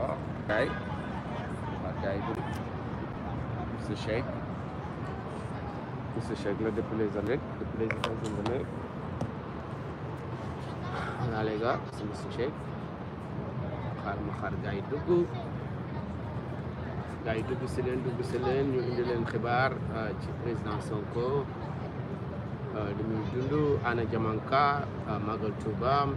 Oh, okay. Okay. It's a shake. It's a shake. Let the place on it. The place is on the c'est le c'est euh, président Sonko demi euh, muy Anna ana euh, magal Toubam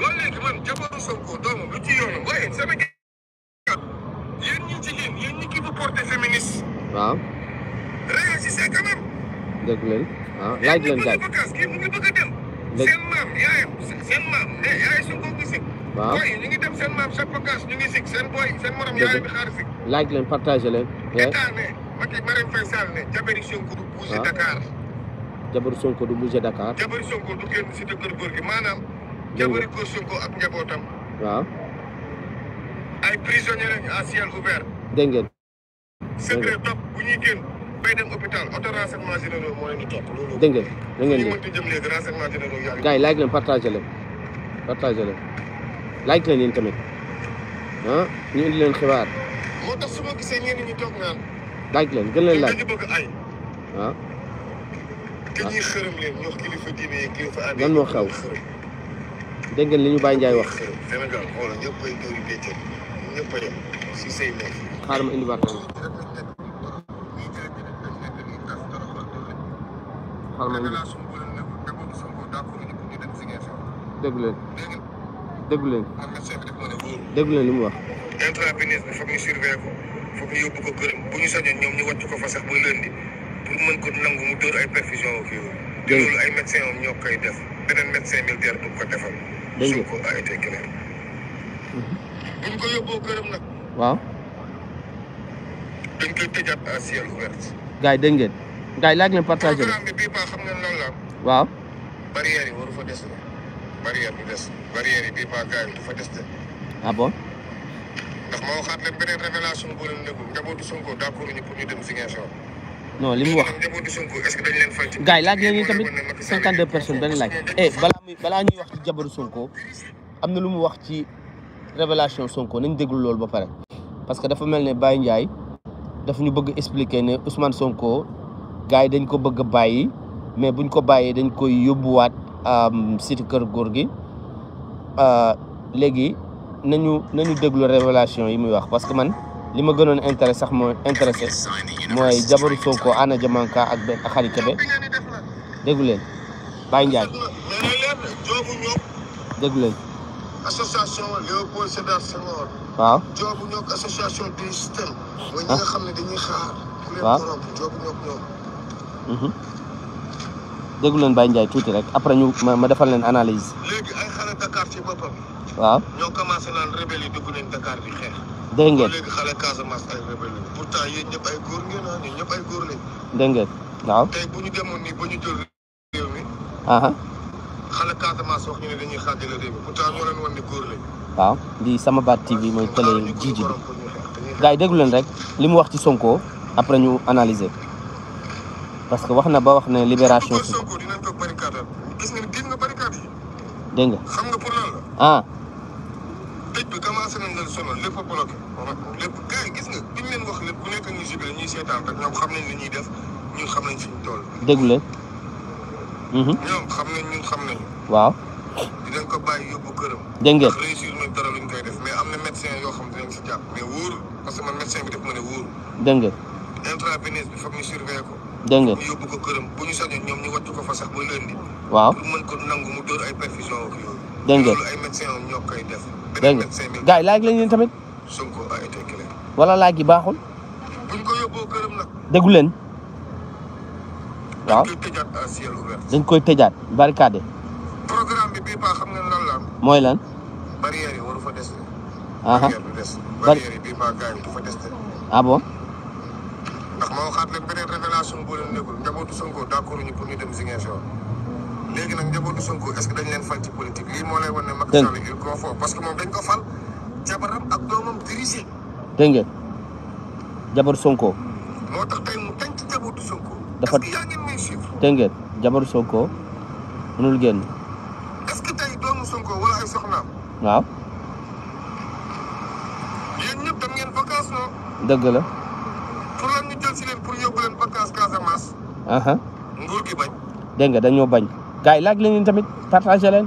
loolee ki man jabaru Sonko doomam lu ci yoonam waaye Sénégal yéen ñi jigéen yéen ñi ki bu porté féministe. waaw. réagissez quand même. dëgg Dakar. Dakar. jabari ko Sonko ak njabootam. waaw. ay prisonniers lañu à ciel ouvert. dégg ngeen. secret topp bu ñuy génn bay dem hôpital auto renseignement moo ngi. gars yi like leen partagé leen partagé leen like ah, ñu indi xibaar. moo tax su ma gisee ñenn toog naan. like gën leen like waaw. te ah. xërëm leen ñoo kilifa diine yi kilifa. lan moo xew. dégg ngeen li ñu wax. Sénégal a yem si say nekk. xaaral dégg leen dégg mu wax. intravenise bi foog ñu surveiller ko foog ñu yóbbu ko këram bu ñu sañoon ñoom ñu wàcc ko fa sax buy lëndi pour mën ko nangu mu dóor ay perfusion ak yooyu. loolu ay médecin am ñoo koy def beneen médecin militaire du ko defal. dégg nga Sonko a été clair. bu ñu ko yóbboo këram nag. waaw. dañ koy tëjaat à ciel ouvert. gars yi dégg ngeen. laaj leen partagé bi bii baax xam nga lan la waaw. barrière yi waru fa des la. barrière bi des barrière yi bii baax gars yi du fa des de. ah bon. ndax ma waxaat leen beneen révélation bu leen déglu njabootu Sonko d'accord ñu pour ñu dem Ziguinchor. non li mu wax gars yi laaj nañu tamit cinquante deux personnes benn laaj eh balaa ñuy wax ci jabaru Sonko am na lu mu wax ci révélation Sonko nañ déglu loolu ba pare parce que dafa mel ne bàyyi Ndiaye dafa ñu bëgg expliquer ne Ousmane Sonko gars yi dañ ko bëgg bàyyi mais buñ ko bàyyee dañ koy yóbbuwaat site kër góor gi euh, léegi nañu nañu déglu révélation yi muy wax parce que man li ma gënoon intéressé sax mooy intéressé mooy jabaru Sonko Anna Diamanka ak benn ak Khady Kébé déggu leen Baye Ndiaye déggu leen. association mhm. rek après ñu ma ma defal leen analyse. léegi ay xale Dakar ci boppam. waaw ñoo commencé naan rebelle yi Dakar di xeex. dégg ngeen léegi xale ah, dégg ngeen waaw. tey bu ñu demoon nii ba ñu jël leen di Samabat TV mooy télé jiiji bi gars yi leen rek li mu wax ci Sonko après ñu analyser parce que wax na ba wax ne libération. Sonko dinañ toog barricade gis ah. tëj bi commencé nañ lépp a lépp gars yi gis nga bi ñu leen wax lépp ku nekk ñu jubile ñuy seetaan rek ñoom xam nañ li ñuy def ñun xam nañ fi ñu toll. Mhm. xam nañ ñun xam nañ. waaw. dinañ ko bàyyi yóbbu këram. dégg ngeen ndax réussir nañ dara luñ koy def mais am na médecin yoo xam dinañ si jàpp mais wóorul parce que man médecin bi daf ma ne wóorul. dégg ngeen. bi foog ñu ko. dégg ngeen yóbbu ko këram bu ñu sañoon ñoom ñu wàcc ko fa sax ba lundi. waaw pour mën ko nangu mu dóor ay perfusion ak yooyu dégg ngeen dégg ngeen gars yi laaj lañ leen tamit wala laaj yi baaxul déggu leen waaw dañ koy tëjaat barricade programme bi lan la mooy lan barrière waru fa des barrière bi des barrière yi bii baax gars yi du fa des ah bon ndax ma waxaat leen beneen révélation boo leen nekkul njabootu Sonko d'accord ñu pour léegi nag njabootu Sonko est-ce dañ leen fal politique lii moo lay wan ne Sall il koo foo parce que moom dañ ko fal jabaram ak doomam dirigé dégg ngeen Sonko moo tax tey mu tënk njabootu Sonko dafa yaa ngeen may suivre dégg Sonko mënul génn est-ce Sonko wala ay ngeen vacances la pour lan ñu jël pour vacances Casamance nguur gi bañ bañ gars yi laaj leen leen tamit partagé leen.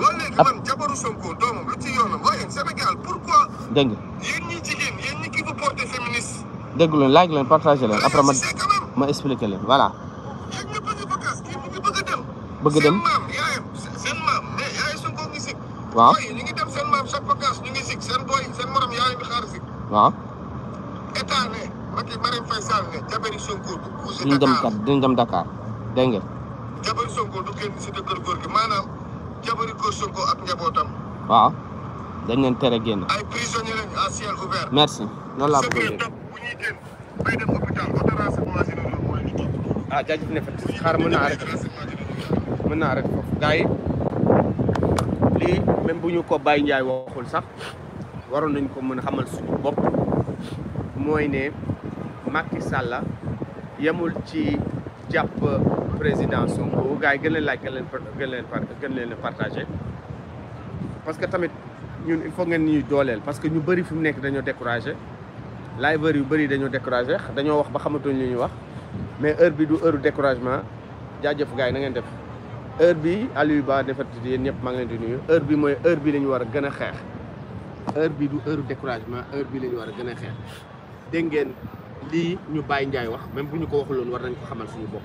loolu léegi man jabaru Sonko doomam lu ci yoonam waaye Sénégal pourquoi. dégg nga yéen ñi jigéen yéen ñi kii bu porté féministe. dégg leen laaj leen partagé leen après ma ma expliqué leen voilà. yéen ñëpp a ngi vacances kii mu ngi bëgg a dem. bëgg a dem seen maam yaayam seen maam mais yaay Sonko ngi sikk. waaw waaye ñu ngi dem seen maam chaque vacance ñu ngi sikk seen boy seen morom yaay bi xaar sikk. waaw. état ne Macky Marième Faye Sall ne jabari Sonko. du couche Dakar dinañ dem kat dinañ dem Dakar dégg ngeen waaw dañ leen tere génn. ay merci loolu laa bëgg a dégg. ah naa arrêté mën bu ñu ko Baye njaay waxul sax waroon nañ ko mën a xamal suñu bopp mooy ne Macky Sall yemul ci jàpp président Sonko gars yi gën leen laaj gën partagé. parce que tamit ñun il faut ngeen ñuy dooleel parce que ñu bëri fu mu nekk dañoo découragé liveur yu bëri dañoo découragé dañoo wax ba xamatuñu lu ñuy wax mais heure bi du heure découragement jaajëf gars ngeen def heure bi Aliou Ba ñëpp maa ngi leen di nuyu heure bi mooy heure bi la ñu war a gën a xeex heure bi du heure découragement heure bi lañu war a gën a xeex dégg ngeen lii ñu Baye Ndiaye wax même bu ñu ko waxuloon war nañ ko xamal suñu bopp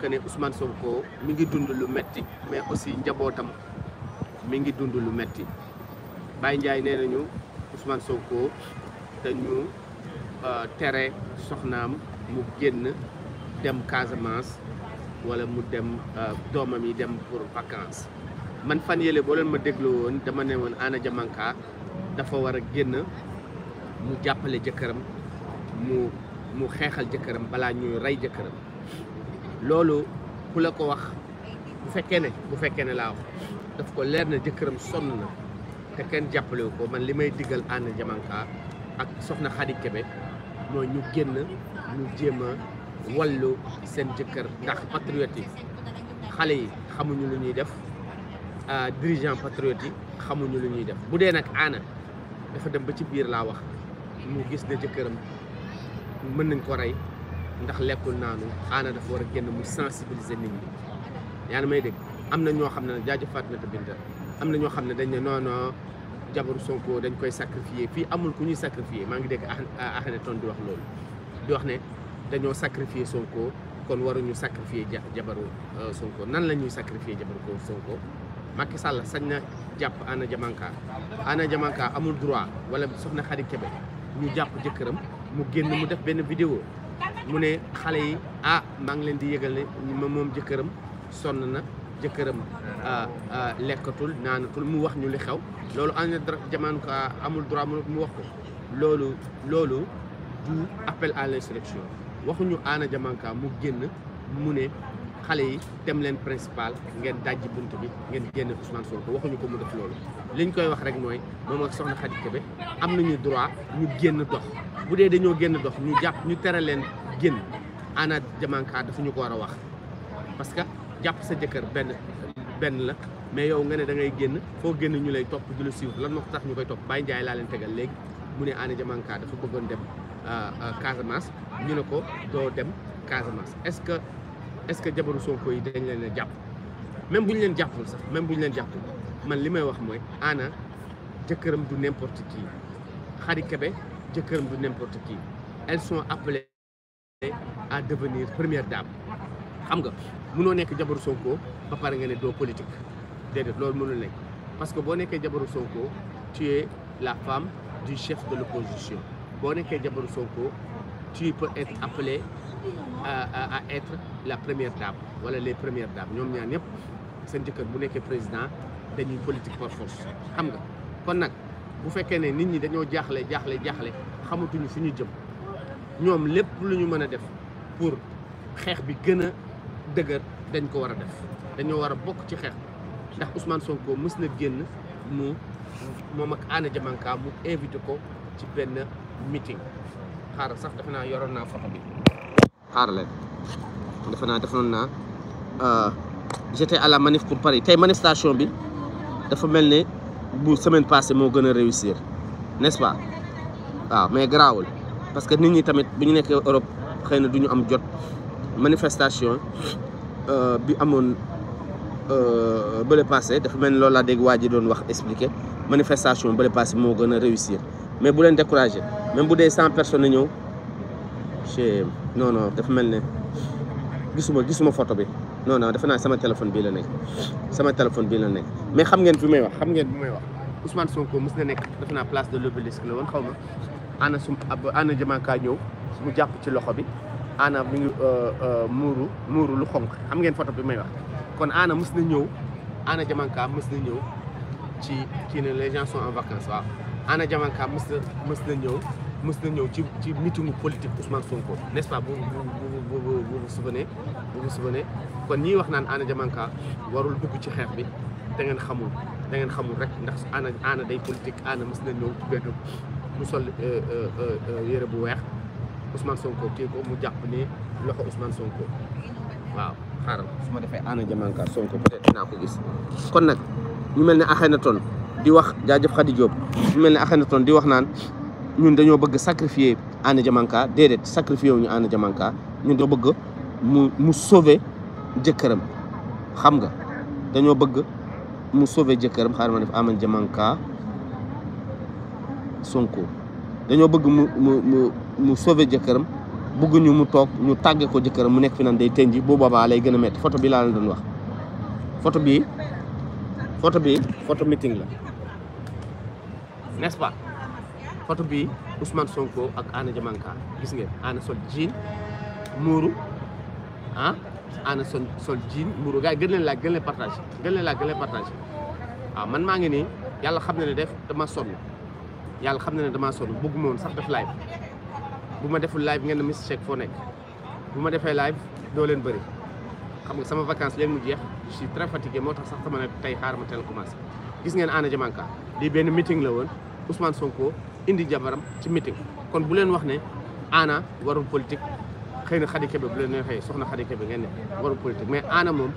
que ne soow ko mi ngi dund lu metti mais aussi njabootam mi ngi dund lu metti Baye Ndiaye nee nañu Ousmane Sonko dañu euh, tere soxnaam mu génn dem Casamance wala mu dem euh, doomam yi dem pour vacances man fan yële boo leen ma déglu woon dama ne woon Anna Diamanka dafa war a génn mu jàppale jëkkëram mu mu xeexal jëkkëram balaa ñuy rey jëkkëram loolu ku la ko wax bu fekkee ne bu fekkee ne laa wax daf ko leer na jëkkëram sonn na te kenn jàppalewu ko man li may diggal ànn jamanka ak soxna Xadi Kebe mooy ñu génn mu jéem wallu seen jëkkër ndax patriote xale yi xamuñu lu ñuy def euh, dirigeant patriote yi xamuñu lu ñuy def bu dee nag aana dafa dem ba ci biir laa wax mu gis ne jëkkëram mën nañ ko rey ndax lekkul naanu aana dafa war a génn mu sensibiliser nit ñi yaa ngi may dégg am na ñoo xam ne jaajëf Fatimata Binta am na ñoo xam ne dañ ne non non jabaru Sonko dañ koy sacrifié fii amul ku ñuy sacrifié maa ngi dégg Akhenaton di wax loolu di wax ne dañoo sacrifié Sonko kon waruñu sacrifié jabaru euh, Sonko nan la ñuy sacrifié jabaru ko Sonko Macky Sall sañ na jàpp Anna Diamanka Anna Diamanka amul droit wala soxna Khady Kébé ñu jàpp jëkkëram mu génn mu def benn vidéo mu ne xale yi ah maa ngi leen di yëgal ne moom jëkkëram sonn na jëkkëram ah, ah, lekkatul naanatul mu wax ñu li xew loolu am na jamono ko ah, amul droit mu wax ko loolu loolu du appel à l'insurrection waxuñu Anna jamankaa mu génn mu ne xale yi dem leen principal ngeen dajji bunt bi ngeen génn Ousmane Sonko waxuñu ko mu def loolu liñ koy wax rek mooy moom ak soxna Khady Kébé am na nañu droit ñu génn dox bu dee dañoo génn dox ñu jàpp ñu tere leen génn Anna Diamanka dafa ñu ko war a wax parce jàpp sa jëkkër benn benn la mais yow nga ne da ngay génn foo génn ñu lay topp di la suivre lan moo tax ñu koy topp Baye Ndiaye laa leen tegal léegi mu ne Anna Diamanka dafa bëggoon dem euh, euh, Casamance ñu ne ko doo dem Casamance est-ce que est-ce que jabaru soo yi dañ leen jàpp même bu ñu leen jàppul sax même bu ñu leen jàppul man li may wax mooy Anna jëkkëram du n'importe qui Khady Kébé jëkkëram du n'importe qui elles apple appelées à devenir première dame xam nga mënoo nekk jabaru Sonko ba pare nga ne doo politique déedéet loolu mënul nekk parce que boo nekkee jabaru Sonko tu es la femme du chef de l'opposition boo nekkee jabaru Sonko tu peux être appelé à à être la première dame wala les premières dames ñoom ñaar ñëpp seen jëkkër bu nekkee président dañuy politique par force xam nga kon nag bu fekkee ne nit ñi dañoo jaaxle jaaxle jaaxle xamatuñu fu ñu jëm ñoom lépp lu ñu mën a def pour xeex bi gën a dëgër dañ ko war a def dañoo war a bokk ci xeex ndax Ousmane Sonko mës na génn mu moom ak Anna Diamanka mu invité ko ci benn meeting xaaral sax defe naa yoroon naa photo bi xaaral leen defe naa defoon naa euh, j'étais à la manif pour Paris tey manifestation bi dafa mel ne bu semaine passée moo gën a réussir n'est-ce waaw mais garaawul parce que nit ñi tamit bu ñu nekkee Europe xëy na du ñu am jot manifestation euh, bi y a euh, passé dafa qui manifestation ont passé mo gëna réussir mais bu leen découragé même bu dee 100 personnes a ñëw non non dafa gisuma gisuma photo bi non non dafa na sama téléphone bi la nek sama téléphone bi la nek mais xam ngeen fumay wax xam ngeen je wax Ousmane Sonko mës na nek dafa place de l'Obélisque le won xawma ana sum ka ñëw mu japp ci loxo bi Anna mi ngi euh, euh, muuru muuru lu xonk xam ngeen photo bi may wax kon ana mës na ñëw Anna Diamanka mës na ñëw ci kii ne les gens sont en vacances Anna Diamanka mës mës na ñëw mës na ñëw ci ci meetingu politique Ousmane Sonko n'est-ce pas bu bu bu vous souvenez bu vous kon ñiy wax naan Anna Diamanka warul dugg ci xeex bi da ngeen xamul da ngeen xamul rek ndax Anna Anna day politique Anna mës na ñëw ci benn mu sol euh, yére bu weex Ousmane Sonko téye ko mu jàpp ne loxo Ousmane Sonko waaw xaaral ma defee Anna Diamanka Sonko peut naa ko gis. kon nag ñu mel ne Akhenaton di wax jaajëf Khady Diop ñu mel ne Akhenaton di wax naan ñun dañoo bëgg sacrifier Anna Diamanka déedéet sacrifier wu ñu Anna Diamanka ñun dañoo bëgg mu mu sauver jëkkëram xam nga dañoo bëgg mu sauver jëkkëram xaaral ma def mu mu. mu sauver jëkkëram bugg ñu mu toog ñu tàgge ko jëkkëram mu nekk fi naan day tënji bu boobaa lay gën a métti photo bi laa leen doon wax photo bi photo bi photo meeting la n'est-ce bi Ousmane Sonko ak Anna Diamanka gis ngeen Anna sol jean muuru ah Anna sol jiin jean muuru gars yi gën leen laa gën leen partagé gën leen laa gën leen partagé waaw ah, man maa ngi nii yàlla xam na ne def dama sonn yàlla xam na ne dama sonn bëgguma woon sax def live bu ma deful live ngeen ne Mister Shake foo nekk bu ma defee live doo leen bëri xam nga sama vacance léegi mu jeex je suis très moo tax sax sama ne tey xaar ma teel commencé gis ngeen Anna Diamanka di benn meeting la woon Ousmane Sonko indi jabaram ci meeting kon bu leen wax ne Anna warul politique xëy na Khady Kébé bu leen xëy soxna Khady Kébé ngeen ne warul politique mais Anna moom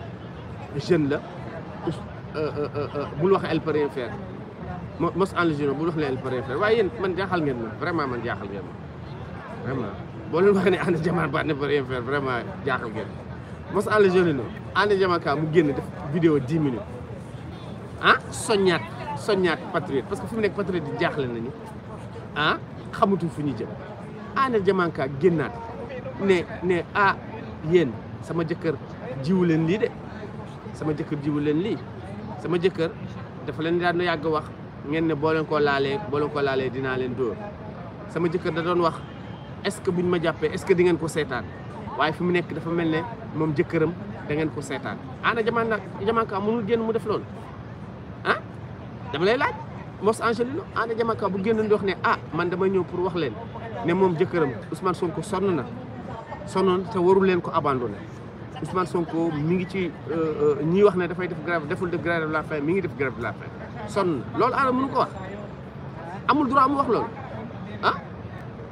jeune la euh, euh, euh, bul wax elle peut rien faire mos enligino bul wax ne elle peut waaye yéen man jaaxal ngeen vraiment man jaaxal ngeen vraiment boo leen waxee ne Andy Diamant Ba ne peut rien faire vraiment ngeen mos àll joli na Andy Diamant mu génn def vidéo 10 minutes ah soññaat soññaat patriote parce que fu mu nekk patriote di jaaxle nañu ah xamatul fu ñu jëm Andy Diamant Ka génnaat ne ah yéen sama jëkkër jiwu leen lii de sama jëkkër jiwu leen lii sama jëkkër dafa leen daan yàgg wax ngeen ne boo leen ko laalee boo leen ko laalee dinaa leen dóor sama jëkkër da doon wax est ce que ñu ma jàppee est ce que di ko seetaan waaye fi mu nekk dafa mel ne moom jëkkëram dangeen ngeen ko seetaan ana jamaan nag jamaanka mënul génn mu def loolu ah dama lay laaj Mos Angelino ana jamaanka bu génnoon di wax ne ah man dama ñëw pour wax leen ne moom jëkkëram Ousmane Sonko sonn na sonnoon te warul leen ko abandonné Ousmane Sonko mi ngi ci euh, euh, ñiy wax ne dafay def grève deful def la faim mi ngi def grève de la loolu ana mënu ko wax amul droit mu wax loolu ah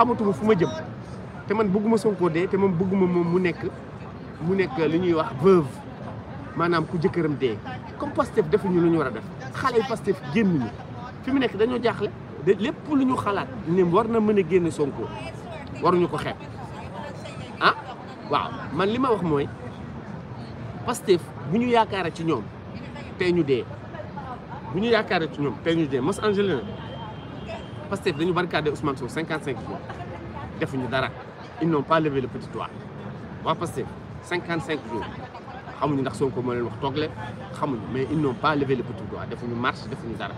xamatuma fu ma jëm te man bëgguma Sonko dee te man bëgguma moom mu nekk mu nekk li ñuy wax veuve maanaam ku jëkkëram dee comme Pastef defuñu lu ñu war a def xale yi Pastef génn ñu fi mu nekk dañoo jaaxle de lépp lu ñu xalaat ne war na mën a génn Sonko waruñu ko xeeb ah waaw man li ma wax mooy Pastef bu ñu yaakaara ci ñoom tey ñu dee bu ñu yaakaara ci ñoom tey ñu dee mos Angelina Pastef dañu barricadé Ousmane Sonko 55 jours defuñu dara ils n'ont pas levé le petit doigt Wa Pastef 55 jours xamuñu ndax Sonko mo leen wax toogle xamuñu mais ils n'ont pas levé le petit doigt defuñu marche defuñu dara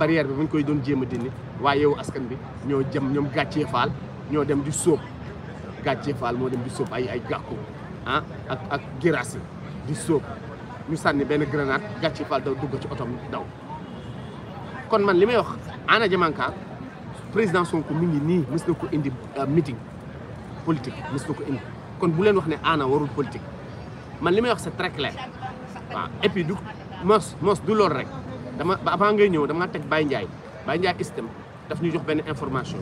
barrière bi buñ koy doon jéem dindi wa yeewu askan bi ñoo jëm ñom gatché fal, ñoo dem di sop Gatché fal mo dem di sop ay ay gàkku ah ak ak du sop di sóob ñu sànni benn grenade gàccee fal daw dugg ci otom daw kon man li may wax Anna Diamanka président Sonko mi ngi ni mës ko indi euh, meeting politique mës na ko indi kon bu len wax ne ana warul politique man limay wax c'est très clair wa ah, et puis du mos mos du lor rek dama avant ngay ñew dama tek bay ndjay bay ndjay système daf ñu jox ben information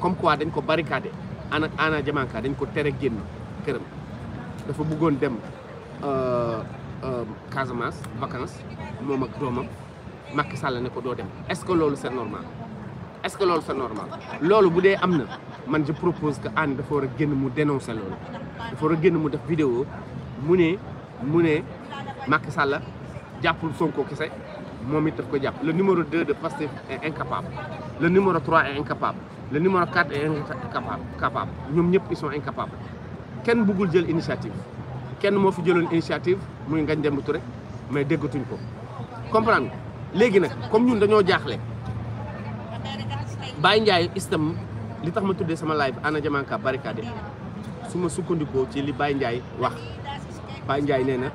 comme quoi dañ ko barricader ana ana jamanka dañ ko téré genn kërëm dafa bëggoon dem euh, euh, Casamance vacances mom ak domam Macky Sall ne ko do dem est-ce que lolu c'est normal. est-ce que loolu sa normal loolu bu dee am na man je propose que Anne dafa war a génn mu dénoncer loolu dafa war a génn mu def vidéo mu ne mu ne Macky Sall jàppul Sonko kese moom it daf ko jàpp le numéro 2 de Pastef est incapable la numéro 3 est incapable le numéro 4 ñoom ñëpp ils sont kenn bëggul jël initiative kenn moo fi jëloon initiative muy Ngagne Demba Touré mais déggatuñ ko comprendre léegi nag comme ñun dañoo jaaxle Baye Ndiaye istam li tax ma tuddee sama live Anna Diamanka barricade su suma sukkandikoo ci li Baye Ndiaye wax Baye njaay nee na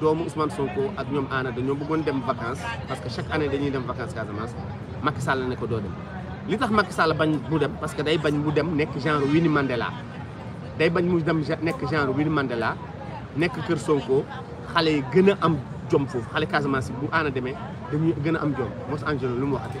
doomu Ousmane Sonko ak ñoom Anna dañoo bëggoon dem vacances parce que chaque année dañuy dem vacances Casamance Macky Sall ne ko doo dem. li tax Macky Sall bañ bu dem parce que day bañ mu dem nekk genre Winnie Mandela day bañ mu dem nekk genre Winnie Mandela nekk kër Sonko xale yi gën a am jom foofu xale Casamance bu Anna demee dañuy gën a am jom Mos Angelo lu mu waxati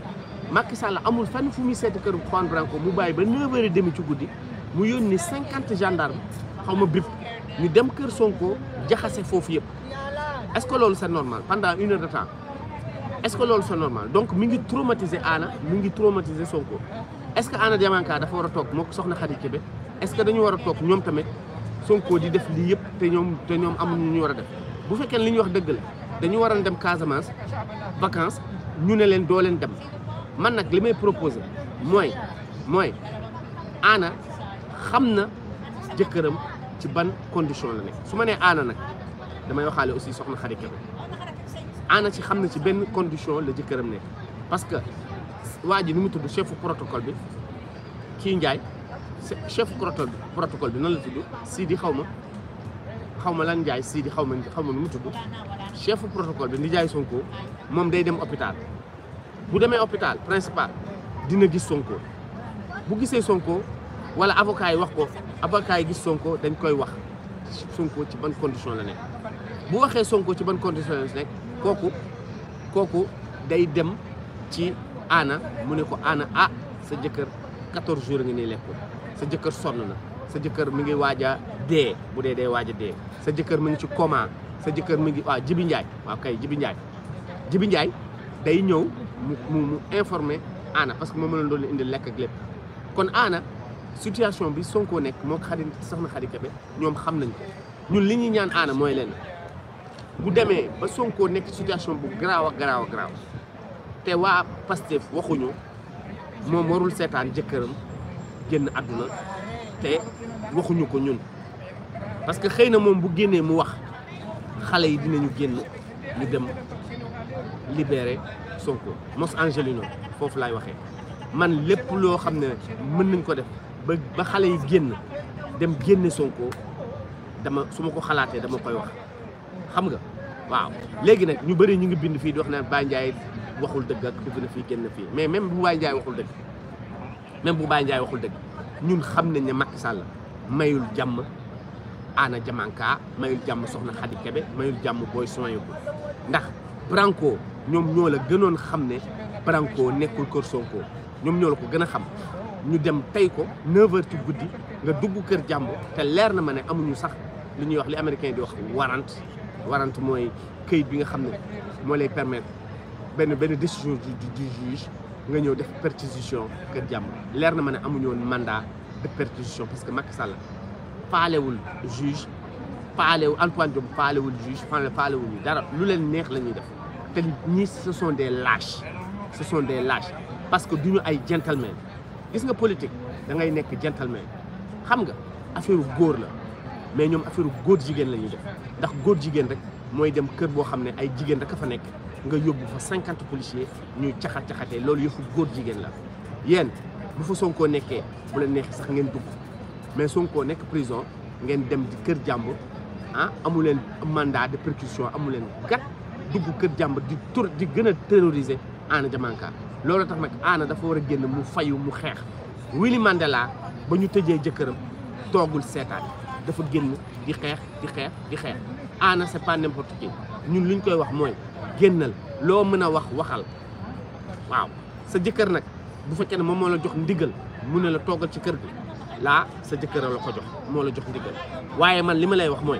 Macky Sall amul fenn fu muy seeti kër Juan Branco mu bàyyi ba 9h30 ci guddi mu yónni 50 gendarme xaw ma bip ñu dem kër Sonko jaxase foofu yëpp est que loolu sa normal pendant une de temps est-ce que loolu sa normal donc mi ngi traumatiser Anna mu ngi traumatiser Sonko est-ce que Anna Diamanka dafa war a toog moo soxna Khady Kébé est-ce que dañu war a toog ñoom tamit Sonko di def lii yëpp te ñoom te ñoom amuñu ñu war a def bu fekkee li ñu wax dëgg la dañu waroon dem Casamance vacances ñu ne leen doo leen dem. man nak limay proposer moy moy ana xamna xam ci ban condition la nek suma né ana nak damay waxale aussi soxna xarit Kébé ana ci xamna ci ben condition la jëkkëram nek parce que waji ji tuddu chef protocole bi ki Ndiaye chef protocole protocole bi nan la tuddu Sidi xawma xawma lan Ndiaye Sidi xawma xawma xaw tuddu chef protocole bi Ndiaye Sonko mom day dem hôpital bu demee hôpital principal dina gis Sonko bu gisee Sonko wala avocat yi wax ko avocat yi gis Sonko dañ koy wax Sonko ci ban condition la nekk bu waxee Sonko ci ban condition la nekk kooku kooku day dem ci Anna mu ne ko Anna ah sa jëkkër 14 jours nga ne lekkul sa jëkkër sonn na sa jëkkër mi ngi waaj a dee bu dee dee waaj a dee sa jëkkër mi ngi ci coma sa jëkkër mi ngi waa Jibi Njaay waaw kay Jibi Njaay Jibi Njaay day ñëw. mu mu informé Anna parce que moom la doon indi lekk ak lépp kon aana situation bi sonkoo nekk moo xadi soxna Xadi Kebe ñoom xam nañ ñun li ñuy ñaan aana mooy leen bu demee ba sonkoo nekk situation bu garaaw a garaaw te waa Pastef waxuñu moom warul seetaan jëkkëram génn àdduna te waxuñu ko ñun parce que xëy na moom bu génnee mu wax xale yi dinañu génn ñu dem libéré Sonko mos Angelino foofu laay waxee man lépp loo xam ne mën nañ ko def ba ba xale yi génn dem génne Sonko dama su ma ko xalaatee dama koy wax xam nga waaw léegi nag ñu bari ñu ngi bind fii di wax naan Baye Ndiaye waxul dëgg ak na fii génn fii mais même bu Baye Ndiaye waxul dëgg même bu Baye Ndiaye ñun xam nañ ne Macky sàll mayul jàmm Anna jamankaa mayul jàmm Soxna Khady Kébé mayul jàmm Boy Soyebu ndax Branco ñom ñoo la gënoon xam ne nekkul kër Sonko ñom ñoo la ko gëna xam ñu dem tay ko 9h ci guddi nga dugg kër jamm te lér na mané amuñu sax li ñuy wax li américain di wax warant warant moy këyit bi nga xamné mo lay permettre ben ben décision du juge nga ñëw def perquisition kër jamm lér na mané amuñu woon mandat de perquisition parce que Macky Sall wul juge faalewu Antoine Diop Diome wul juge wul dara lu leen neex lañuy def. ce sont des lâches ce sont des lâches parce que des ay gentleman des nga politique da gentleman xam nga affaire Nous la mais affaire sommes des def ndax Nous rek des dem Nous sommes des ay sommes rek fa sommes nga policiers ñuy Nous sommes loolu yëfu Nous sommes la. yéen bu fa Sonko nekkee bu la des sax ngeen dugg mais prison ngeen dem di sommes ah, mandat de perquisition sommes dugg kër jàmbur di tur di gën a terroriser Anna Diamanka loolu tax nag Anna dafa war a génn mu fayu mu xeex Willy Mandela ba ñu tëjee jëkkëram toogul seetaan dafa génn di xeex di xeex di xeex aana c'est pas ñun lu ñu koy wax mooy génnal loo mën a wax waxal waaw sa jëkkër nag bu fekkee ne moom moo la jox ndigal mu ne la toogal ci kër bi laa sa jëkkër la ko jox moo la jox ndigal waaye man li ma lay wax mooy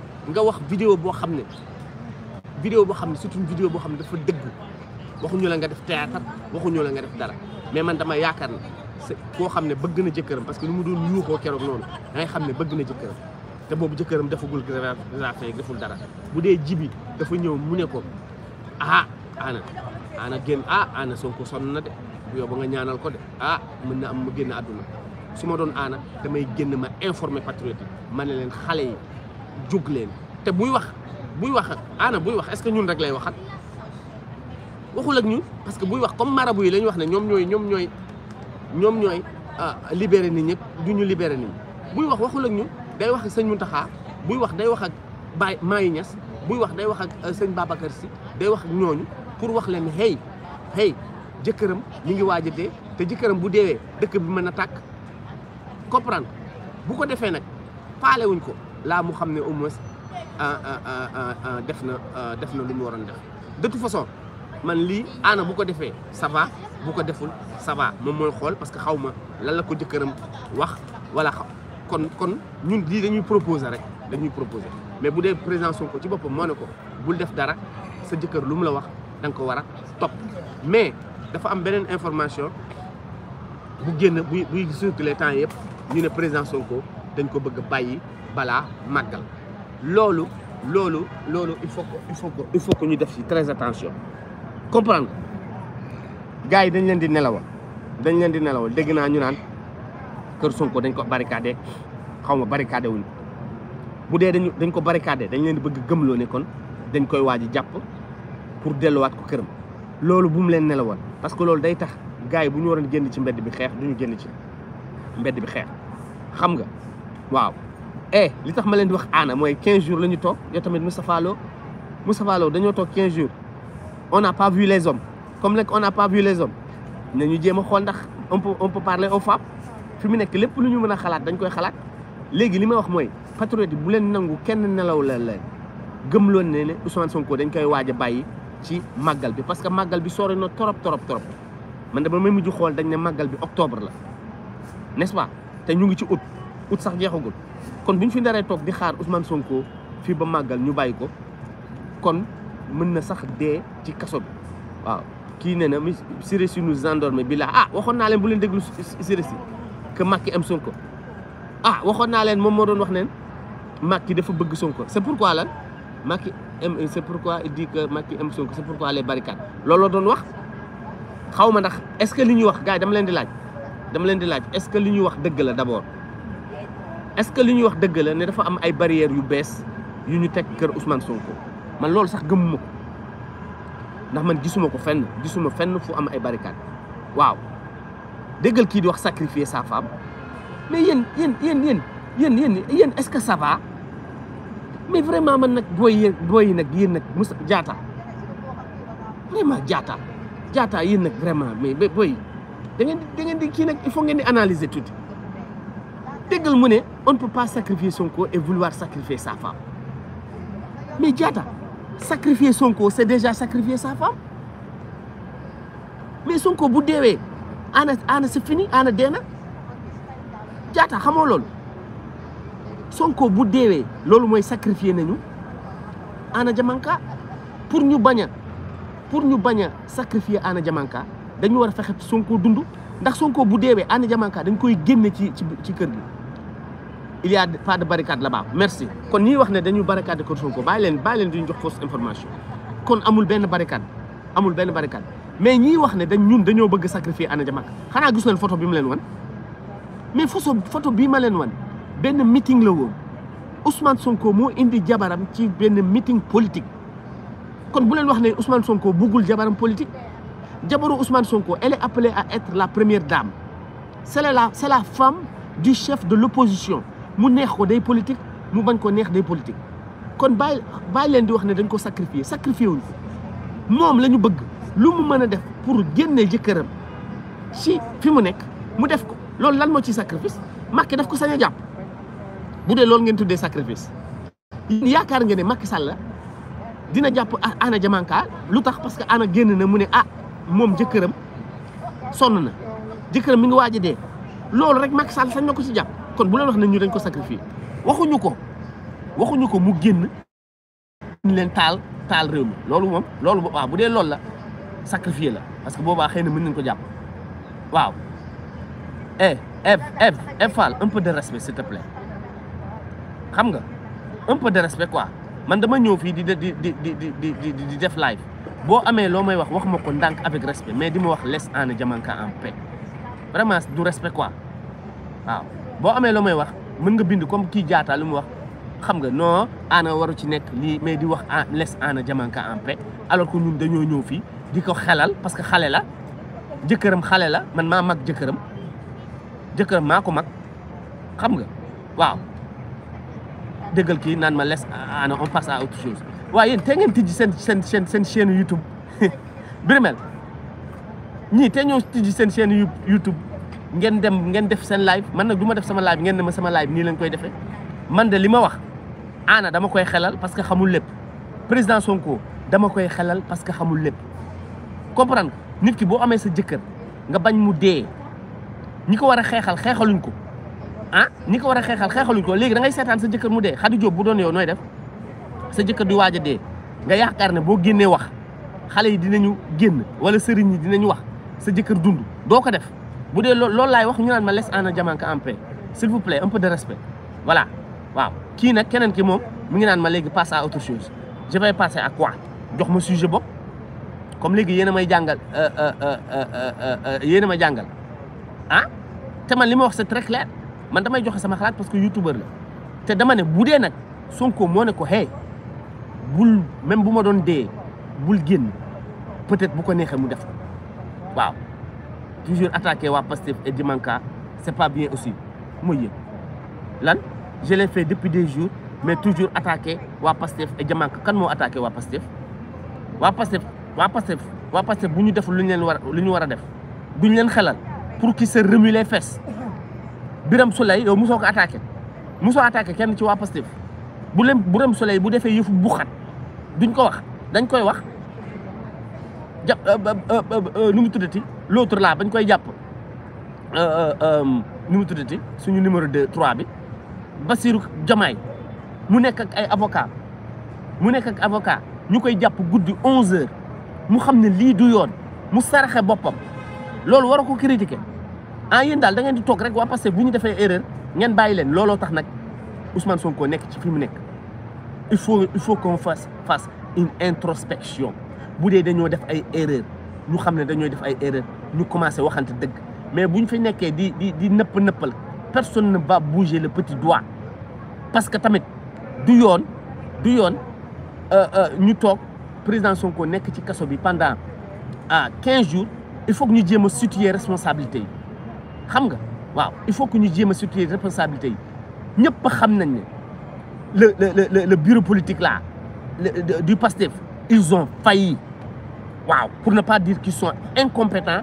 nga wax video boo xam ne vidéo boo xam ne surtout vidéo boo xam ne dafa dëgg waxuñu la nga def théâtre waxuñu la nga def dara mais man damay yaakaar ne koo xam ne bëgg na jëkkëram parce que mu doon yuuxoo keroog noonu da ngay xam ne bëgg na jëkkëram te boobu jëkkëram defagul grafé deful dara bu dee jibi dafa ñëw mu ne ah ana ana génn ah ana Sonko sonn na de yow ba nga ñaanal ko de ah mën na am génn àdduna su ma doon aana damay génn ma informer patriote ma ne leen xale yi jóg leen te buy wax buy wax ak ana buy wax est-ce que ñun rek lay waxat waxul ak ñun parce que buy wax comme marabu yi la wax ne ñoom ñooy ñoom ñooy ñoom ñooy euh, libéré nit ñëpp du ñu libéré nit ñi buy wax waxul ak ñun day wax ak sëñ Muntaxa buy wax day wax ak Baye Maye ñas buy wax day wax ak euh, sëñ Babacar Sy day wax ak ñooñu pour wax leen hey hey jëkkëram mi ngi waaj a dee te jëkkëram bu deewee dëkk bi mën a tàkk comprendre bu ko defee nag faale ko. laa mu xam ne au moins def na euh, def na lu mu waroon def de toute façon man li ana bu ko defee ça va bu ko deful ça va mom moy xol parce que xawma lan la ko jëkkëram wax wala kon kon ñun li dañuy proposer rek dañuy proposer mais bu dé président Sonko ci bopam moo ne ko bul def dara sa jëkkër lu mu la wax dang ko wara a mais dafa am benen information bu génn bu buy circuler temps yépp ñu ne président Sonko dañ ko bëgg bayyi balaa màggal loolu loolu loolu il faut que il faut que ñu def ci très attention comprendre gars yi dañ leen di nelawal dañ leen di nelawal dégg naa ñu naan kër Sonko dañ ko barricadé xaw ma barricadé wuñ ko bu dee dañu dañ ko barricadé dañ leen di bëgg gëmloo ne kon dañ koy waaj jàpp pour delluwaat ko këram loolu bu mu leen nelawal parce que loolu day tax gars yi bu ñu waroon génn ci mbedd bi xeex du duñu génn ci mbedd bi xeex xam nga waaw eh li tax ma len di wax ana moy 15 jours lañu tok toog tamit Moustapha Lo Moustapha Lo dañu tok 15 jours on n'a pas vu les hommes comme lek on n'a pas vu les hommes nañu jéem a xool ndax on peut on peut parler aux femmes fi nek lepp lépp lu ñu mën a dañ koy xalat légui limay wax moy patriote bu len nangu kenn nelaw la leen gëmloon né ne Ousmane Sonko dañ koy waja bayyi ci magal bi parce que magal bi sori na torop torop torop man dama may muju xol dañ né magal bi octobre la n'est-ce pas té ñu ngi ci août août sax jeexagul. kon bu ñu fi ndaree toog di xaar Ousmane Sonko fii ba màggal ñu bàyyi ko kon mën na sax dee ci kaso bi waaw kii nee na mi Siré si nous endormé bi laa ah waxoon naa leen bu leen déglu Siré si que Macky am Sonko ah waxoon naa leen moom moo doon wax neen Macky dafa bëgg Sonko c'est pourquoi lan Macky aime c'est pourquoi il dit que Macky aime Sonko c'est pourquoi les barricades looloo doon wax xaw ma ndax est-ce que li ñuy wax gars yi dama leen di laaj dama leen di laaj ce que li ñuy wax dëgg la d'abord est-ce que li ñuy wax dëgg ne dafa am ay barrières yu bees yu ñu teg kër Ousmane Sonko man loolu sax gëmuma ko ndax man gisuma ko fenn gisuma fenn fu am ay barricades waaw déggal kii di wax sacrifier sa femme mais yen yéen yéen yéen yéen yéen yéen est-ce que ça va mais vraiment man nag booy yéen booy yi nag yéen nag Moussa Diatta vraiment Diatta Diatta yéen nag vraiment mais booy da ngeen di da ngeen di kii nag il faut ngeen di analyser tuuti. on ne peut pas sacrifier son corps et vouloir sacrifier sa femme mais Diata, sacrifier son corps, c'est déjà sacrifier sa femme mais son corps, c'est fini ana Diata, Sonko sacrifier Anna Diamanka pour nous pour nous sacrifier Anna Diamanka dañu corps. Sonko Diamanka il y a pas de barricade là-bas merci kon ñiy wax ne dañu barricade ko Sonko bàyyi leen bàyyi leen duñu jox fausse information kon amul benn barricade amul benn barricade mais ñiy wax ne dañ ñun dañoo bëgg sacrifier Anna Diamak xanaa gis leen photo bi mu leen Mais mais photo photo bii ma leen wan benn meeting Ousmane Sonko a indi jabaram ci un meeting politique kon bu leen wax que Ousmane Sonko buggul jabaram politique jabaru Ousmane Sonko elle est appelée à être la première dame c'est la c'est la femme du chef de l'opposition mu neex ko day politique mu bañ ko neex day politique kon bàyyi bàyyi leen di wax ne dañ ko sacrifier sacrifier wuñ ko moom la ñu bëgg lu mu mën a def pour génne jëkkëram si fi mu nekk mu def ko loolu lan moo ci sacrifice Macky def ko sañ a jàpp bu dee loolu ngeen tuddee sacrifice yaakaar nga ne Macky Sall dina jàpp Anna Diamanka lu tax parce que Anna génn na mu ne ah moom jëkkëram sonn na jëkkëram mi ngi waaj a dee loolu rek Macky Sall sañ na ko ci jàpp kon bu len wax ne ñu dañ ko sacrifier waxu ñuko waxu ñuko mu genn ñu len tal tal rew mi lolu mom lolu waaw bu de lolu la sacrifier la parce que boba xeyna mën nañ ko japp waaw eh f f f fal un peu de respect s'il te plaît xam nga un peu de respect quoi man dama ñew fi di di di di di di di def live bo amé lo may wax wax ma ko ndànk avec respect mais di wax laisse en jamanka en paix vraiment du respect quoi waaw boo amee la may wax mën nga bind comme kii jaata lu mu wax xam nga non ana waru ci nekk lii mais di wax en laisse ana Diamanka en paix alors que ñun dañoo ñëw fii di ko xelal parce que xale la jëkkëram xale la man maa mag jëkkëram jëkkëram maa ko mag xam nga waaw dëggal kii naan ma laisse ana on passe à autre chose waaye yéen te ngeen tijji seen seen seen seen chaîne YouTube Birmel ñii te ñoo tijji seen chaîne YouTube ngeen dem ngeen def seen live man nag du ma def sama live ngeen ne ma sama live nii lañ koy defee man de li ma wax ana dama koy xelal parce que xamul lépp présidention ko dama koy xelal parce que xamul lépp comprendre nit ki boo amee sa jëkkër nga bañ mu dee ñi ko war a xeexal xeexaluñ ko ah ñi ko war a xeexal xeexaluñ ko léegi da ngay seetaan sa jëkkër mu dee Xadi Jóob bu doon yow nooy def sa jëkkër di waaj a dee nga yaakaar ne boo génnee wax xale yi dina ñu génn wala sëriñ yi dinañu wax sa jëkkër dund doo ko def. bu dee loolu laay wax ñu naan ma laisse Anna Diamanka en paix s'il vous plaît un peu de respect voilà waaw kii nag keneen ki moom mu ngi naan ma léegi passe à autre chose je vais passer à quoi jox ma sujet bopp comme léegi yéen a may jàngal euh, euh, euh, yéen a ma jàngal ah te man li ma wax c'est très man damay joxe sama xalaat parce que youtubeur la te dama ne bu dee nag Sonko moo ne ko hey bul même bu ma doon dee bul génn peut-être bu ko neexee mu def waaw. toujours attaquer Wapastef et Dimanka c'est pas bien aussi mooy là je l'ai fait depuis des jours mais toujours attaquer Wapastef et Dimanka quand moo attaqué Wapastef, Pastef waa Pastef waa Pastef waa def war doit faire pour qu'il se remue les fesses Biram Soleil, yow mosoo ko attaqué mosoo attaqué kenn ci waa Pastef bu leen Birame Souleye bu defee yëfu bu xat duñ ko wax dañ euh, euh, euh, avons dit l'autre là bañ koy japp numéro de 3, bi Bassirou mu avocat mu nek ak avocat japp heures mu xamné li du yoon mu saraxé bopam loolu war critiquer ah, En da ngeen di tok rek parce que défé erreur ñen Ousmane Sonko il faut il faut qu'on fasse fasse une introspection si dee def ay erreur ñu xamné ne nous def ay erreur ñu commencé mais si nous fi nekké di di di personne ne va bouger le petit doigt parce que tamit du yoon du yoon euh, euh, ñu président Sonko nekk ci bi pendant 15 ah, jours il faut que nous disions situer responsabilité xam il faut que nous disions situer responsabilité ñepp xam nañ ne le le le le bureau politique là du PASTEF ils ont failli pour ne pas dire qu'ils sont incompétents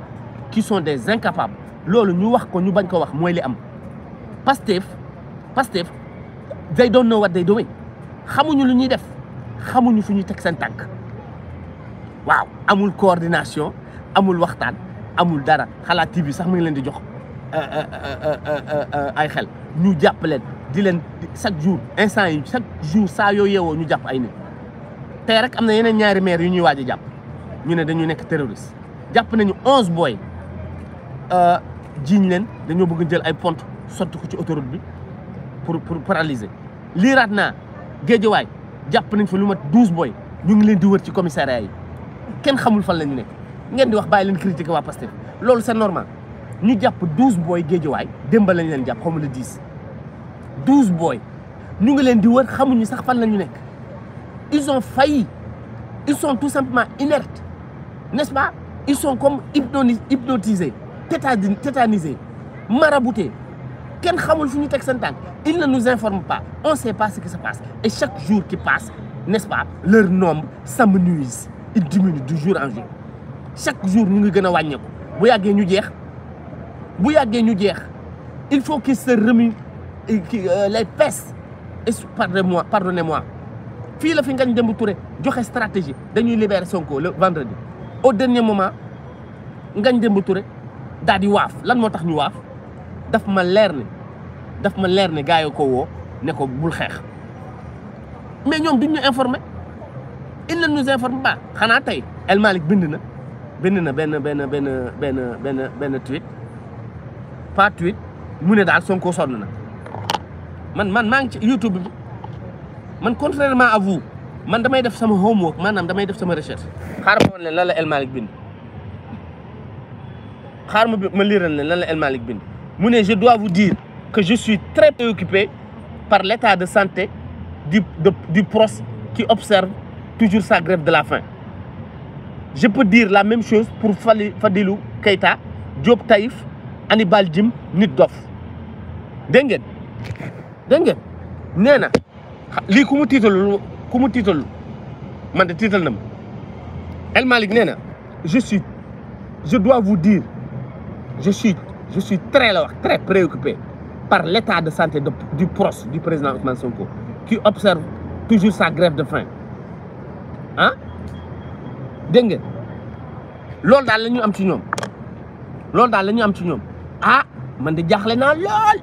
qu'ils sont des incapables nous ñu wax ko ñu bañ ko wax li am they don't know what they doing xamuñu def xamuñu amul coordination amul waxtaan amul dara Khala TV sax leen di jox ay chaque jour instant chaque jour ça y nous sommes dañu Nous terroriste japp nañu boy euh djign len dañu bëgg jël ay pont ko ci autoroute bi pour pour paralyser liiraat naa géejawaay fa douze ñu ngi di wër ci commissariat yi ne xamul fan lañu nek di wax leen critiquer c'est normal ñu avons 12 Boy, géejawaay démb lañ leen japp xamul le 10 douze Boy, ñu ngi di wër xamuñu sax ils ont failli ils sont tout simplement inertes n'est-ce pas Ils sont comme hypnotisés, tétanisés, maraboutés. Ils ne nous informent pas. On ne sait pas ce qui se passe. Et chaque jour qui passe, n'est-ce pas, leur nombre s'amenuise. Il diminue de jour en jour. Chaque jour, nous nous guerre Il faut qu'ils se remuent, et euh, les pèsent. Pardonnez-moi. Pardonnez-moi. Fille, le fin de Touré, une stratégie. Nous libérer son corps le vendredi. au dernier moment ngañ Demba Touré daal di waaf lan moo tax ñu waaf daf ma leer ne daf ma leer ne gars yi ko woo ne ko bul xeex mais ñoom duñ ñu informé il ne nous xanaa tey El bind na bind na benn benn benn benn benn benn tweet pas tweet mu ne daal Sonko sonn na man man maa ngi ci YouTube bi man contrairement à vous man damay def sama homework manam damay def sama recherche xaar ma lan la El malik bind xaar ma lire lan la El malik bind mune je dois vous dire que je suis très préoccupé par l'état de santé du du proche qui observe toujours sa grève de la faim je peux dire la même chose pour Fadilou Keita Diop Taïf Anibal Jim, Nit Dof Dengen, Nena, dégg ngeen Comment mu tiital man de El Malik je suis je dois vous dire je suis je suis très très préoccupé par l'état de santé de du proche du président Ousmane Sonko qui observe toujours sa grève de faim ah hein? dengue. L'ol dal lañu am ci ñom lol dal lañu am ci ñom ah man de jaaxle l'ol.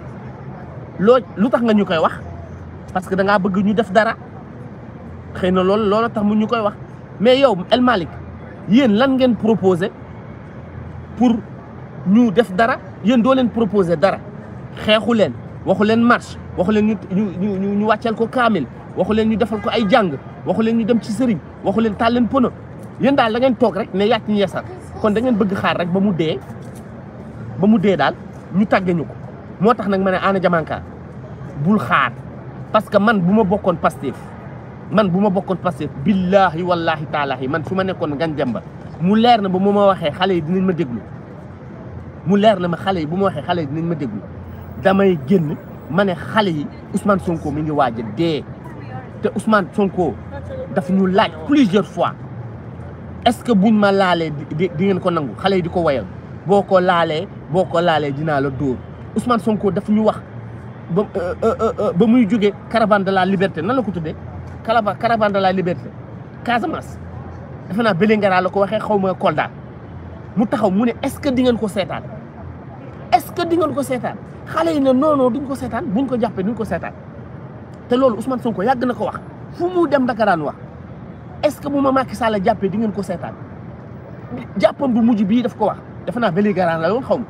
Lo, lu tax nga ñu wax parce que da nga bëgg ñu def dara xeyna lool lool tax mu ñu wax mais yow El Malik, yeen lan ngeen proposer pour ñu def dara yeen do leen proposer dara xexu leen waxu leen marche waxu leen ñu ñu ñu ñu ko kamil waxu leen ñu defal ko ay jang waxu leen ñu dem ci serigne waxu leen taal leen pono yeen dal da ngeen tok rek ne yàcc ñu yeesal kon da ngeen bëgg xaar rek ba mu dé ba mu dé dal ñu taggé ñuko moo tax nag ma ne Anna Diamanka bul xaar parce que man bu ma bokkoon Pastef man bu ma bokkoon Pastef billaahi wallaahi taalaahi man su ma nekkoon Ngagne Demba mu leer na ba mu ma waxee xale yi dinañ ma déglu mu leer na ma xale yi bu ma waxee xale yi dinañ ma déglu damay génn ma ne xale yi usman Sonko mi ngi waaj a dee te Ousmane Sonko daf ñu laaj plusieurs fois est-ce que buñ ma laalee di di ngeen ko nangu xale yi di ko woyal boo ko laalee boo ko laalee dinaa la dóor. Ousmane Sonko daf ñu wax ba euh, euh, euh, ba muy jóge caravane de la liberté nan la ko tuddee calava caravane de la liberté Casamance defe naa Bélingara la ko waxee xaw ma Kolda mu taxaw mu ne est-ce que di ngeen ko seetaan est-ce que di ngeen ko seetaan xale yi ne non non duñ ko seetaan buñ ko jàppee duñ ko seetaan te loolu Ousmane Sonko yàgg na ko wax fu mu dem daka daan wax est-ce que bu ma Macky Sall jàppee di ngeen ko seetaan jàppam bu mujj bii daf ko wax defe naa Bélingara la woon xaw ma.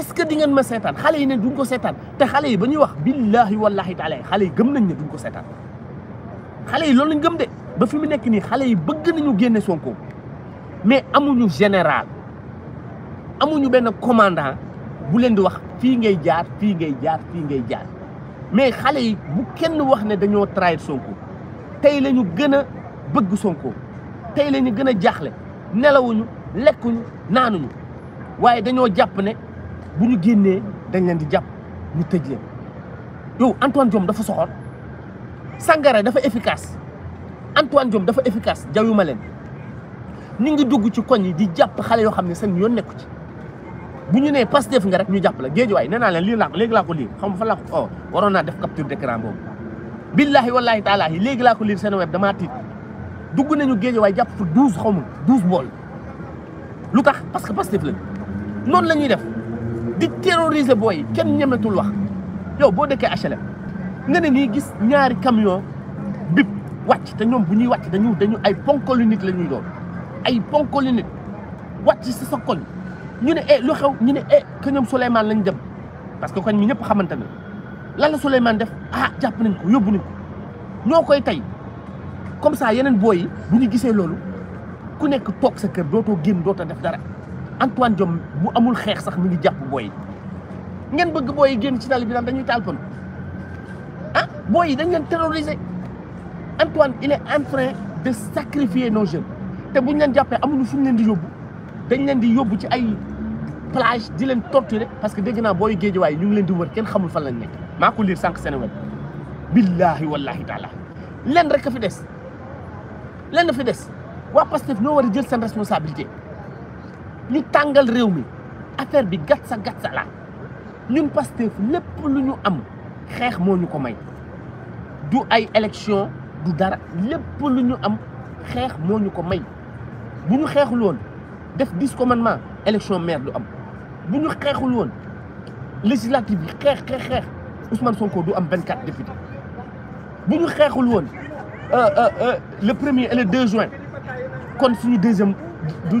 est-ce que di ngeen ma seetaan xale yi ne duñ ko seetaan te xale yi ba ñuy wax billahi wallahi taala xale yi gëm nañ ne duñ ko seetaan xale yi loolu lañ gëm de ba fi mu nekk nii xale yi bëgg nañu génne Sonko mais amuñu général amuñu benn commandant bu leen di wax fii ngay jaar fii ngay jaar fii ngay jaar mais xale yi bu kenn wax ne dañoo trahir Sonko tey lañu ñu gën a bëgg Sonko tey lañu ñu gën a jaaxle nelawuñu lekkuñu naanuñu waaye dañoo jàpp ne. bu ñu génnee dañ leen di jàpp ñu tëj leen yow Antoine Diome dafa soxor Sangaré dafa efficace Antoine Diome dafa efficace jayuma leen ñu ngi dugg ci koñ yi di jàpp xale yoo xam ne seen yoon nekku ci bu ñu nee Pastef nga rek ñu jàpp la géejuwaay nee naa leen lii laa ko léegi laa ko liir xam fa laa ko oh waroon naa def capture d'écran boobu. billaahi wallaahi taalaahi léegi laa ko liir seen web damaa tiit dugg nañu géejuwaay jàpp fa douze xaw ma douze bool lu tax parce que Pastef la noonu la ñuy def. di terroriser booy kenn ñemetul wax yow boo dëkkee HLM nga ne nii gis ñaari camion bip wàcc te ñoom bu ñuy wàcc dañu dañu ay ponkolu nit la ñuy doon ay ponkolu nit wàcc si sa koñ ñu ne eh lu xew ñu ne eh que ñoom Souleymane lañ dem parce que koñ mi ñëpp xamante ne lan la Souleymane def ah jàpp nañ ko yóbbu nañ ko ñoo koy tey comme ça yeneen booy yi bu ñu gisee loolu ku nekk toog sa kër dootoo génn dootoo def dara. Antoine Diome bu amul xeex sax mi ngi jàpp booy ngeen bëgg booy yi génn ci tali bi naan dañuy taal pon ah booy yi dañ leen terroriser Antoine il est en train de sacrifier nos jeunes te buñ leen jàppee amuñu fu ñu leen di yóbbu dañ leen di yóbbu ci ay plage di leen torturer parce que dégg naa booy waaye ñu ngi leen di wër kenn xamul fan lañ nekk maa ko liir sànq seen web billahi wallahi taala leen rek a fi des leen fi des waa Pastef ñoo war a jël seen responsabilité. Nous tangal réew affaire bi Gatsa. la ñun am du élection du dara lepp lu am may commandement élection maire du am bu ñu législatif législative bi xex Ousmane Sonko du am députés euh, euh, euh, le 1er et le 2 juin kon suñu deuxième du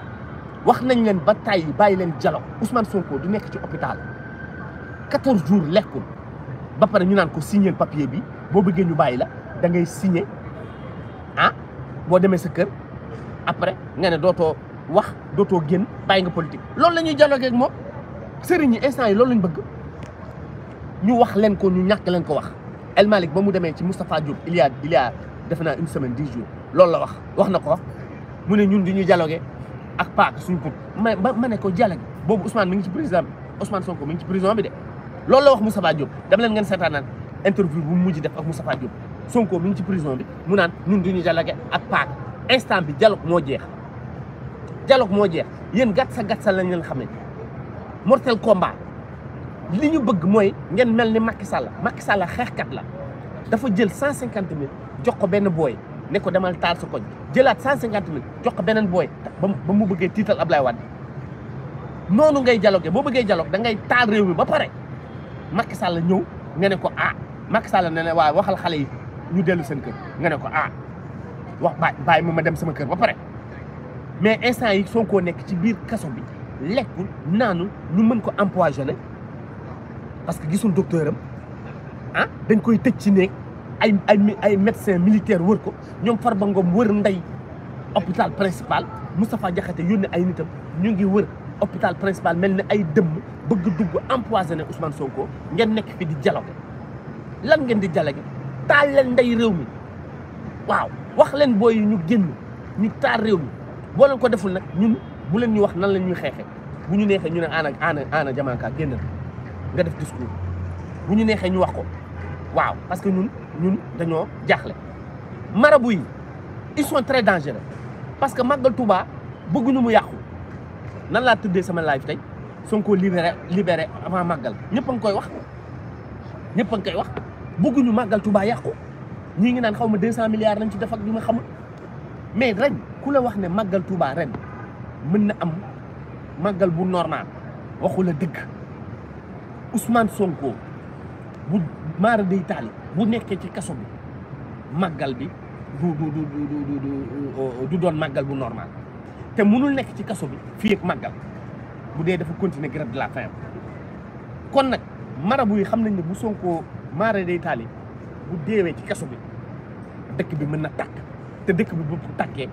wax nañ leen ba tey bàyyi leen dialogue Ousmane Sonko du nekk ci hôpital 14 jours lekkul ba pare ñu naan ko signer papier bi boo bëggee ñu bàyyi la da ngay signer ah boo demee sa kër après nga ne dootoo wax dootoo génn bàyyi nga politique. loolu la ñuy dialogue ak moom sëriñ yi instant yi loolu lañ bëgg ñu wax leen ko ñu ñàkk leen ko wax El Malick ba mu demee ci Moustapha Diop il y naa une semaine dix jours loolu la wax wax na ko mu ne ñun di ñu dialogue ak paaka suñu put ma ma ne ko dialogue boobu Ousmane mi ngi ci président bi Ousmane Sonko mi ngi ci prison bi de lool la wax Moustapha Diop dama leen ngeen seetaanaan interview bu mujj def ak Moustapha Diop Sonko mi ngi ci prison bi mu naan ñun duñu dialogue ak paaka instant bi dialogue moo jeex dialogue moo jeex yéen gàtt sa gàtt sa lañ leen xam ne mortel combat li ñu bëgg mooy ngeen mel ni makki Sall makki Sall xeexkat la dafa jël cent cinquante mille jox ko benn booy ne demal taal sa koñ jëlaat cent cinquante mille jox ko beneen booy ba mu bëggee tiital Ablaye Wade noonu ngay dialogué boo bëggee dialogue dangay ngay taal réew mi ba pare Macky Sall ñëw nga ne ko ah Macky Sall ne ne waaye waxal xale yi ñu dellu seen kër nga ne ko ah wax bàyyi baay ma ma dem sama kër ba pare mais instant yi koo nekk ci biir kaso bi lekkul naanu ñu mën ko empoisonné parce que gisul docteur am ah dañ koy tëj ci néeg ay ay ay médecin militaire wër ko ñoom Farba Ngom wër ndey hôpital principal jaxate Diakhaté yónni ay nitam ñu ngi wër hôpital principal mel ni ay dëmm bëgg dugg empoisonné Ousmane ko ngeen nekk fi di dialogue lan ngeen di dialogue taal leen ndey réew mi waaw wax leen booy ñu génn ñu taal réew mi boo leen ko deful nag ñun bu leen ñu wax nan la ñuy xeexee bu ñu neexee ñu ne Anna Anna Anna Diamanka génn nga def discours bu ñu neexee ñu wax ko waaw nous dañoo jaaxle marabu ils sont très dangereux parce que Magal Touba bëgguñu mu yàqu nan laa tuddee sama live tey Sonko libéré libéré avant Magal. ñëpp a ngi koy wax ñëpp a ngi koy wax bëgguñu màggal Touba yàqu ñii ngi naan xaw 200 milliards lañ ci def ak xamul mais ren ku la wax ne Magal Touba ren mën na am Magal bu normal waxu la dëgg Ousmane Sonko bu maara day taali bu nekkee ci kaso bi màggal bi du du euh, doon màggal bu normal te mënul nekk ci kaso bi fii ak bu dee dafa continuer grade de la faim kon nag marabu yi xam nañ ne bu Sonko maare day taali bu deewee ci kaso bi dëkk bi mën na takk te dëkk bi bu tàkkee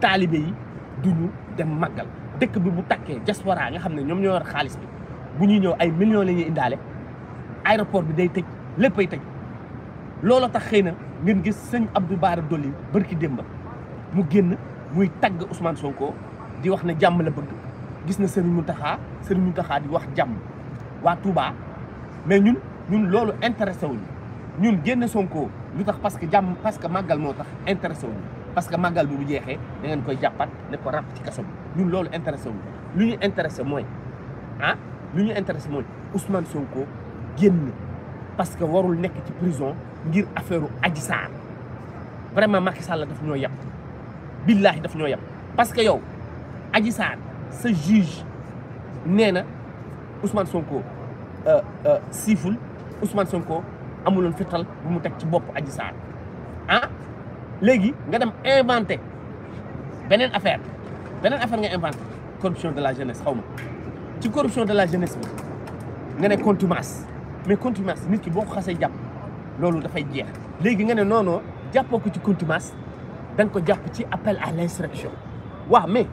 taalibe yi duñu dem màggal dëkk bi bu tàkkee diaspora nga xam ne ñoom ñoo war xaalis bi bu ñuy ñëw ay millions la indaale aéroport bi day tëj léppay tëj looloo tax na ngeen gis sëñ Abdou Bar Doli, barki demba mu génn muy tag Ousmane Sonko di wax ne jàmm la bëgg gis na Serigne Mountakha Serigne Mountakha di wax jàmm wa Touba mais ñun ñun loolu intéressé wuñu ñun génn Sonko lu tax parce que jam, parce que magal moo tax intéressé wuñu parce que magal bi bu jeexee da ngeen koy jàppaat ne ko rap ci kaso ñun loolu intéressé wuñu lu ñu intéressé mooy ah lu ñu intéressé mooy Ousmane Sonko génn parce que warul n'ek ci prison ngir affaire Adji Sarr vraiment Macky Sall ñoo yab billaahi daf ñoo yab parce que yow Adji Sarr sa juge nee na Ousmane Sonko euh, euh, siiful Ousmane Sonko amuloon fital bu mu teg ci bopp Adji ah léegi nga dem inventé beneen affaire beneen affaire nga inventé corruption de la jeunesse xawma ci corruption de la jeunesse bi nga ne contumace mais contumace nit ki boo ko xasee jàpp. da fay jeex léegi nga ne nono jàppoo ko ci contumace da nga ko japp ci appel à l'instruction Wa mais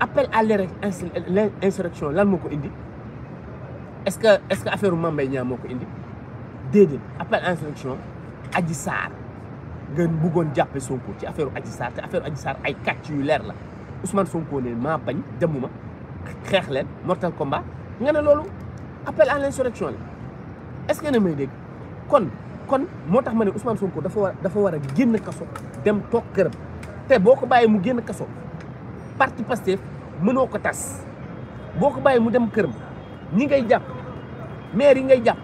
appel à l'instruction insurrection lan moo indi est ce que est ce que affaire Mame Mbaye Niang indi Dede appel à l'instruction insurrection Adji Sarr nga bëggoon jàppe Sonko ci affaire Adji sar te affaire Adji sar ay kàcc yu leer la Ousmane Sonko ne ma bañ demuma xex leen mortal combat nga ne loolu appel à l'instruction est ce que ne may dégg kon kon moo tax ma ne Ousmane ko dafa war dafa war a génn kaso dem toog këram te boo ko bàyyi mu génn kaso parti Pastef mënoo ko tas boo ko bàyyi mu dem këram ñi ngay jàpp maire yi ngay jàpp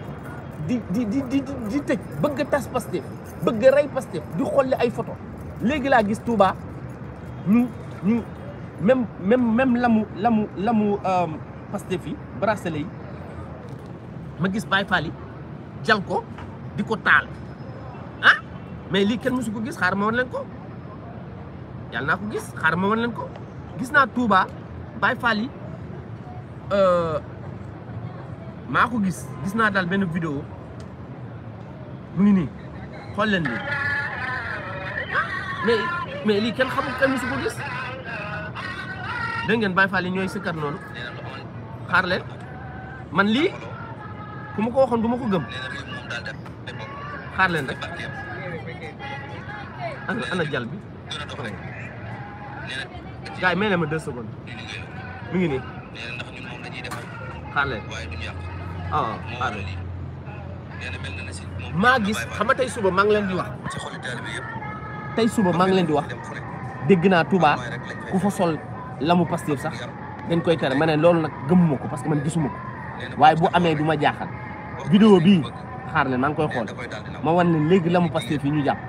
di di di di di tëj bëgg a tas Pastef bëgg a rey Pastef di xolli ay photo léegi laa gis Touba ñu ñu même même même lamu lamu lamu euh, Pastef yi bracelet yi ma gis Baye Fall yi jal ko di tal ah mais li ken musu ko gis xaaral ma won len ko yalla nako gis xaaral ma won len ko gis na Touba bay fali euh mako gis gis na dal ben video mu ngi ni xol len ni mais mais li ken xam musu gis de ngeen bay fali ñoy xaar len man li ko waxon duma ko gem xaar leen rek ana ana jal bi gars yi ma deux ngi nii xaar leen ah, maa gis xam tey suba maa ngi leen di wax tey suba maa ngi leen di wax dégg naa Touba ku fa sol lamu Pastef sax dañ koy tere ma ne loolu nag gëmuma ko parce que man gisuma ko waaye bu amee du ma jaaxal vidéo bii xaar leen maa ngi koy xool ma wan ne léegi la mu Pastef ñu jàpp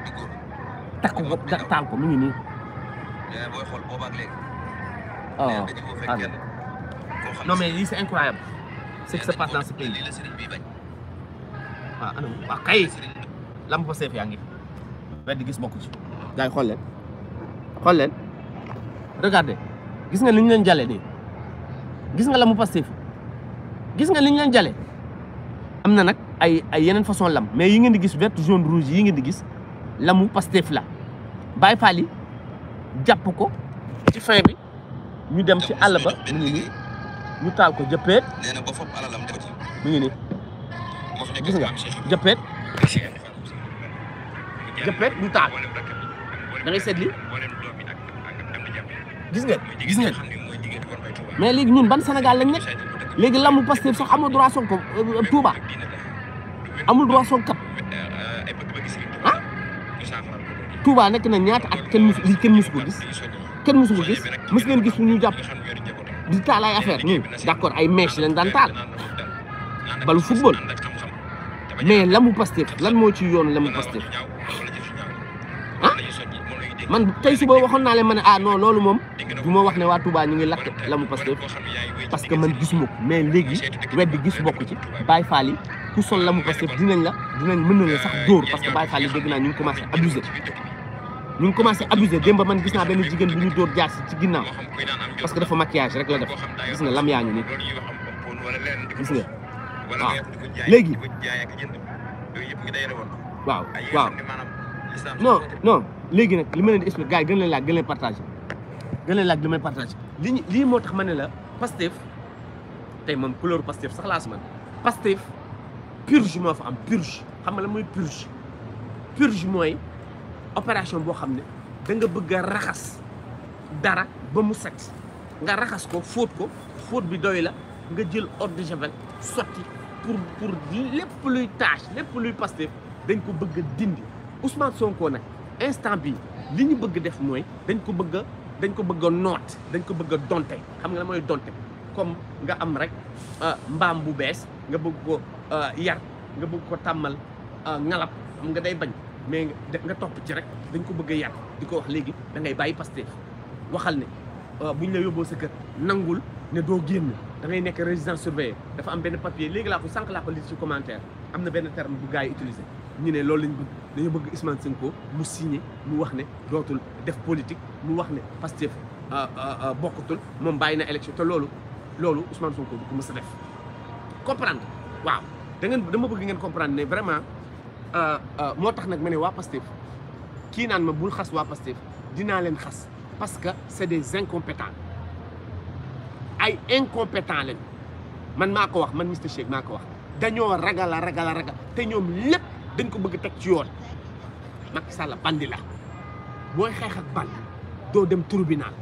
takk ko takk taal ko mu ngi nii oh non mais lii est incroyable ce qui se passe dans ce pays waaw ah, anam ah, kay la mu yaa ngi gis bokku ci gars yi xool leen gis nga ni ñu leen jale nii gis nga la mu gis nga ñu ay ay yeneen façon lam mais yi ngeen di gis vert jaune rouge yi ngeen di gis lamu Pastef la Baay Faal jàpp ko ci fin bi ñu dem ci àll ba mu ngi nii taal ko jëppeet mu ngi nii nga jëppeet ñu taal da ngay seet li gis ngeen gis ngeen mais léegi ñun ban Sénégal lañ nekk léegi lamu Pastef sax amul droit Sonko euh, Touba amul droit sonkat euh, ah Touba nekk na ñaat ak kenn mus lii kenn musu ko gis kenn musu ko gis mës ngeen gis ñu jàpp di taal ay affaire nii hmm. d'accord ay mèche lañ daan taal balu football mais lamu Pastef lan moo ci yoonu lamu Pastef ah man tey suba waxoon naa leen ma ne ah non loolu moom du ma wax ne waa Touba ñu ngi lakk lamu Pastef parce que man gisuma mais léegi weddi gis bokk ci Baye Fall yi ku sol la mu Pastef dinañ la dinañ mën na la sax dóor parce que Baye Fall yi ñu ngi commencé abusé ñu ngi commencé abusé démb man gis naa benn jigéen bu ñu dóor jaar ci ginnaaw parce que dafa maquillage rek la def gis nga lam yaa ngi nii gis nga waaw léegi waaw waaw non non léegi nag li ma leen di expliqué gars yi gën leen laaj gën leen laaj li may li lii moo tax ma ne la Pastef tey moom couleur Pastef sax laa su man Pastef purge moi fa am purge xam nga purge purge moy opération bo xamné da nga bëgg raxas dara ba mu sax nga raxas ko fóot ko fóot bi doy la nga jël ordre de javel sotti pour pour lepp luy tache lepp luy Pastef dañ ko bëgg dindi Ousmane Sonko nak instant bi li ñu bëgg def moy dañ ko bëgg dañ ko bëgg a dañ ko bëgg donté xam nga la mooy comme nga am rek euh, mbam bu bess nga bëgg ko Euh, yar nga bëgg ko tàmmal euh, ngalab xam nga day bañ mais nga topp ci rek dañ ko bëgg yàq yar di ko wax léegi da ngay bàyyi Pastef waxal ne euh, bu buñ la yóbboo sa kër nangul ne doo génn da nekk résidence surveillée dafa am benn papier léegi laa ko sànq laa ko lire ci commentaire am na benn terme bu gars yi utilisé ñu ne loolu lañ bëgg dañoo bëgg Ousmane Sonko mu signé mu wax ne dootul def politique mu wax ne Pastef bokkatul moom bàyyi na élection te loolu loolu Ousmane Sonko ko mës a def comprendre da ngeen dama bëgg ngeen comprendre ne vraiment euh, euh, moo tax nag ma ne waa Pastef kii naan ma bul xas waa Pastef dinaa leen xas parce que c'est des incompétents ay incompétents lañ man maa ko wax man Mister Shake maa ko wax dañoo ragala ragala ragal te ñoom lépp dañ ko bëgg teg ci yoon Macky Sall bandi la booy xeex ak bandi doo dem tribunal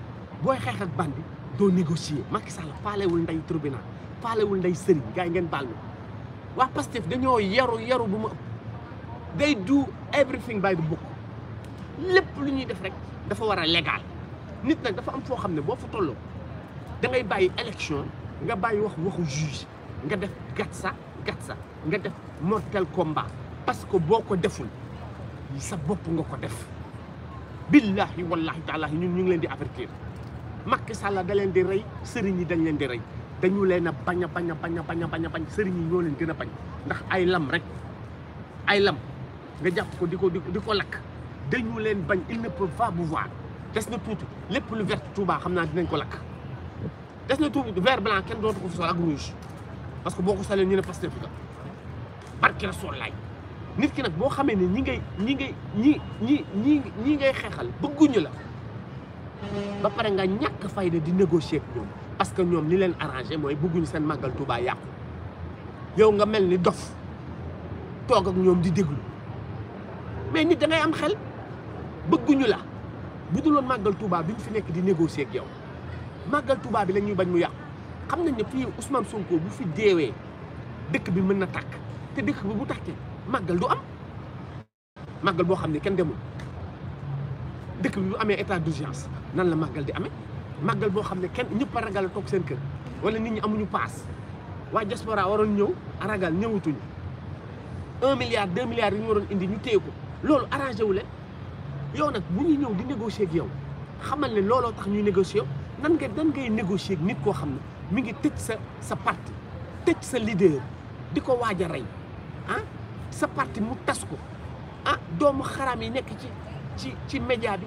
booy xeex ak bandi doo négocier Macky Sall faalewul nday tribunal faalewul nday sëriñ gaa yi ngeen baal ma waa Pastef dañoo yaru yaru bu ma ëpp day do everything by the book lépp lu ñuy def rek dafa war a légal nit nag dafa am foo xam ne boo fa tolloo da ngay bàyyi élection nga bàyyi wax waxu juge nga def gatsa gatsa nga def mortel combat parce que boo ko deful sa bopp nga ko def billahi wallahi taalahi ñun ñu ngi leen di avertir Macky Sall da leen di rey sëriñ yi dañ leen di rey dañu leen a bañ a bañ a bañ a bañ a bañ ñoo leen gën a bañ ndax ay lam rek ay lam nga jàpp ko di ko di ko lakk dañu leen bañ il ne peut pas mouvoir des na tuuti lépp lu vert tuubaa xam naa dinañ ko lakk des na tuuti vert blanc kenn dootu ko fi sol ak rouge parce que boo ko solee ñu ne Pastef la barki Rasuul laay nit ki nag boo xamee ne ñi ngay ñi ngay ñi ñi ñi ñi ngay xeexal bëgguñu la ba pare nga ñàkk fayda di négocier ak ñoom parce que ñoom li leen arrangé mooy bëgguñu seen màggal Touba yàqu yow nga mel ni dof toog ak ñoom di déglu mais nit da am xel bëgguñu la bu du loon màggal Touba bi ñu fi nekk di négocier ak yow màggal Touba bi lañuy bañ mu yàqu xam nañ ne fii Ousmane Sonko bu fi deewee dëkk bi mën na tàkk te dëkk bi tax tàkkee màggal du am màggal boo xam ne kenn demu dëkk bi bu amee état d'urgence nan la màggal di amee màggal boo xam ne kenn ñëpp a ragal toog seen kër wala nit ñi amuñu paas waa diaspora waroon ñëw ragal ñëwatuñu un milliard deux milliards yi ñu waroon indi ñu téye ko loolu arrangé wu leen yow nag bu ñu ñëw di négocier ak yow xamal ne looloo tax ñuy négocier nan nga dan ngay négocier ak nit koo xam ne mu ngi tëj sa sa parti tëj sa leader di ko waaja a rey ah? sa parti mu tas ko ah doomu xaraam yi nekk ci ci ci média bi.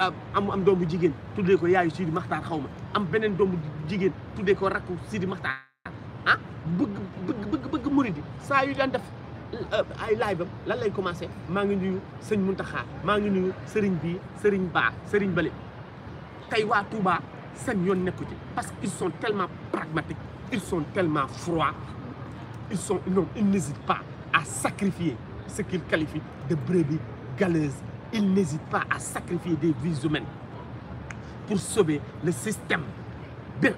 am am doom bu jigéen tuddee ko yaay Sidi makhtar xaw am benen doom bu jigéen tuddee ko rakku Sidi makhtar han ah, bëgg bëgg bëgg bëgg muridi saa yu daan def euh, ay live am lan lay commencé ma ngi nuyu sëñ Muntaxa ma ngi nuyu serigne bi serigne ba serigne balé tey wa Touba seen yoon nekku ci parce qu'ils sont tellement pragmatiques ils sont tellement froids ils sont non ils n'hésitent pas à sacrifier ce qu'ils qualifient de brebis galeuses il n'hésite pas à sacrifier des vies humaines pour sauver le système. Le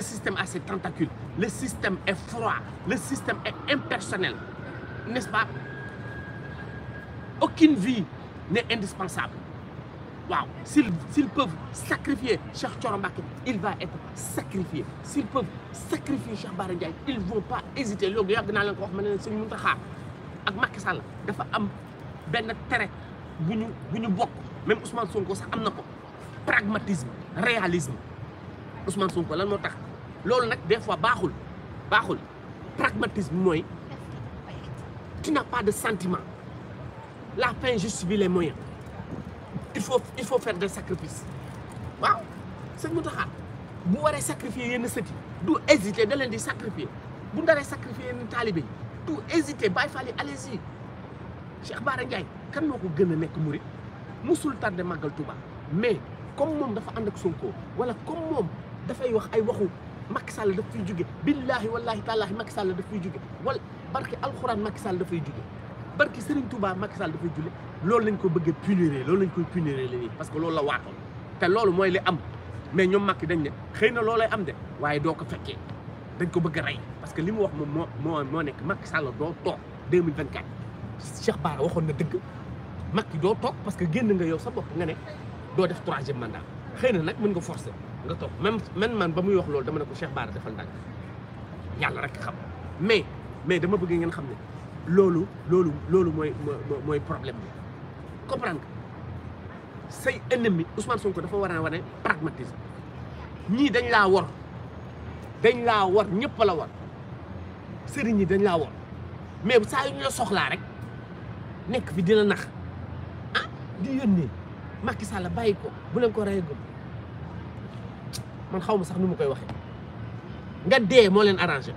système a ses tentacules. Le système est froid. Le système est impersonnel. N'est-ce pas Aucune vie n'est indispensable. Wow. S'ils peuvent sacrifier Cheikh Chorambake, il va être sacrifié. S'ils peuvent sacrifier Cheikh Barangay, ils ne pas hésiter. Ils ne vont pas hésiter même Ousmane Sonko ça pragmatisme réalisme Ousmane Sonko lan moo Il faut des fois baxul baxul pragmatisme moy tu n'as pas de sentiment la fin justifie les moyens il faut il faut faire des sacrifices waaw il mu bu waré sacrifier yenn hésiter de di sacrifier bu ndaré sacrifier yenn talibé yi hésiter bay allez-y Cheikh Bara kan moo ko gën a nekk murit musul tardé màggal Touba mais comme moom dafa ànd ak Sonko wala comme moom dafay wax ay waxu Macky Sall daf fiy jóge billaahi wallaahi taalaahi Macky Sall daf fiy jóge wala barke alxuraan Macky Sall dafay jóge barke Serigne Touba Macky Sall dafay julli loolu lañ ko bëggee puniré loolu lañ koy puniré la nii parce que loolu la waatoon te loolu mooy li am mais ñoom Macky dañ ne xëy na loolay am de waaye doo ko fekkee dañ ko bëgg a rey parce que li mu wax moom moo moo moo nekk Macky Sall doo toog 2024 Cheikh Bara waxoon na dëgg. Macky doo toog parce que génn nga yow sa bopp nga ne doo def troisième mandat xëy na nag mën nga forcer nga toog même même man ba muy wax loolu dama ne ko Cheikh Bara defal ndànk yàlla rek xam mais mais dama bëgg ngeen xam ne loolu loolu loolu mooy mooy problème bi comprendre nga say ennemi Ousmane Sonko dafa war a wane pragmatisme ñii dañ laa war dañ laa war ñëpp la war sëriñ yi dañ laa war mais saa yu ñu soxlaa rek nekk fi dina nax di yónnee Macky Sall bayi ko bu leen ko reyagum man xaw ma sax nu mu koy waxee nga dee moo leen arrangé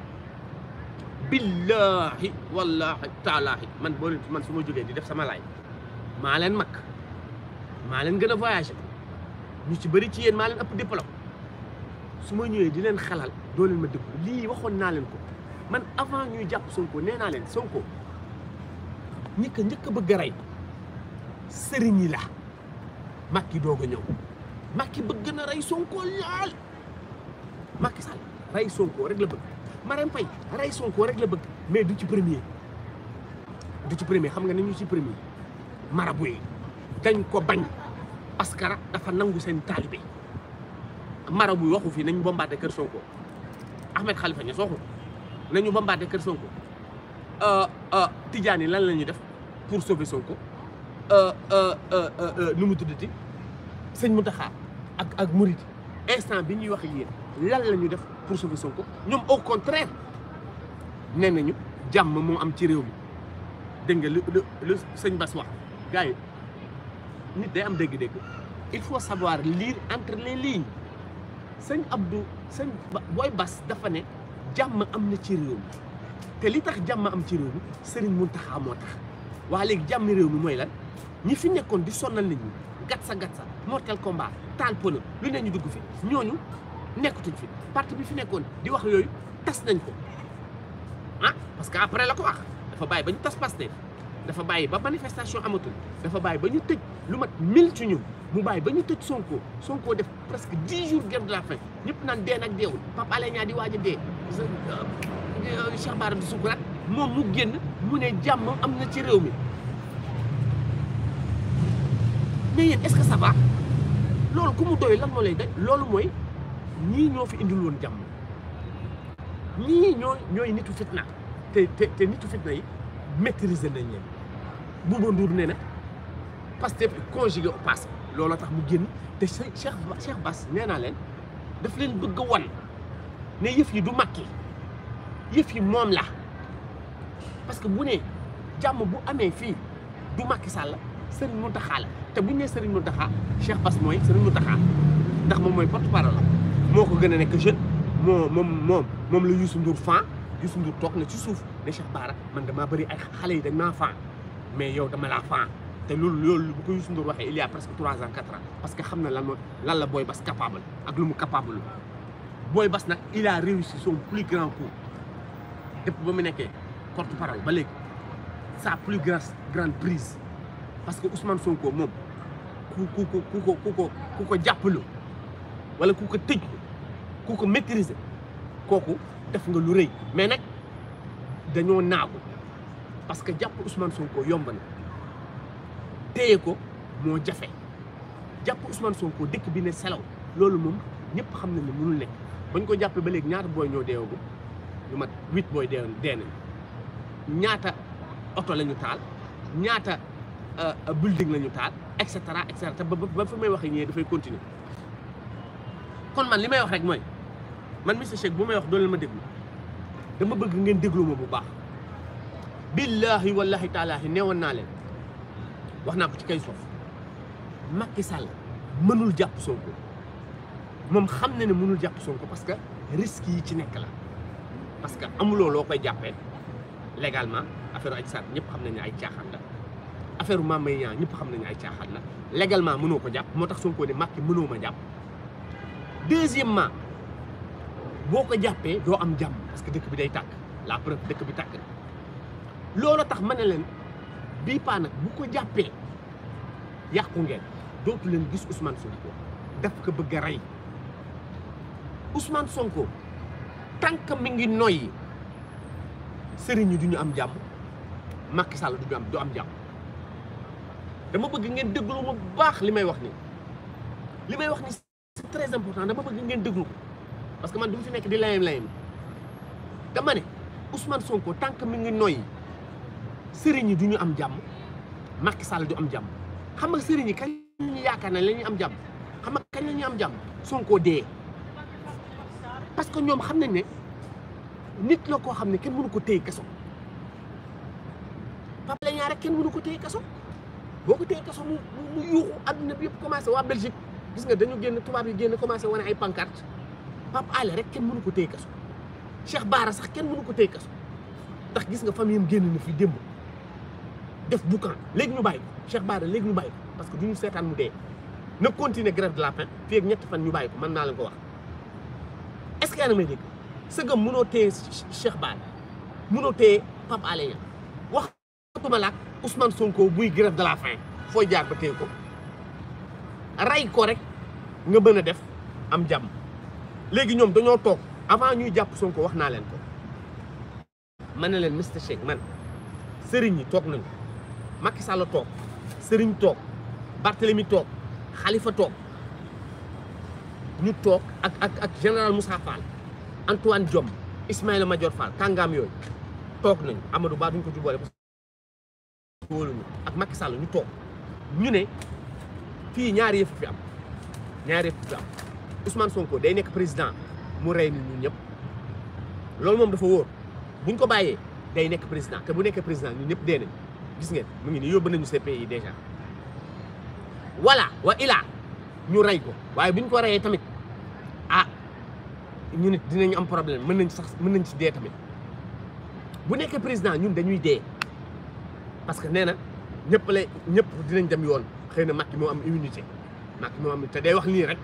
billaahi wallaahi taalaahi man boo leen man su ma jógee di def sama laay maa leen mag maa leen gën a voyagé ñu ci bëri ci yéen maa leen ëpp diplôme su ma ñëwee di leen xelal doo ma déglu lii waxoon naa leen ko man avant ñuy jàpp Sonko nee naa leen Sonko ñi ko njëkk a rey sëriñ yi la Macky doog a ñëw makki bëgg na rey Sonko lool Macky Sall rey Sonko rek la bëgg Marème Faye rey Sonko rek la bëgg mais du ci premier du ci premier xam nga ni ñu ci premier marabu yi dañ ko bañ parce dafa nangu seen taalibe buy waxu fii nañu bombardé kër Sonko Ahmed Khalifa Niass waxu nañu bombardé kër Sonko euh, euh, Tidjani lan la def pour sauver Sonko. Euh, euh, euh, nu mu tuddati sëñ mu Mountakha ak ak Mouride instant bi ñuy wax yéen lan la ñu def pour sauver ko ñoom au contraire nee nañu jàmm moo am ci réew mi dégg nga lu lu sëñ Bass wax gars nit day am dégg-dégg il faut savoir lire entre les lignes sëñ Abdou sëñ booy bas dafa ne jàmm am na ci réew mi te li tax jàmm am ci réew mi Serigne Mountakha moo tax waa léegi jàmm réew mi mooy lan. ñi fi nekkoon di sonnal nit ñi gatsa gatsa mortel combat taal pënë lu ne ñu dugg fi ñooñu nekkatuñ fi parti bi fi nekkoon di wax yooyu tas nañ ko ah parce que après la ko wax dafa bàyyi ba ñu tas Pastef dafa bàyyi ba manifestation amatul dafa bàyyi ba ñu tëj lu mat mil ci ñun mu bàyyi ba ñu tëj Sonko Sonko def presque dix jours guerre de la faim ñëpp naan dee nag deewul Pape Alé Niang di waaj a dee Cheikh Bara di sukuraat moom mu génn mu ne jàmm am na ci réew mi mais yéen est-ce que ça loolu ku mu doy lan moo lay day loolu mooy ñii ñoo fi indil woon jàmm ñii ñoo ñooy nitu fitna te te te nitu fitna yi maîtriser nañ leen Bouba Ndour nee na Pastef conjugué au loolu looloo tax mu génn te Cheikh Cheikh Bass nee naa leen daf leen bëgg won wan ne yëf yi du Macky yëf yi moom la parce que bu ne jàmm bu amee fii du Macky sàll seen muntaxaa la te bu ñu nee Serigne Mountakha Cheikh Bass mooy Serigne Mountakha ndax moom mooy porte parole moo ko gën a nekk jeune moo moom moom moom la Youssou Ndour fan Youssou Ndour toog na ci suuf ne Cheikh Bara man damaa bëri ay xale yi dañ naa fan mais yow dama laa fan te loolu loolu bu ko Youssou Ndour waxee il y a presque trois ans quatre ans parce que xam na lan mooy lan la Boy Bass capable ak lu mu capable booy Bass nag il a réussi son plus grand coup depuis ba mu nekkee porte parole ba léegi sa plus grande grande parce que Ousmane Sonko moom. ku ku ko ku ko ku ko ku ko jàppalu wala ku ko tëj ku ko maîtriser kooku def nga lu rëy mais nag dañoo naagu parce que jàpp Ousmane Sonko yomb na téye ko moo jafe jàpp Ousmane Sonko dëkk bi ne selaw loolu moom ñëpp xam nañ ne mënul nekk bañ ko jàppee ba léegi ñaata booy ñoo deewagum lu mat huit booy dee dee ñaata oto la ñu taal ñaata. Euh, euh, building la ñu taal et et cetera te ba ba fa may waxee ñee dafay continuer kon man li may wax rek mooy man Mister Shake bu may wax dooleel ma déglu dama bëgg ngeen déglu ma bu baax billaahi wallaahi taalaahi neewoon naa leen wax naa ko ci kay soof Macky Sall mënul jàpp Sonko moom xam na ne mënul jàpp Sonko parce que risque yi ci nekk la parce que amuloo loo koy jàppee légalement affaire Adji Sarr ñëpp xam nañ ne ay caaxaan la affaire Mame Mbaye Niang ñëpp xam nañu ay caaxaan la légalement mënoo ko japp motax tax Sonko ne makki mënoo ma japp deuxièmement boko jappé do am jam parce que dëkk bi day tak la preuve dëkk bi tak na loolu tax ma ne leen bii paa bu ko jappé yàqu ngeen dootu leen gis Ousmane Sonko daf ko bëgg ray Ousmane Sonko tank mi ngi noy sëriñ duñu am jam Macky Sall du am du am jam dama bëgg ngeen déglu ma bu baax li may wax ni li may wax ni c'est très important dama bëgg ngeen déglu ko parce que man du si nekk di layam layam dama ne Ousmane Sonko tant que mi ngi noyyi sëriñ yi du ñu am jàmm Macky Sall du am jàmm xam nga sëriñ yi kañ yaakaar nañ la am jàmm xam nga kañ lañu am jàmm sonkoo dee parce que ñoom xam nañ ne nit la koo xam ne kenn mënu ko téye keso Pape Alé Niang kenn mënu ko téye kaso. boo ko tee kaso mu mu yuuxu àdduna bi yëpp commencé waa Belgique gis nga dañu génn tubaab yi génn commencé wane ay pancarte Pape Alé rek kenn mënu ko téye kaso Cheikh Bara sax kenn mënu ko téye kaso ndax gis nga famille am génn na fi démb def boucan léegi ñu bàyyi ko Cheikh Bara léegi ñu bàyyi ko parce que du ñu seetaan mu dee na continuer grève de la faim fii ñetti fan ñu bàyyi ko mën naa leen ko wax est ce may dégg sëgam mënoo téye Cheikh Bara mënoo téye Pape Alé Niang wax Ousmane Sonko buy grève de la faim fooy jaar ba téye ko rey ko rek nga mën a def am jàmm léegi ñoom dañoo toog avant ñuy jàpp Sonko wax naa leen ko ma ne leen Mister Shake man sëriñ yi toog nañu Macky Sall toog sëriñ toog Barthélemy toog Khalifa toog ñu toog ak ak ak général Moussa Fall Antoine Diome Ismaïla Madior Fall kàngaam yooyu toog nañu Amadou Ba duñ ko jubóole wóoluñu ak Macky Sall ñu toog ñu ne fii ñaari yëf fi am ñaari yëf fi am Ousmane Sonko day nekk président mu rey ni ñun ñëpp loolu moom dafa wóor buñ ko bàyyee day nekk président te bu nekkee président ñun ñëpp dee nañ gis ngeen mu ngi nii yóbbu nañu CPI déjà voilà wa ilaa ñu rey ko waaye buñ ko reyee tamit ah ñu nit dinañu am problème mën nañ sax mën nañ ci dee tamit bu nekkee président ñun dañuy dee parce que nee na ñëpp lay ñëpp dinañ dem yoon xëy na Macky moo am immunité Macky moo am te day wax lii rek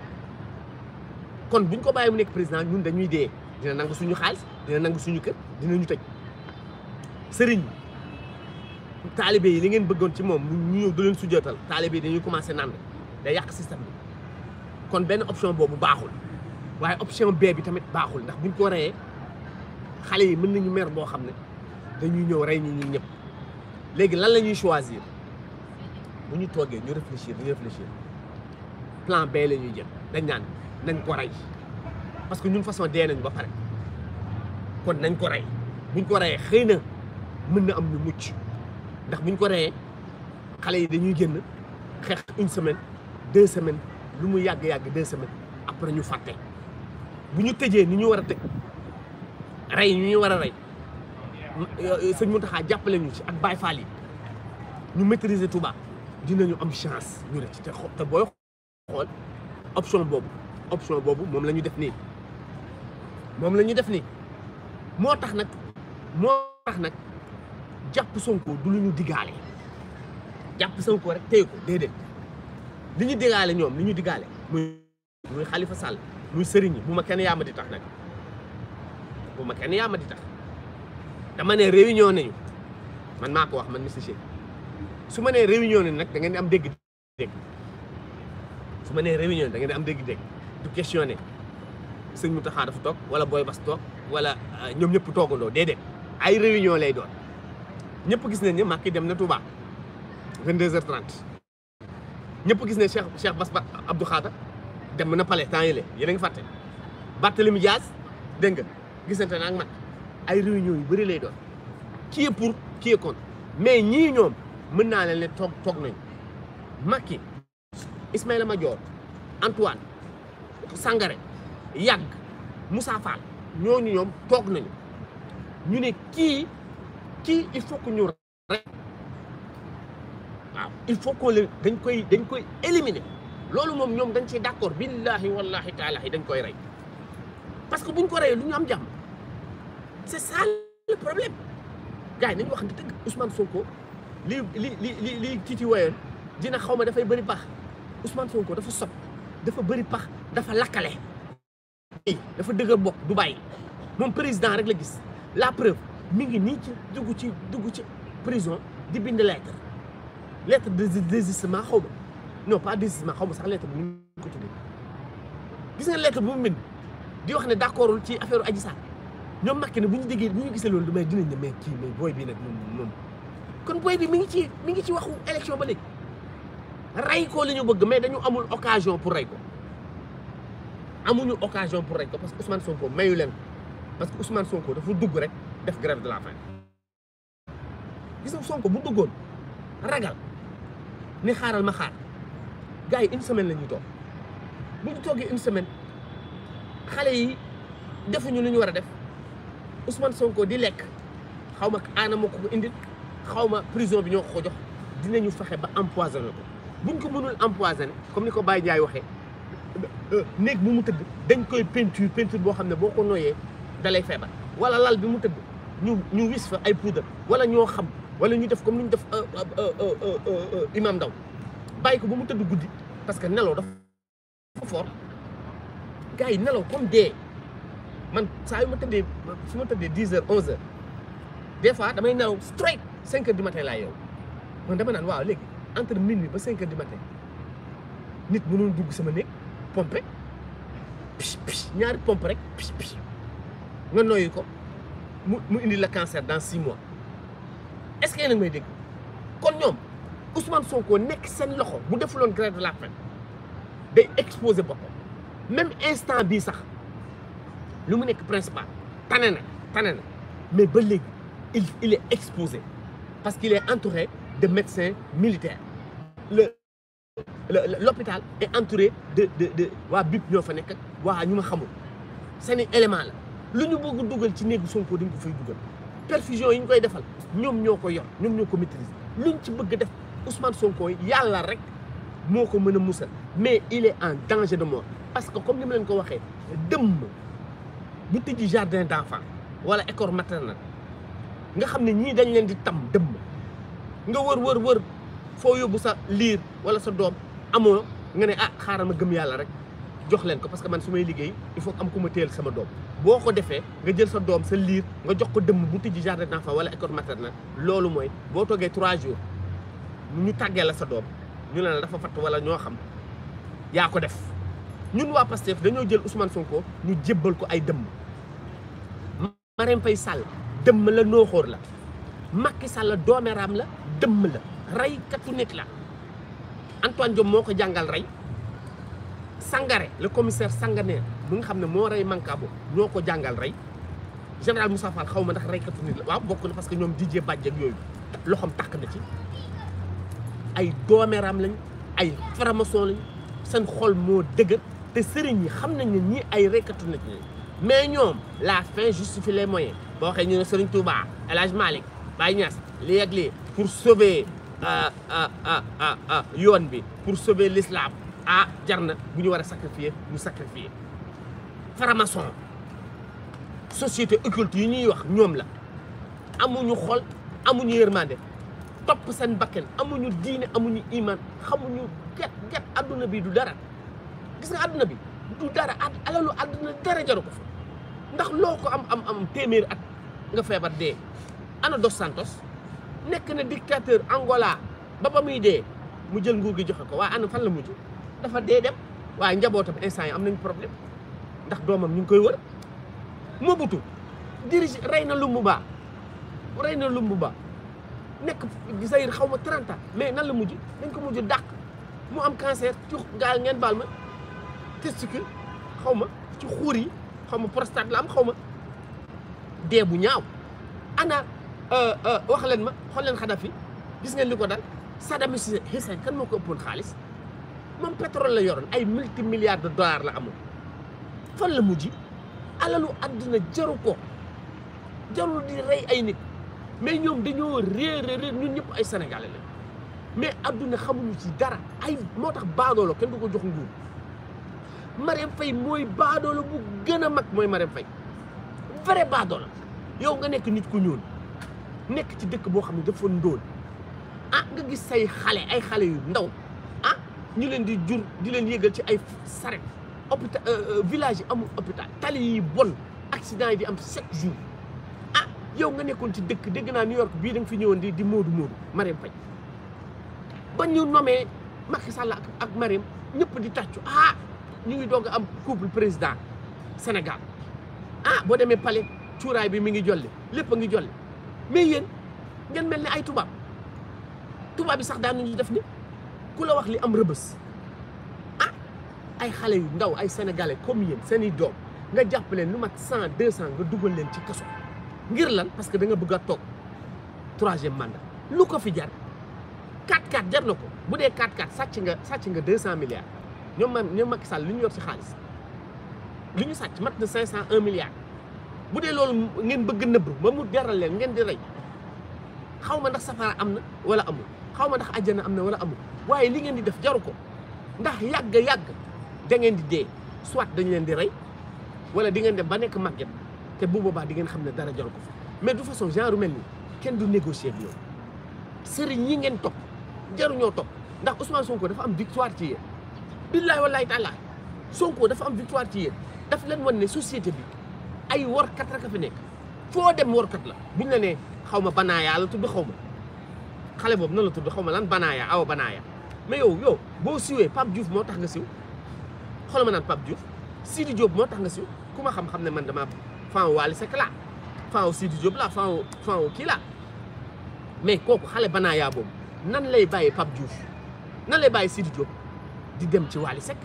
kon buñ ko bàyyi mu nekk président ñun dañuy dee dina nangu suñu xaalis dina nangu suñu kër dinañu tëj sëriñ taalibe yi li ngeen bëggoon ci moom ñu ñëw du su jotal taalibe yi dañuy commencé naan day yàq système bi kon benn option boobu baaxul waaye option B bi tamit baaxul ndax buñ ko reyee xale yi mën nañu mer boo xam ne dañuy ñëw rey ñu ñun ñëpp choisir Nous réfléchir réfléchir plan B nous nous jël dañ de parce que ñun façon de nañ ba nous ko plan buñ nous am une semaine deux semaines lu mu deux semaines après nous nous buñu ni ñu ñu sëñ Mountakha jàppale ñu ci ak Baye Fall ñu maîtriser Touba dinañu am chance ñu ci te te option boobu option boobu moom la def nii moom la def nii moo tax nag moo jàpp Sonko du lu ñu jàpp Sonko rek ko muy muy Khalifa Sall muy kenn tax kenn tax dama ne réunion nañu man maa ko wax man Mister Shake su ma nee réunion nañu nag da ngeen di am dégg-dégg su ma nee réunion da ngeen di am dégg-dégg du questionné sëñ Mountakha dafa toog wala Boy Bass toog wala euh, ñoom ñëpp toogandoo déedéet ay réunion lay doon ñëpp gis nañ ne Macky dem na Touba 22h30 ñëpp gis ne Cheikh Cheikh Bass Ba Abdou Khadre dem na Palais temps yii la yéen a ngi fàtte Barthélemy Diaz dégg nga gisante na ak man. ay réunion yu bari lay doon qui est pour qui mais ñii ñoom mën naa leen ne toog toog nañ Macky Ismaïla Madior Antoine Sangaré Yàgg Moussa Fall ñooñu ñoom toog nañu ñu ne kii kii il faut que ñu rek waaw il faut que dañ koy dañ koy éliminer loolu moom ñoom dañ ciy d'accord billahi wallahi taala dañ koy rey parce que buñ ko reyee du ñu am jàmm c' est ça le problème gars yi nañu wax dëgg Ousmane Sonko li li li li Titi woyoon dina xaw ma dafay bëri pax Ousmane Sonko dafa sob dafa bëri pax dafa lakkale. dafa dëgër bokk du bàyyi moom président rek la gis la preuve mi ngi nii ci dugg ci dugg ci prison di bind lettre lettre de désistement xaw no non pas désistement xaw ma sax lettre bu ñu ko tuddee gis mu bind di wax ne d' accordul ci affaire Adji Sarr ñoom Macky ne bu ñu déggee bu gisee loolu mais dinañ ne mais kii mais booy bi nag moom moom kon booy bi mi ngi ci mi ngi ci waxu élection ba léegi rey koo li ñu bëgg mais dañu amul occasion pour rey ko amuñu occasion pour rey ko parce que Ousmane Sonko mayu leen parce que Ousmane Sonko dafa dugg rek def grève de la faim gis nga Sonko bu duggoon ragal ni xaaral ma xaar gars yi une semaine la ñuy toog mu ñu toogee une semaine xale yi defuñu lu ñu war a def. Ousmane Sonko di lekk xaw ma aana moo ko ko indil xaw ma prison bi ñoo ko ko jox dinañu fexe ba empoisonné ko buñ ko mënul empoisonné comme ni ko bàyyi Ndiaye waxee euh, néeg bu mu tëdd dañ koy peinture peinture boo xam ne boo ko nooyee dalay feebar wala lal bi mu tëdd ñu ñu wis fa ay de wala ñoo xam wala ñu def comme ni ñu def euh, euh, imam Ndaw bàyyi ko ba mu tëdd guddi parce que nelaw dafa fort gars yi nelaw comme dee. man ça yu 10h su 11h. des fois straight 5h du matin là yow man dama nan entre minuit et 5h du matin nit mënul dugg sama nek pompe Pis, pis, ñaari pompe rek nga ko mu indi la cancer dans 6 mois est-ce que yéen a may dégg kon ñoom Ousmane Sonko nekk vous loxo bu de la exposé boppam même instant bii sax lu mu principal tanana, tanana. mais ba il il est exposé parce qu'il est entouré de médecins militaires le l'hôpital est entouré de de de wa BIP ñoo fa nekk ak waa ñu ma xamul seeni élément la lu ñu bëgg duggal ci négu Sonko di ngi fay duggal. perfusion yi ñu koy defal ñoom ñoo yor ñom ñoko maîtriser luñ ci bëgg def Ousmane Sonko yalla rek moko mëna mën mais il est en danger de mort parce que comme ni ma leen ko waxé dëmm bu tijji jardin d' enfant wala école maternelle nga xam ne ñii dañ leen di tam dëmm nga wër wër wër foo yóbbu sa liir wala sa doom amoo nga ne ah xaaral ma gëm yàlla rek jox leen ko parce que man su may liggéey il faut am ku ma téel sama doom boo ko defee nga jël sa doom sa liir nga jox ko dëmm bu tijji jardin d' enfant wala école maternelle loolu mooy boo toogee trois jours ñu tàggee la sa doom ñu ne la dafa fatt wala ñoo xam yaa ko def ñun waa Pastef dañoo jël Ousmane Sonko ñu jébbal ko ay dëmm Marème Faye Sall dëmm la nooxóor la Macky sàll doomeram la dëmm la rey katu la Antoine Diome moo ko jàngal rey Sangaré la commissaire Sangaré mu nga xam ne moo rey Mankabo ñoo ko jàngal rey général Moussa Fall xaw ma ndax rey katu nit la waaw bokk na parce que ñoom Didier Badji ak yooyu loxoom takk na ci ay doomeram lañ ay franc-maçon lañ seen xol moo dëgër te sëriñ yi xam nañ ne ñii ay reykatu nit lañ mais la fin justifie les moyens nous pour sauver euh, euh, euh, pour sauver l'islam ah, sacrifier nous sacrifier société occulte la amuñu amuñu iman xamuñu nous Nous bi du dara gis nga bi dara ndax loo ko am am am téeméer at nga feebar dee ana Dos Santos nekk na dictateur Angola ba ba muy dee mu jël nguur gi joxe ko waaye ana fan la mujj dafa dee dem waaye njabootam instant yi am nañu problème ndax doomam ñu ngi koy wër Mobutu dirige rey na Lumumba rey na Lumumba nekk Zaïre xaw ma 30 mais nan la mujj dañ ko mujj dàq mu am cancer ci gaal ngeen baal ma testicule xaw ma ci xuur yi. xaw ma prostate la am xaw ma dee bu ñaaw ana euh, euh, wax leen ma xool leen Xadafi gis ngeen li ko dal Saddam Hussein kan moo ko ëppoon xaalis man pétrole la yoroon ay multi milliards de dollars la amoon fan la mujj alalu àddina jaru ko jarul di rey ay nit mais ñoom dañoo réer réer ñun ñëpp ay sénégalais la mais àdduna xamuñu ci dara ay moo tax baadoo la kenn du ko jox nguur Marème Faye mooy baadoola bu gën a mag mooy Marème Faye vrai baadoola yow nga nekk nit ku ñuul nekk ci dëkk boo xam ne dafa ndóol ah nga gis say xale ay xale yu ndaw ah ñu leen di jur di leen yégal ci ay saret hôpital euh, euh, village yi amul hôpital tali yi bon accident yi di am chaque jour ah yow nga nekkoon ci dëkk dégg naa New York bii da nga fi ñëwoon di di Moodu Moodu Marème Faye ba ñu nomee Macky Sall ak Marème ñëpp di tàccu ah ñu ngi doog am couple président Sénégal ah boo demee palais cuuraay bi mi ngi jolli lépp a ngi jolli mais yéen ngeen mel ni ay tubaab tubaab bi sax daanuñu def ni ku la wax li am rëbës ah ay xale yu ndaw ay sénégalais comme yéen seen i doom nga jàpp leen lu mat cent deux cent nga dugal leen ci kaso ngir lan parce que da nga bëgg a toog troisième mandat lu ko fi jar 4-4 jar na ko bu dee 4-4 sàcc nga sàcc nga deux cent milliards. ñoom man ñoom Macky Sall li ñu yor si xaalis li ñu sàcc mat na cinq cent un milliard bu dee loolu ngeen bëgg nëbb ba mu jaral leen ngeen di rey xaw ma ndax safara am na wala amul xaw ma ndax àjjana am na wala amul waaye li ngeen di def jaru ko ndax yàgg yàgg da ngeen di dee soit dañ leen di rey wala di ngeen def ba nekk màgget te bu boobaa di ngeen xam ne dara jaru ko mais du fa façon genre mel ni kenn du négocier ak yow sëriñ yi ngeen topp jaruñoo topp ndax Ousmane Sonko dafa am victoire ci yéen. billaay wallaay taala Sonko dafa am victoire ci yéen daf leen wan ne société bi ay workat rek a fi nekk foo dem workat la buñ la nee xaw ma banaaya la tudd xaw ma xale boobu nan la tudd xaw ma lan banaaya awa banaaya yow boo siwee Pape Diouf moo tax nga siw xoolal ma naan Pape Diouf Sidi Diop moo tax nga siw ku ma xam-xam ne man damaa fan Waly Seck la fan la fan fan kii la kooku xale banaaya boobu nan lay bàyyi Pape Diouf nan lay bàyyi Sidi Diop. di dem ci Wally Seck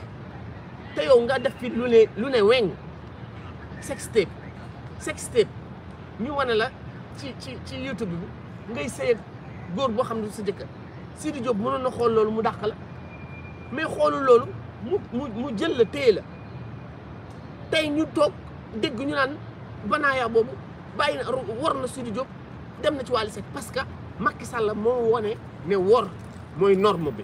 te yow nga def fi lu ne lu ne weñ sextape sextape ñu wane la ci ci ci YouTube bi ngay sëy ak góor boo xam ne du sa jëkkër Sidi Diop na xool loolu mu dàq la mais xoolu loolu mu mu mu jël la téye la tey ñu toog dégg ñu naan banaaya boobu bàyyi na war na Sidi Diop dem na ci Wally Seck parce que Macky Sall moo wone ne wor mooy norme bi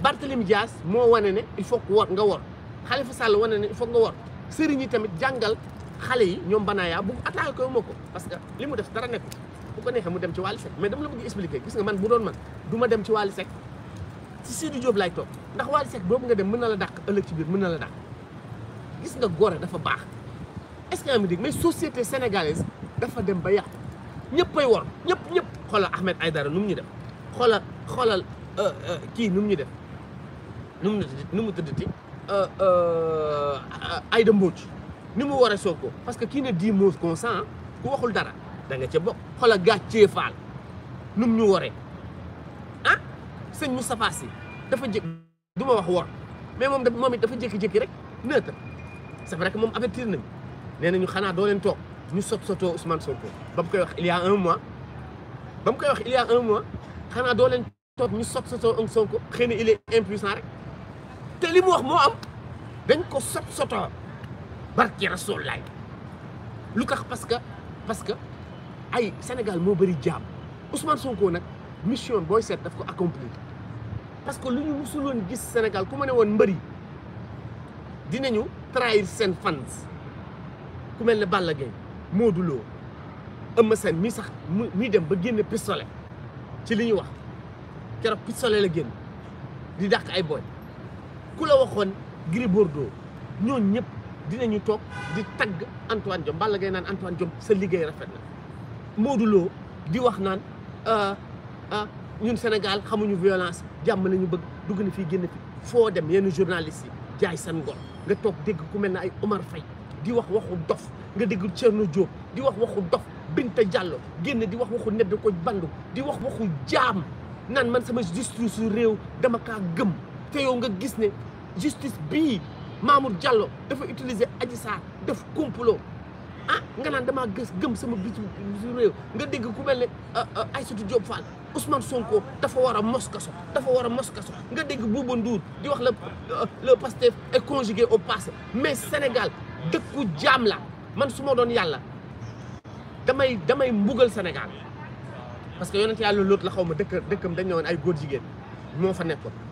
Barthélemy Dias mo wone ne il faut que wor nga wor Khalifa Sall wone ne il faut nga wor Serigne tamit jangal xalé yi ñom Banaya bu attaqué ko moko parce que limu def dara nekkul bu ko nexe mu dem ci wali Seck mais dama la bëgg expliquer gis nga man bu doon man duma dem ci wali Seck ci Sidi Diop lay top ndax wali bo nga dem mëna la dakk ëlëk ci biir mëna la dakk gis nga gore dafa bax est-ce que yaa mais société sénégalaise dafa dem ba yàqu ñëppay wor ñepp ñepp xolal Ahmed aydara num ñu def xolal euh euh ki num ñu def nu mu nu mu tëddati euh, euh, Aïda Mbodj ni mu war a Sonko parce que kii ne dix mots consent ku waxul dara danga nga ca bokk xoola gàccee faal nu mu ñu wore ah sëñ Moustapha Sy dafa jëkk du ma wax wor mais moom da moom it dafa jékki-jékki rek neutre c'est vrai que moom avertir nañu nee nañu xanaa doo leen toog ñu sot sotoo Ousmane Sonko ba mu koy wax il y a un mois ba mu koy wax il y a un mois xanaa doo leen toog ñu sot sotoo Sonko xëy na il est impuissant rek te li mu wax moo am dañ ko sot soto barke rasul laay lu tax parce que parce que ay senegal moo bëri jaam Ousmane Sonko nag mission booy seet daf ko accomplir parce que lu ñu musuloon gis Sénégal ku ma ne woon mbëri dinañu trahir seen fans ku mel ne Balla Gaye Modou Lo Eumeu Sène mi sax mi dem ba génne pistolet ci li ñu wax keroog pistolet la génn di dàq ay booy ku la waxoon Gris Bordeaux ñooñu ñëpp dinañu toog di tagg Antoine Diome Balla Gaye naan Antoine Diome sa liggéey rafet na Modou Lo di wax naan ah ñun Sénégal xamuñu violence jàmm nañu bëgg dugg na fii génn fi foo dem yenn journalistes yi jaay seen ngor nga toog dégg ku mel ne ay Omar Faye di wax waxu dof nga dégg Thierno Diop di wax waxu dof Binta jàll génn di wax waxu nedd ko bandu di wax waxu jaam naan man sama justice su réew dama kaa gëmm te yow nga gis ne justice bii Mamour Diallo dafa utiliser Adji Sarr def complot ah nga naan damaa gës gëm sama bitu réew nga dégg ku mel ne euh, euh, Aïssatou Diop Fall Ousmane Sonko dafa war a mos dafa war a mos nga dégg Bouba Ndour di wax la euh, le Pastef est conjugué au passé mais Sénégal dëkku jaam la man su ma doon yàlla damay damay mbugal Sénégal parce que yonent yàlla loot la xaw ma dëkk dëkkam dañ ne ay góor jigéen moo fa nekkoon.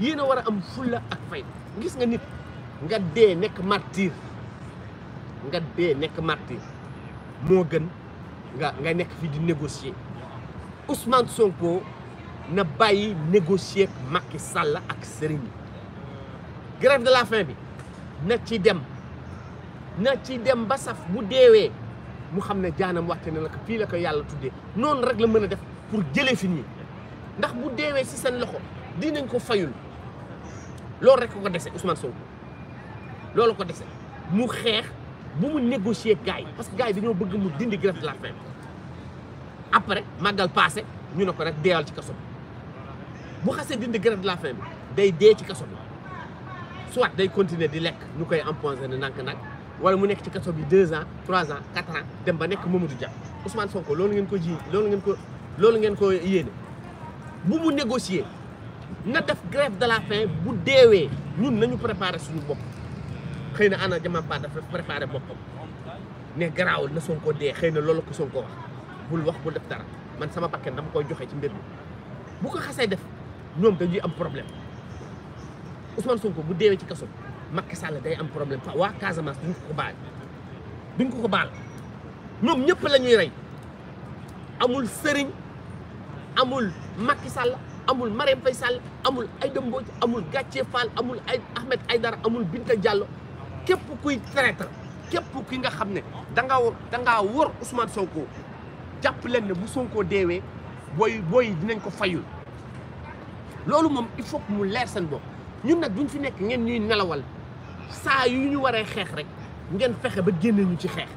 yéen war a am fulla ak fay gis nga nit nga dee nekk martyr nga dee nekk martyr moo gën nga nga nekk fii di négocier Ousmane Sonko na bàyyi négocier ak Macky Sall ak sëriñ grève de la fin bi na ci dem na ci dem ba saf bu deewee mu xam ne jaanam wàcce ne la fii la ko yàlla tuddee noonu rek la mën a def pour jëlee fi ñi ndax bu deewee si seen loxo dinañ ko fayul loolu rek ko dese Ousmane Sonko loolu ko dese mu xex bu mu négocier gars parce que gars yi dañoo bëgg mu dindi grève de la faim après magal passé ñu ne ko rek déyal ci kasso bu xasse dindi grève de la faim day dé ci kasso soit day continuer di lek ñu koy empoisonné nank nak wala mu nekk ci kasso bi 2 ans 3 ans 4 ans dem ba nekk Mamadou Dia Ousmane Sonko loolu ngeen ko ji loolu ngeen ko loolu ngeen ko yéene bu mu négocier. na def grève de la faim bu deewee ñun nañu préparé suñu bopp xëy na ana Diomaye Faye dafa préparé boppam ne garaawul na Sonko dee xëy na loolu ko Sonko wax bul wax bul def dara man sama bakken dama koy joxee ci mbir mi bu ko xasee def ñoom dañuy am problème Ousmane Sonko bu deewee ci kaso makki Sall day am problème fa waa Casamance duñ ko ko baal duñ ko ko baal ñoom ñëpp lañuy rey amul sëriñ amul Macky Sall amul Marème Faye Sall amul ay Mbodj amul Gathie Fall amul ay Ahmed Aïdara amul Binta Diallo képp kuy traître képp ki nga xam ne da nga da ngaa wor Ousmane Sonko jàpp leen ne bu sonkoo deewee booy booy dinañ ko fayul loolu moom il faut mu leer seen bopp ñun nag duñ fi nekk ngeen ñuy nelawal saa yu ñu waree xeex rek ngeen fexe ba génne ñu ci xeex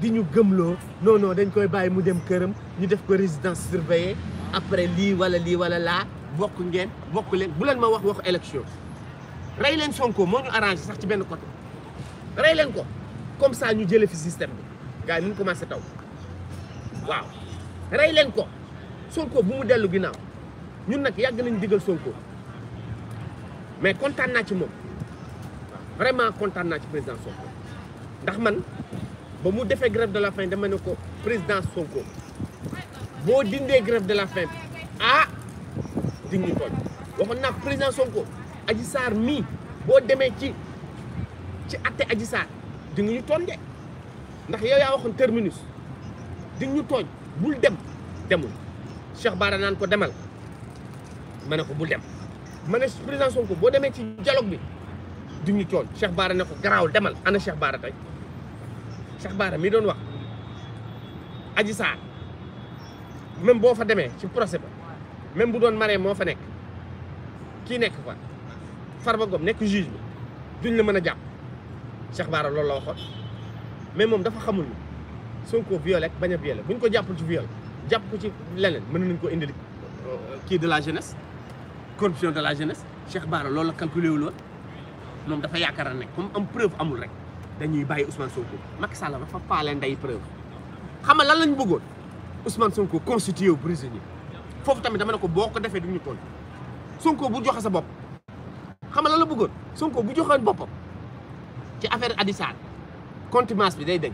di ñu gëmloo non non dañ koy bàyyi mu dem këram ñu def ko résidence surveillée après lii wala lii wala laa bokk ngeen bokk leen bu leen ma wax wax élection rey leen Sonko moo ñu arrangé sax ci benn côté rey leen ko comme ça ñu jëlee fi système bi gars yi ñu commencé taw waaw rey leen ko Sonko bu mu dellu ginnaaw ñun nag yàgg nañ digal Sonko mais kontaan naa ci moom waaw vraiment kontaan naa ci président Sonko ndax man ba mu defee grève de la faim dama ne ko présidence Sonko. boo dindee grève de la faim ah di ñu tooñ waxoon naa président Sonko Adji Sarr mii boo demee ci ci atte Adji Sarr di ñu tooñ de ndax yow yaa waxoon terminus di ñu tooñ bul dem demul Cheikh Bara naan ko demal mën ne ko bul dem ma ne président Sonko boo demee ci dialogue bi di ñu tooñ Cheikh Bara ne ko garaawul demal ana Cheikh Bara tey Cheikh Bara mi doon wax Adji même boo fa demee ci procès ba même bu doon maree moo fa nekk kii nekk quoi Farba Ngom nekk juge bi duñ la mën a jàpp Cheikh Bara lool la waxoon mais moom dafa xamul ni Sonko violé bañ a violé buñ ko jàppul ci viol jàpp ko ci leneen mën na nañ ko indil euh, kii de la jeunesse corruption de la jeunesse Cheikh Bara lool la calculé wu moom dafa yaakaar nekk comme am preuve amul rek dañuy bàyyi Ousmane Sonko Macky Sall dafa faale nday preuve xam nga lan lañ bëggoon. Ousmane Sonko constitué wu prisonnier foofu tamit dama ne ko boo ko defee du ñu toll Sonko bu joxe sa bopp xam nga lan la bëggoon Sonko bu joxoon boppam ci affaire Adji Sarr bi day dañ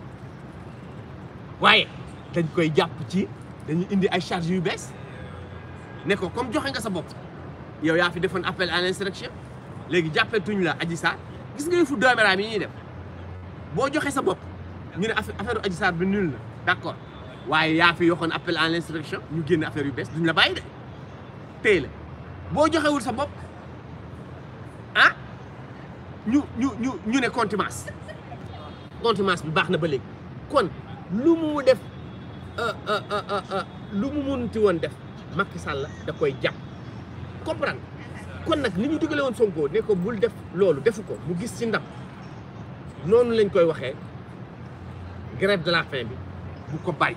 waaye dañ koy jàpp ci dañuy indi ay charges yu bees ne ko comme joxe nga sa bopp yow yaa fi defoon appel à l'insurrection léegi jàppetuñ la Adji Sarr gis nga yëfu doomeraam yi ñuy def boo joxe sa bopp ñu ne affaire Adji Sarr bi nul la d'accord. waaye yaa fi yoxoon appel en instruction ñu génn affaire yu bees duñ la bàyyi de téy la boo joxewul sa bopp ah ñu ñu ñu ñu ne contumace contumace bi baax na ba léegi kon lu mu def euh, euh, euh, lu mu woon def Macky Sall da koy jàpp comprendre kon nag ni ñu digale woon Sonko ne ko bul def loolu defu ko mu gis ci ndam noonu lañ koy waxee grève de la faim bi bu ko bàyyi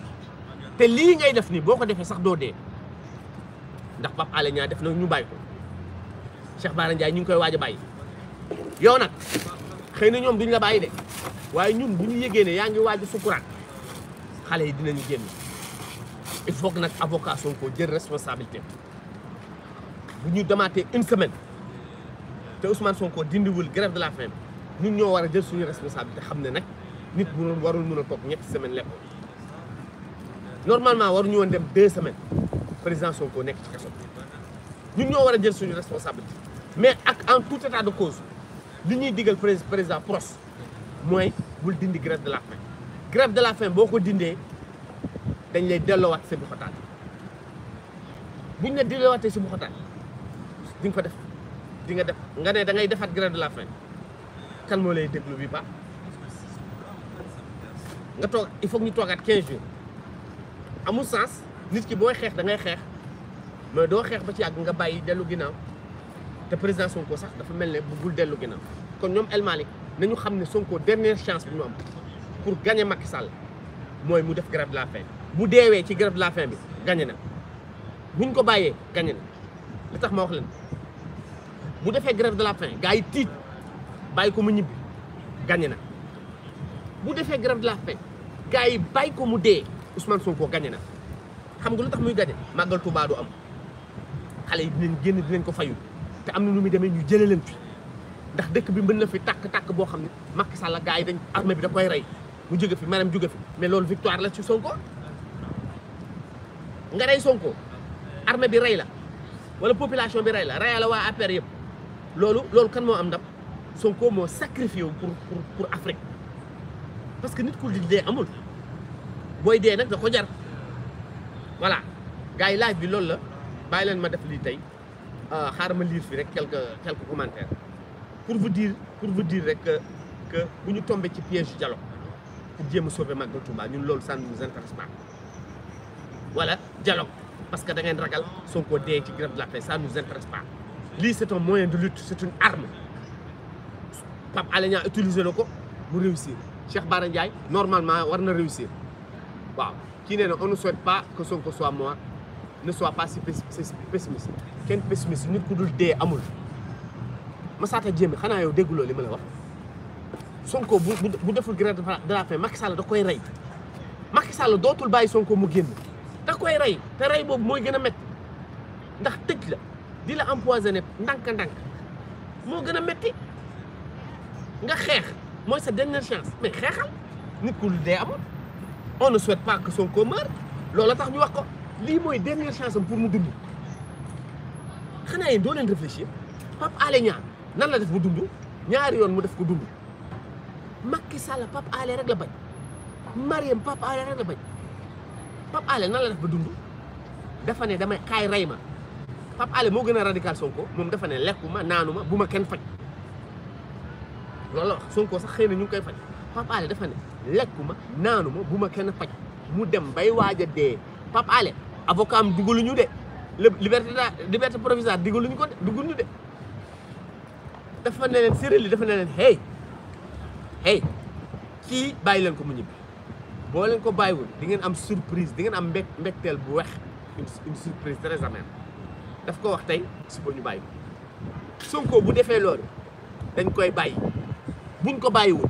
te lii ngay def nii boo ko defee sax doo dee ndax Pape Alé Niang def na ñu bàyyi ko Cheikh Bara Ndiaye ñu ngi koy waaj a bàyyi yow nag xëy na ñoom duñ la bàyyi de waaye ñun bu ñu yëgee yaa ngi waaj a sukuraat xale yi dinañu génn il faut nag avocat Sonko jël responsabilité bu ñu demaatee une semaine te Ousmane Sonko dindiwul grève de la faim ñun ñoo war a jël suñu responsabilité xam ne nag nit bu doon warul mën a toog ñetti semaine lépp. normalement on a deux semaines président Sonko connecté. responsabilité mais en tout état de cause li que le président pros mooy la grève de la faim grève de la faim beaucoup grève dit, dañ lay la si vous lois, ko def di nga def ne grève de la faim il faut ñu toogaat 15 jours amul sens nit ki boy xex da ngay xex mais doo xex ba ci yàgg nga bàyyi delu ginnaaw te president Sonko sax dafa mel ne bëggul dellu ginnaaw kon ñom El malik nañu xamne Sonko dernière chance bu ñu am pour gagner Macky Sall moy mu def grève de la faim bu deewee ci grève de la faim bi gagné na buñ ko bàyyee gagné na li tax ma wax leen bu defee grève de la faim gaay tit tiit ko mu ñibbi gagné na bu defee grève de la faim gaay yi ko mu dee. Ousmane Sonko gagné na xam nga lu tax muy gagné màggal Touba du am xale yi dinañ génn dinañ ko fayu te am na nu muy demee ñu jëlee leen fi ndax dëkk bi mën na fi tàkk-tàkk boo xam ne Macky Sall gaa yi dañ armée bi da koy rey mu jóge fi maanaam jóge fi mais loolu victoire la ci Sonko nga rey Sonko armée bi rey la wala population bi rey la rey la waa APR yëpp loolu loolu kan moo am ndam Sonko moo sacrifié wu pour pour Afrique parce que nit ku dee boy dé nak da ko jar voilà gars live bi loolu la bàyyi leen ma def li tay euh, xaaral ma lire fi rek quelques quelques commentaires pour vous dire pour vous dire rek que que buñu ñu tombé ci piège dialogue pour jéem sauver Magal Touba ñun loolu ça nous intéresse pas voilà dialogue parce que da ngeen ragal son ko dé ci grève de la paix ça nous intéresse pas li c'est un moyen de lutte c'est une arme pap Alé Niang utiliser le ko mu réussir Cheikh Bara Ndiaye normalement war na réussir pas. Qui on ne souhaite pas que son que soit moi ne soit pas si pessimiste. Quel pessimiste nit ku dul dee amul Massata Diémé xanaa yow dégguloo li ma la wax Sonko bu bu deful grève de la faim Macky Sall da koy rey Macky Sall dootul bàyyi Sonko mu génn da koy rey te rey boobu mooy gën a ndax tëj la di la empoisonné ndànk-ndànk moo gën a métti nga xeex mooy sa dernière chance mais xeexal nit ku dul dé amul on ne souhaite pas que son meure Lola tax ñu wax ko li moy dernière chance pour mu dund xanaa yéen do len réfléchir pap Alé ñaan nan la def bu dund ñaari yoon mu def ko dund Macky Sall pap Alé rek la bañ Mariam pap Alé rek la bañ pap Alé nan la def ba dund dafa né damay kaay ray ma pap Alé mo gëna radical Sonko mom dafa né lekuma nanuma buma ma kenn faj loolu Sonko sax xeyna ñu koy fajj Pape Alé dafa ne lekkuma naanuma bu ma kenn faj mu dem bay waaj a dee Pape Alé avocat am dugaluñu de liberté liberté provisoire dugaluñu ko de dugaluñu de dafa ne leen séréli dafa ne leen hey hey kii bàyyi leen ko mu ñibbi boo leen ko bàyyiwul di ngeen am surprise di ngeen am mbég mbégteel bu weex une surprise très daf ko wax tey suba ñu bàyyi ko Sonko bu defee loolu dañ koy bàyyi buñ ko bàyyiwul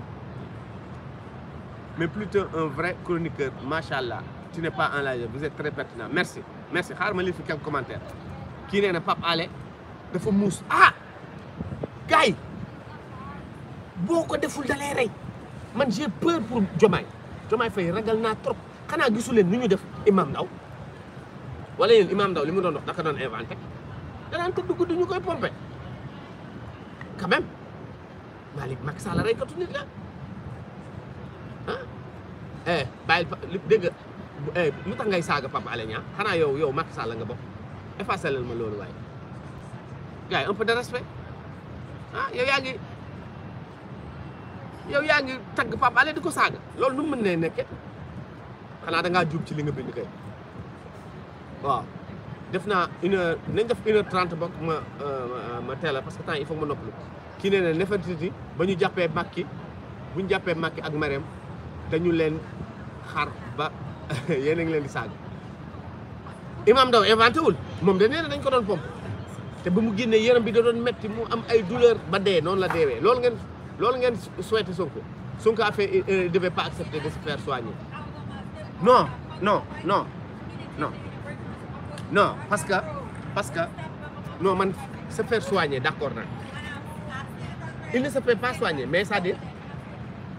mais plutôt un vrai chroniqueur. Machallah, tu n'es pas en live, vous êtes très pertinent. Merci. Merci. Je vais quelques commentaires. Qui n'est pas allé, de faut mousse. Ah Gaï Beaucoup de foules d'aller. Man, j'ai peur pour Jomai. Jomai fait ragal na trop. Quand on a vu les nuits de Imam daw voilà l'imam daw l'imam Daou, d'accord, on a inventé. Il a encore beaucoup de nous pour Quand même, Malik Maxal a récolté là. eh bàyyil li dégg nga eh, lu tax ngay saaga Pape Alé Niang xanaa yow yow Macky Sall nga bokk effacé leen ma loolu waaye gars yi un peu de respect ah yow yaa ngi yow yaa ngi tagg Pape Alé di ko saaga loolu nu mën nee nekke xanaa da ngaa juub ci li nga bind kay waaw def naa une heure def une heure bokk euh, ma ma teel a parce que temps il faut ma noppalu kii nee na Nefertiti ba ñu jàppee Macky bu ñu jàppee Macky ak Marème dañu len xar ba yéen a ngi leen di saaga Imam daw inventé wul mom dañ leen dañ ko don pomp te bamu guéné génnee yaram bi da don metti mu am ay douleur ba dé non la déwé loolu ngeen loolu ngeen souhaité Sonko Sonko a fait ne devait pas accepter de se faire soigner non non non non non parce que parce que non man se faire soigner d'accord na il ne se fait pas soigner mais ça dit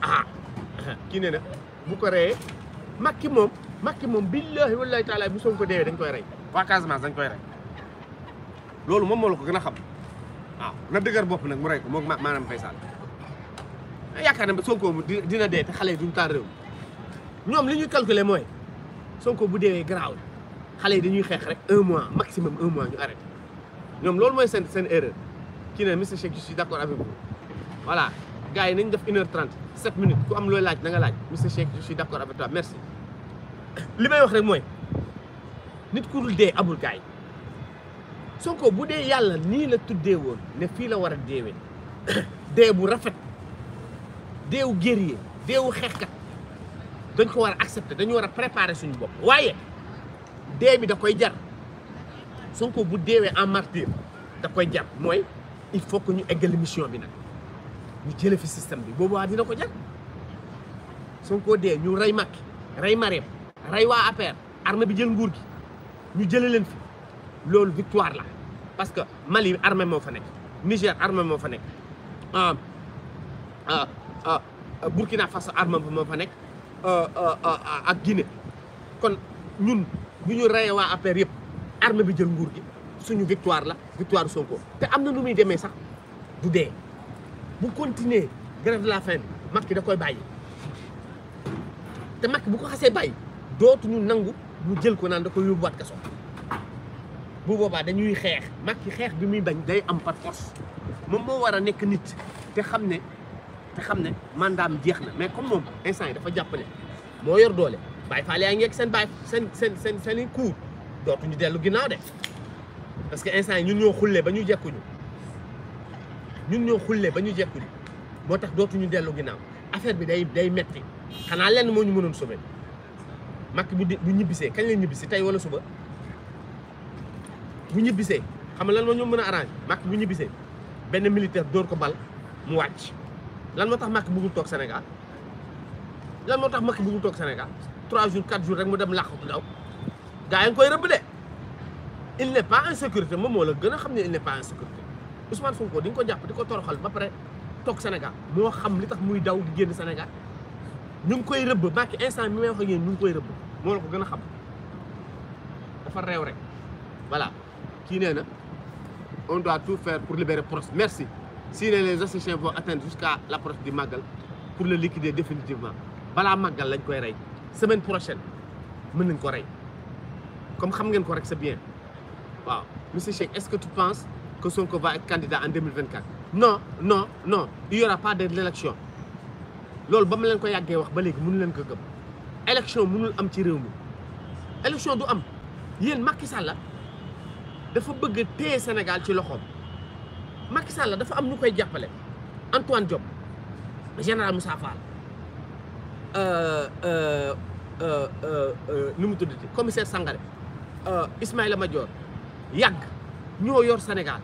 ah kii nee na bu ko reyee Macky moom Macky moom billaahi wallaahi taala bu Sonko deewee dañ koy rey waa Casamance dañ koy rey loolu moom moo la ko gën a xam waaw na dëgër bopp nag mu rek ko moom maanaam Faye Sall yaakaar na Sonko dina dee te xale yi duñ taal réew ñoom li ñuy calculer mooy Sonko bu deewee garaaw xale yi dañuy xeex rek un mois maximum un mois ñu arrêté ñoom loolu mooy seen seen erreur kii ne Mister Cheikh je suis d'accord avec vous voilà gars yi nañ def une heure 7 minutes ku am looy laaj na nga laaj monsieur Cheikh je suis d'accord avec toi merci li may wax rek mooy nit ku dul dee amul gaay Sonko bu dee yàlla nii la tuddee woon ne fii la war a deewee dee bu rafet deewu guerrier deewu xeexkat dañ ko war accepter dañu war a préparer suñu bopp waaye dee bi da koy jar Sonko bu deewee en martyr da koy jar mooy il faut que ñu eggali mission bi nag. ñu jëlee fi système bi boobu waa dina ko jar Sonko dee ñu rey Macky rey Marème rey waa APR armée bi jël nguur gi ñu jëlee leen fi loolu victoire la parce que Mali armée moo fa nekk Niger armée moo fa nekk ah, ah, ah, Burkina Faso armée moo fa nekk ak Guinée kon ñun bu ñu reyee waa APR yëpp armée bi jël nguur gi suñu victoire la victoire Sonko te am na nu muy demee sax du dee. Vous continuez grève de la fin, vous da koy bàyyi te Macky bu ko vous bàyyi dootuñu nangou mu jël ko naan da koy yóbbuwaat pas bu boobaa dañuy ne Macky pas, bi muy bañ force a nit te ne te ne mais comme lui, instant yi dafa jàpp ne yor doole Il faut seen pas seen seen seen seen a pas parce que instant yi ñun ñoo xullee ba ñun ñoo xullee ba ñu jekkuli moo tax dootuñu dellu ginnaaw affaire bi day day metti xanaa lenn moo ñu mënoon sauver Macky bu bu ñibbisee kañ la ñibbisi tey wala suba bu ñibbisee xam nga lan moo mën a arrangé Macky bu ñibbisee benn militaire dóor ko bal mu wàcc lan moo tax Macky bëggul toog Sénégal lan moo tax Macky bëggul toog Sénégal trois jours quatre jour rek mu dem làqu daw gaa yi ngi koy rëbb de il n'est sécurité moom moo gën a xam ne il pas en sécurité Ousmane Sonko di ko japp di ko toroxal ba pare tok Sénégal mo xam li tax muy daw di génn Sénégal ñu ngi koy rëbb Macky instant mi may wax ak ñu ngi koy reub mo la ko gëna xam dafa rew rek voilà ki nee on doit tout faire pour libérer Prodac merci si les assassins vont atteindre jusqu'à l'approche du Magal pour le liquider définitivement bala Magal lañ koy ray semaine prochaine mën nañ ko ray comme xam ngeen ko rek c'est bien waaw monsieur Cheikh est-ce que tu penses que Sonko va être candidat en 2024 non non non il y aura pas d'élection. l'élection loolu ba vous leen ko yàggee wax ba léegi mënu leen ko gëm élection mënul am ci réew mi élection du am yéen Macky Sall dafa bëgg tailler le Sénégal ci loxoom Macky Sall dafa am ñu koy jàppale Antoine Diop général Moussa Fall euh, euh, euh, nu mu tuddati commissaire Sangaré Ismaïla Madior yàgg ñoo yor Sénégal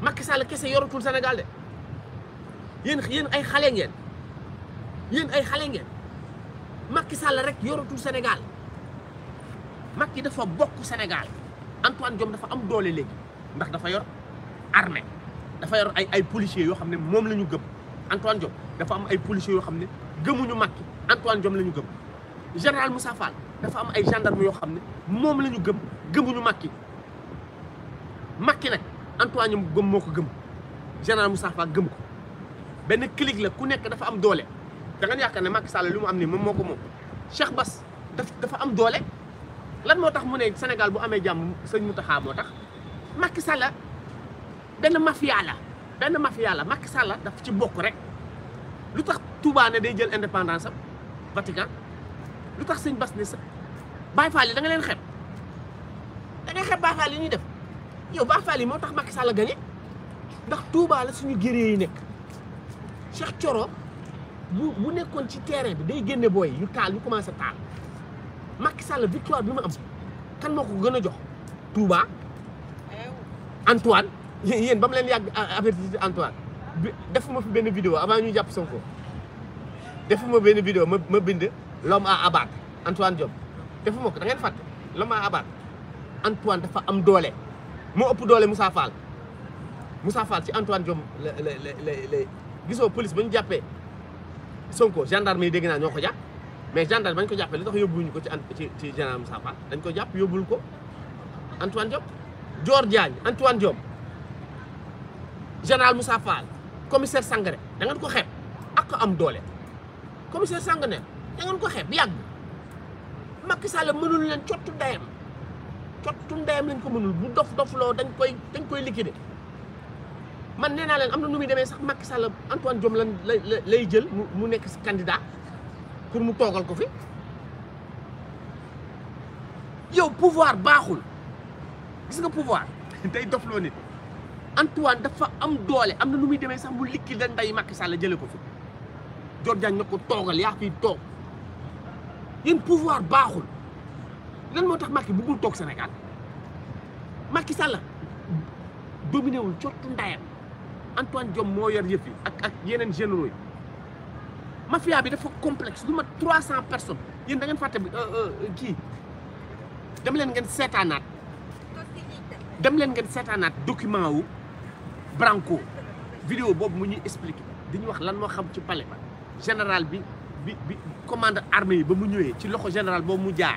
Macky Sall kese yoratul Sénégal de yéen yéen ay xale ngeen yéen ay xale ngeen Macky Sall rek yoratul Sénégal Macky dafa bokk Sénégal Antoine jom dafa am doole léegi ndax dafa yor armée dafa yor ay ay policiers yoo xam ne moom la ñu gëm Antoine Diome dafa am ay policiers yoo xam ne gëmuñu Macky Antoine jom la ñu gëm général Moussa Fall dafa am ay gendarme yoo xam ne moom la ñu gëm gëmuñu Macky Macky nag. Antoine Ngom moo ko gëm général Moussa Fall gëm ko benn clique la ku nekk dafa am doole danga nga yaakaar ne Macky Sall li mu am nii moom moo ko moom Cheikh bas daf dafa am doole lan moo tax mu ne Sénégal bu amee jàmm sëñ Mountakha moo tax Macky Sall benn mafia la benn mafia la Macky Sall daf ci bokk rek lu tax Touba day jël indépendance am Vatican lu tax sëñ bas ne sa Baye Fall yi da nga leen xeeb da nga xeeb Baye Fall ñuy def. yow Ba Fall yi moo tax Macky Sall gagné ndax Touba la suñu géré yi nekk Cheikh coro bu bu nekkoon ci terrain bi day génne booy yu taal yu commencé taal Macky Sall victoire bi mu am kan moo ko gën a jox Touba Antoine yéen ba mu leen yàgg avertir Antoine bi defuma fi benn vidéo avant ñu jàpp Sonko defuma benn vidéo ma ma bind l'homme à abattre Antoine Diop defuma ko dangeen ngeen fàtte l'homme à abattre dafa am doole. moo ëpp doole Moussa Fall Moussa Fall ci Antoine Diome la la le la gisoo police ba ñu jàppee Sonko gendarme yi dégg naa ñoo ko jàpp mais gendarme ba ñu ko jàppee li tax ñu ko ci ci ci général Moussa Fall dañ ko jàpp yóbbul ko Antoine Diome. Dior Diagne Antoine Diome général Moussa Fall commissaire Sangaré da ngeen ko xeeb ak am doole commissaire Sangaré da ngeen ko xeeb yàgg Macky Sall mënul leen cottu dayam. cottu ndeyam lañ ko mënul bu dof dofloo dañ koy dañ koy liquider man nee naa leen am na nu muy demee sax Macky Sall Antoine Diome lan lay jël mu nekk si candidat pour mu toogal ko fi yow pouvoir baaxul gis nga pouvoir day dofloo nit Antoine dafa am doole am na nu muy demee sax mu liquider nday Macky Sall jële ko fi Dior Diagne na ko toogal yaa fiy toog yéen pouvoir baaxul lan motax tax Macky bugul tok senegal Macky Sall dominé wul ciot ndayam Antoine diom mo yor yëf yi ak ak yenen généraux mafia bi dafa complexe lu 300 personnes yeen da ngeen fàtte bi euh, euh, ki dem len ngeen sétanat dem len ngeen sétanat document wu Branco vidéo bobu mu ñuy expliquer di ñu wax lan mo xam ci palais ba général bi bi bi commande armée yi ba mu ñëwé ci loxo général boobu mu jaar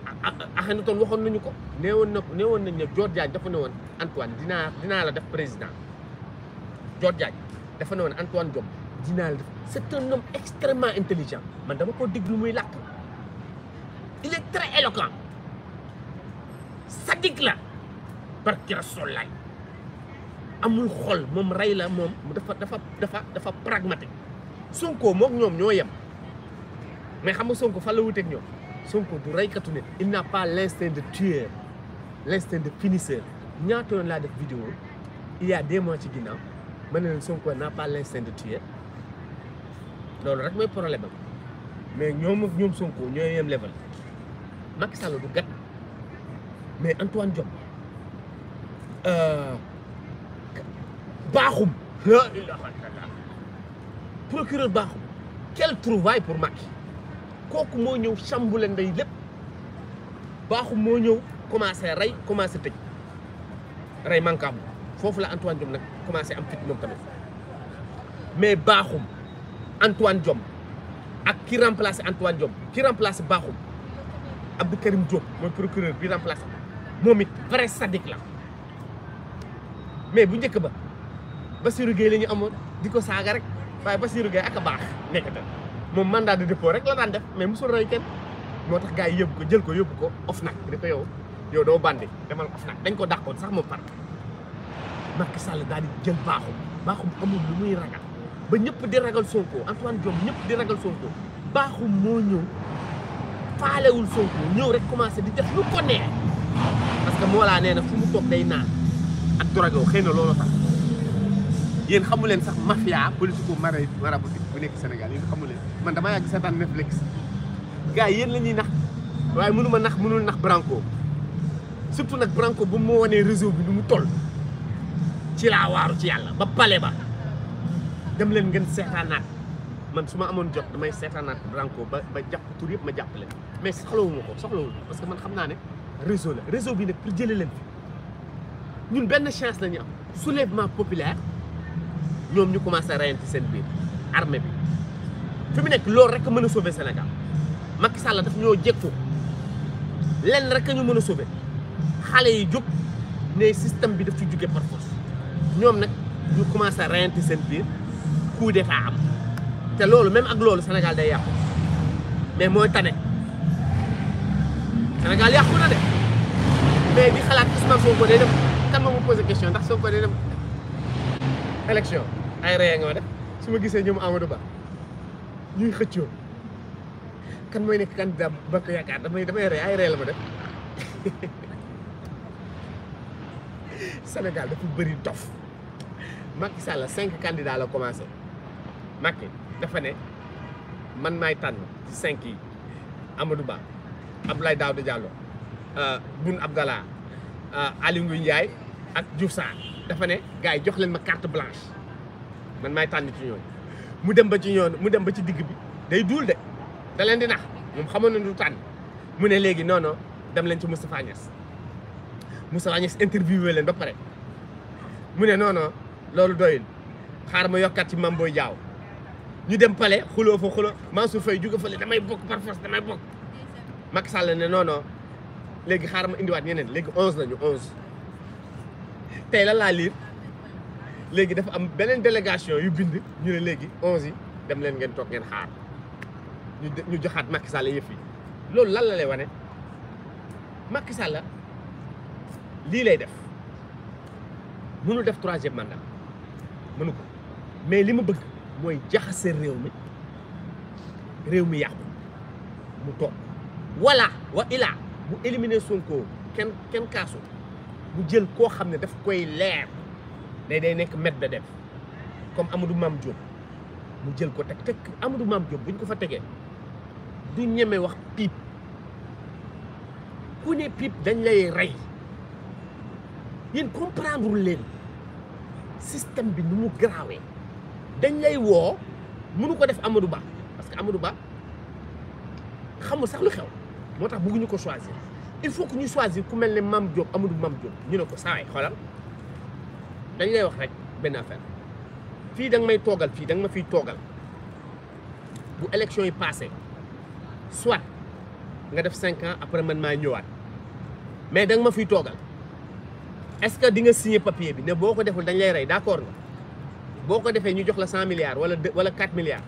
Akhenaton waxoon nañu ko neewoon na neewoon nañ ne George Diagne dafa ne woon Antoine dinaa dinaa la def président George Diagne dafa ne woon Antoine Diome dinaa la def c'est un homme extrêmement intelligent man dama ko déglu muy làkk il est très éloquent la barki rasulaay amul xol moom rey la moom dafa dafa dafa dafa pragmatique Sonko mook ñoom ñoo yem mais xam nga Sonko fan la wuteeg ñoom Sonko du de nit il n'a pas l'instinct de tuer, l'instinct de finisseur Nous avons vu def vidéo il y a deux mois ci ginnaaw Sonko n'a pas l'instinct de tuer. Donc, rek mooy problème mais nous, ak Sonko Sonko ñooy yem level Macky Sall du gat mais Antoine euh. Bahoum... procureur Bahoum, quelle trouvaille pour Macky koku mo ñew chamboulé ndey lepp baxu mo ñew commencé ray commencé tej ray mankam fofu la Antoine diom nak commencé am fit mom tamit mais baaxum Antoine diom ak ki remplacer Antoine diom ki remplacer baaxum Abdou Karim Diop moy procureur bi remplacer momit vrai sadique la mais bu ñëk ba basirou Gueye lañu amone diko saga rek waye basirou Gueye ak baax nekata moom man daa de dépôt rek la daan def mais mosul rey kenn moo tax gars yi ko jël ko yóbbu ko OFNAC di ko yow yow doo bandi demal OFNAC dañ ko dàqoon sax moom par Macky Sall daal di jël baaxum amul lu ba ñëpp di ragal Sonko Antoine Diome ñëpp di ragal Sonko baaxum moo ñëw faalewul Sonko ñëw rek commencé di def lu ko neex parce moo laa nee na fu mu toog day naan ak drogue xëy na loolu tax yéen xamu leen sax mafia politico marabout bu nekk Sénégal yéen xamu leen man dama yag setan Netflix gaay yeen lañuy nax waye mënu ma nax mënul nax Branco surtout nak Branco bu mo wanee réseau bi nu mu toll ci la waru ci yalla ba palé ba dem leen ngeen setanat man suma amone jot damay setanat Branco ba ba japp tour yep ma japp leen mais soxlawuma ko soxlawuma ko parce que man xamna naa ne réseau la réseau bi nak pour jëlé leen fi ñun benn chance lañu am soulèvement populaire ñom ñu commencé rayante sen biir armée bi fi mu nekk loolu rek mën a soobee Sénégal Macky Sall daf ñoo jekku lenn rek a ñu mën a sauver xale yi jóg ne système bi daf ci jóge par ñoom nag ñu commencé reyante seen biir coup d'état am te loolu même ak loolu Sénégal day yàqu mais mooy tane Sénégal yàqu na de mais di xalaat Ousmane Sonko day dem kan moo ma posé question ndax Sonko day dem élection ay reye nga def su ma gisee ñoom Amadou Ba ñuy xëccoo kan mooy nekk candidat bokk yaakaar damay damay rey ay rey la ma def Sénégal dafa bëri dof Macky Sall cinq candidats la commencé Macky dafa ne man may tànn ci cinq yi Amadou Ba Abdoulaye Daouda Diallo euh, Boun Abdallah euh, Aly Ngouille Ndiaye ak Diouf Sarr dafa ne gars yi jox leen ma carte blanche man maay tànn ci ñooñu mu dem ba ci ñoon mu dem ba ci digg bi day duul de da leen di nax moom xamoon na du tànn mu ne léegi non non dem leen ci Moustapha Niass Moustapha Niass interviewé leen ba pare mu ne non loolu doyul xaar ma yokkaat ci Mame Boye Diao ñu dem pale xuloo fa xuloo Mansour Faye jóge fale damay bokk par force damay bokk Macky Sall ne non léegi xaar ma indiwaat ñeneen léegi onze lañu onze tey la léegi dafa am beneen délégation yu bind ñu ne léegi onze yi dem leen ngeen toog ngeen xaar ñu ñu joxaat Macky Sall yëf yi loolu lan la lay wane Macky Sall lii lay def mënul def troisième mandat mënu ko mais li ma bëgg mooy jaxase réew mi réew mi yàqu mu toog wala wa ilaa mu éliminer Sonko kenn kenn kaasu mu jël koo xam ne daf koy leer day day nekk met de def comme Amadou Mame Diop mu jël ko teg teg amatu maam Diop bu ñu ko fa tegee du ñeme wax piip ku ne piip dañ lay rey yéen comprendre leen système bi nu mu garaawee dañ lay woo mënu ko def amatu Ba parce que Amadou Ba xamul sax lu xew moo tax bëgguñu ko choisir il faut que ñu choisir ku mel ne maam Diop Amadou Mame Diop ñu ne ko saa xoolal dañ lay wax rek benn affaire fii da nga may toogal fii da nga ma fiy toogal bu élection yi passé soit nga def cinq ans après man maa ñëwaat mais da nga ma fiy toogal est-ce que di nga signé papier bi ne ko deful dañ lay rey d'accord nga boo ko defee ñu jox la cent milliards wala wala quatre milliards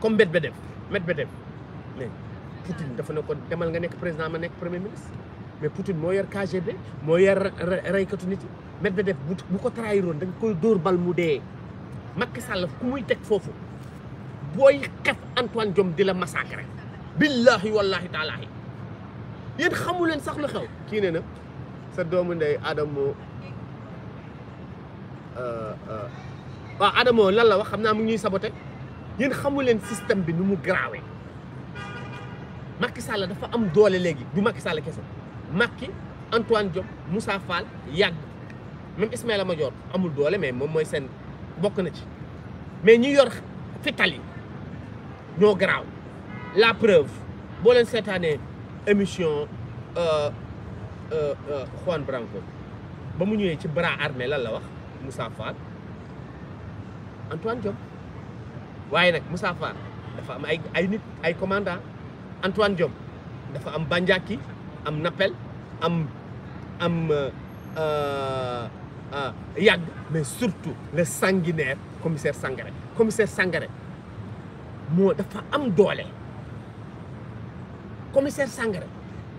comme bet ba def met ba def mais Poutine dafa ne ko demal nga nekk président ma nekk premier ministre mais Poutine mo yor KGB mo yor ray katou nit Medvedev bu ko trahiron da koy dor bal mu dé Macky Sall ku muy tek fofu boy xef Antoine diom dila la massacrer billahi wallahi taala yéen xamu leen sax lu xew ki ne na sa doomu ndey Adamo waaw Adamo lan la wax xamna mu ñuy saboter yéen xamu leen système bi nu mu grawé Macky Sall dafa am doole légui du Macky Sall kessé Maki, Antoine Diop Moussa Fall Yag. même Ismaël Madior amul doole mais moi c'est un bokk na ci mais New York, fital yi ñoo la preuve cette cette l'émission émission euh, euh, euh, Juan Branco ba mu ñëwee ci bras armé lan la Moussa Fall Antoine Diop Oui, Moussa Fall il am ay ay commandant Antoine Diop dafa am Bandiaki am nappel am am euh, euh, euh, Yag mais surtout le sanguinaire commissaire Sangaré commissaire Sangaré mo dafa am doole commissaire Sangaré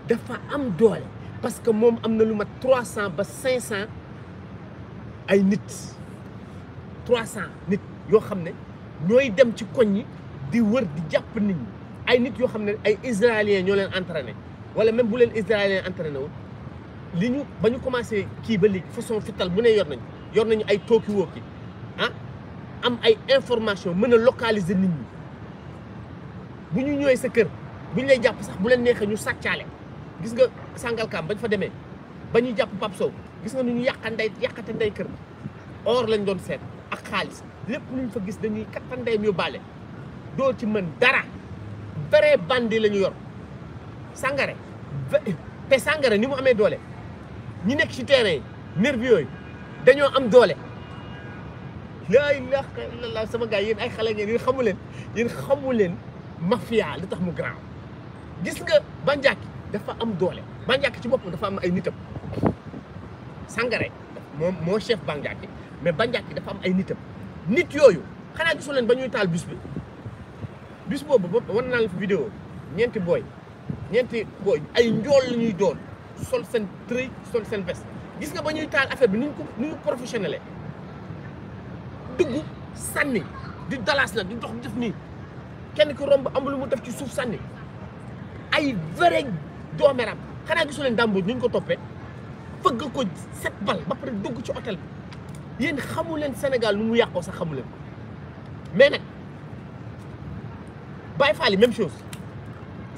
dafa am doole parce que mom am un peu ba 500 ay nit trois nit yo dem ci cogni di wër di japp nit ay israéliens wala même bu leen israélien entraîné wul li ñu ba ñu commencé kii ba léegi façon fital bu ne yor nañu yor nañu ay tooki wooki ah am ay information mën a localiser nit ñi bu ñu ñëwee sa kër bu ñu lay jàpp sax bu leen neexee ñu sàccaale gis nga sàngalkaam bañ fa demee ba ñuy jàpp Pape Sow gis nga ni ñu yàqanday yàqate nday kër or lañ doon seet ak xaalis lépp luñ fa gis dañuy kattandeem yu bàle doo ci mën dara vrai bandi la ñu yor Sangaré te Sangaré ni mu amee doole ñi nekk ci terrain yi nervis yooyu dañoo am doole laa ilaaha illallaah sama gars yéen ay xale ngeen yéen xamu leen yéen xamu leen mafia li tax mu grand gis nga Bandiaky dafa am doole Bandiaky ci boppam dafa am ay nitam Sangaré moom moo chef Bandiaky mais Bandiaky dafa am ay nitam nit yooyu xanaa gisu leen ba ñuy taal bus bi bus boobu ba war naa la fi vidéo ñeenti booy ñeenti booy ay njool la ñuy doon sol seen tëy sol seen veste gis nga ba ñuy taal affaire bi ni ñu ko ni ñu professionnel dugg sànni di dalaas la di dox di def nii kenn ku romb am lu mu def ci suuf sànni ay vrai doomeram xanaa gisu leen dàmbuj ñu ko toppee fëgg ko set bal ba pare dugg ci hôtel bi yéen xamu leen Sénégal mu yàqoo sax xamuleen ko mais nag Baye Fall yi même chose.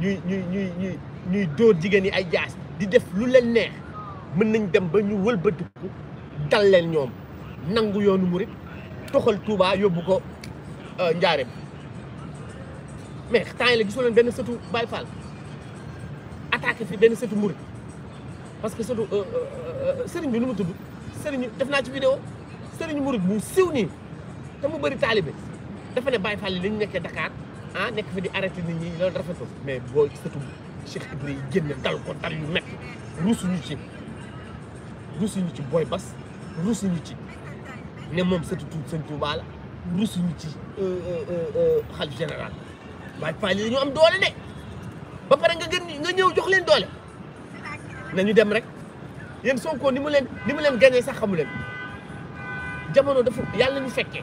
ñuy ñuy ñuy ñuy ñuy dóor jigéen yi ay jaas di def lu leen neex mën nañ dem ba ñu wëlbatiku dal leen ñoom nangu yoonu murit toxal Touba yóbbu ko euh, Njaareem mais temps yi la benn sëtu Baye Fall attaqué fi benn sëtu murit parce que sëtu euh, euh, sëriñ bi nu mu tudd sëriñ def naa ci vidéo sëriñ murit bu siiw nii te mu bëri taalibe dafa ne Baye Fall yi lañu nekkee Dakar ah nekk fi di arrêté nit ñi loolu rafetul mais boo sëtu Cheikh Ibra yi génn dal ko dal yu métti ruusuñu ci ruusuñu ci Boy Bass ruusuñu ci ne moom sëtu tuut sëñ Tuubaa la ruusuñu ci euh, euh, euh, xalif général waaye Fall yi dañu am doole de ba pare nga gën nga ñëw jox leen doole nañu dem rek yéen Sonko ni mu leen ni mu leen gañee sax xamu leen jamono dafa yàlla ñu fekkee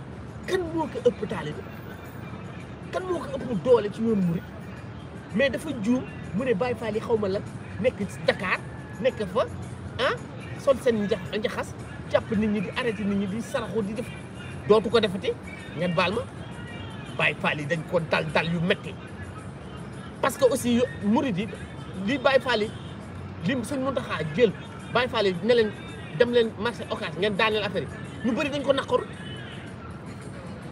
kan moo ko ëpp taalibe kan doole ci yoonu murit mais dafa juum mu ne Baye Fall yi xaw ma lan nekk ci Dakar nekk fa ah sol seen nja njaxas jàpp nit ñi di arrêté nit ñi di saraxu di def dootu ko defati ngeen baal ma Baye Fall yi dañ ko dal dal yu metti parce que aussi murit yi li Baye Fall yi li Sëñ Muntaxa jël Baye Fall yi ne leen dem leen marché Ocass ngeen daaneel affaire ñu bëri dañ ko naqaru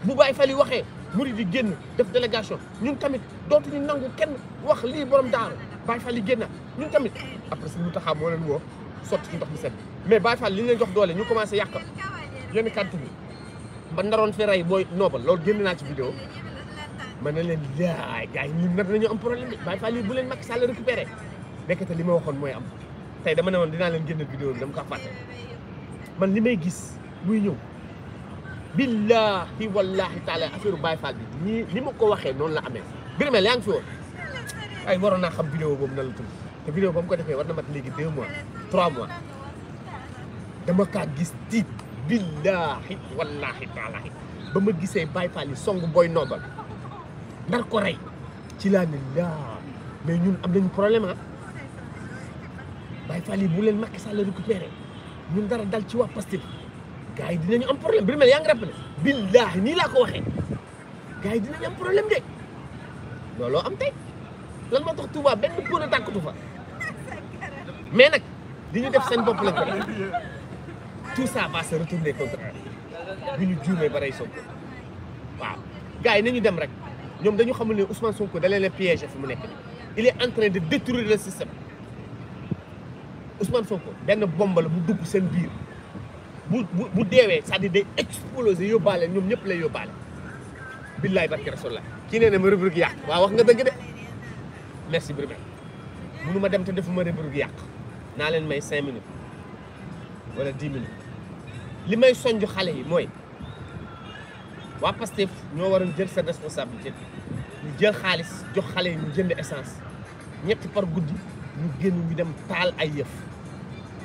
bu Baye Fall yi waxee murid yi génn def délégation ñun tamit dootuñu nangu kenn wax lii borom daaru Baye fal yi génn ñun tamit après si lu taxaw moo leen woo sotti ci ndox mi set mais Baye Fall li ñu jox doole ñu commencé yàq yenn kàddu bi ba naroon fi rey booy noobal loolu génn naa ci vidéo ma ne leen yaa gars yi ñun nar nañu am problème bi Baye Fall yi bu leen Macky Sall récupéré nekkate li ma waxoon mooy am tey dama ne woon dinaa leen génn vidéo bi dama ko man li may gis muy ñëw billahi wallahi taala affaire Baye Fall bi nii ni ma ko waxee noonu la amee Birame yaa ngi fi woon ay waroon naa xam vidéo boobu na la tudd te vidéo ba mu ko defee war na mat léegi deux mois trois mois dama kaa gis tiit billahi wallahi taala ba ma gisee Baye Fall yi song booy noobal nar ko rey ci laa ne laa mais ñun am nañu problème ah Baye Fall yi bu leen Macky Sall récupéré ñun dara dal ci waa Pastef gars yi dinañu am problème bi mel yaa ngi rappelé billaahi nii laa ko waxee gars yi dinañu am problème de loo am tey lan moo tax Touba benn pneu tàkkatu fa mais nag li ñu def seen bopp la ko tout ça va se retourner bi ñu juumee ba rey Sonko waaw gars yi nañu dem rek ñoom dañu xamul ne Ousmane ko dalee la piège fu mu nekk il est en train de détruire le système Ousmane benn bomba la mu dugg seen biir. bu bu bu deewee c'est-à-dire day exploser yóbbaale ñoom ñëpp lay yóbbaale. billaay barke rasulilah kii nee na ma Reug Reug yàq waaw wax nga dëgg de merci Reug Reug ma dem te defuma Reug Reug yàq naa leen may cinq minutes wala dix minutes li may sonju xale yi mooy waa Pastef ñoo war a jël seen responsabilité ñu jël xaalis jox xale yi ñu jënd essence ñetti par guddi ñu génn ñu dem taal ay yëf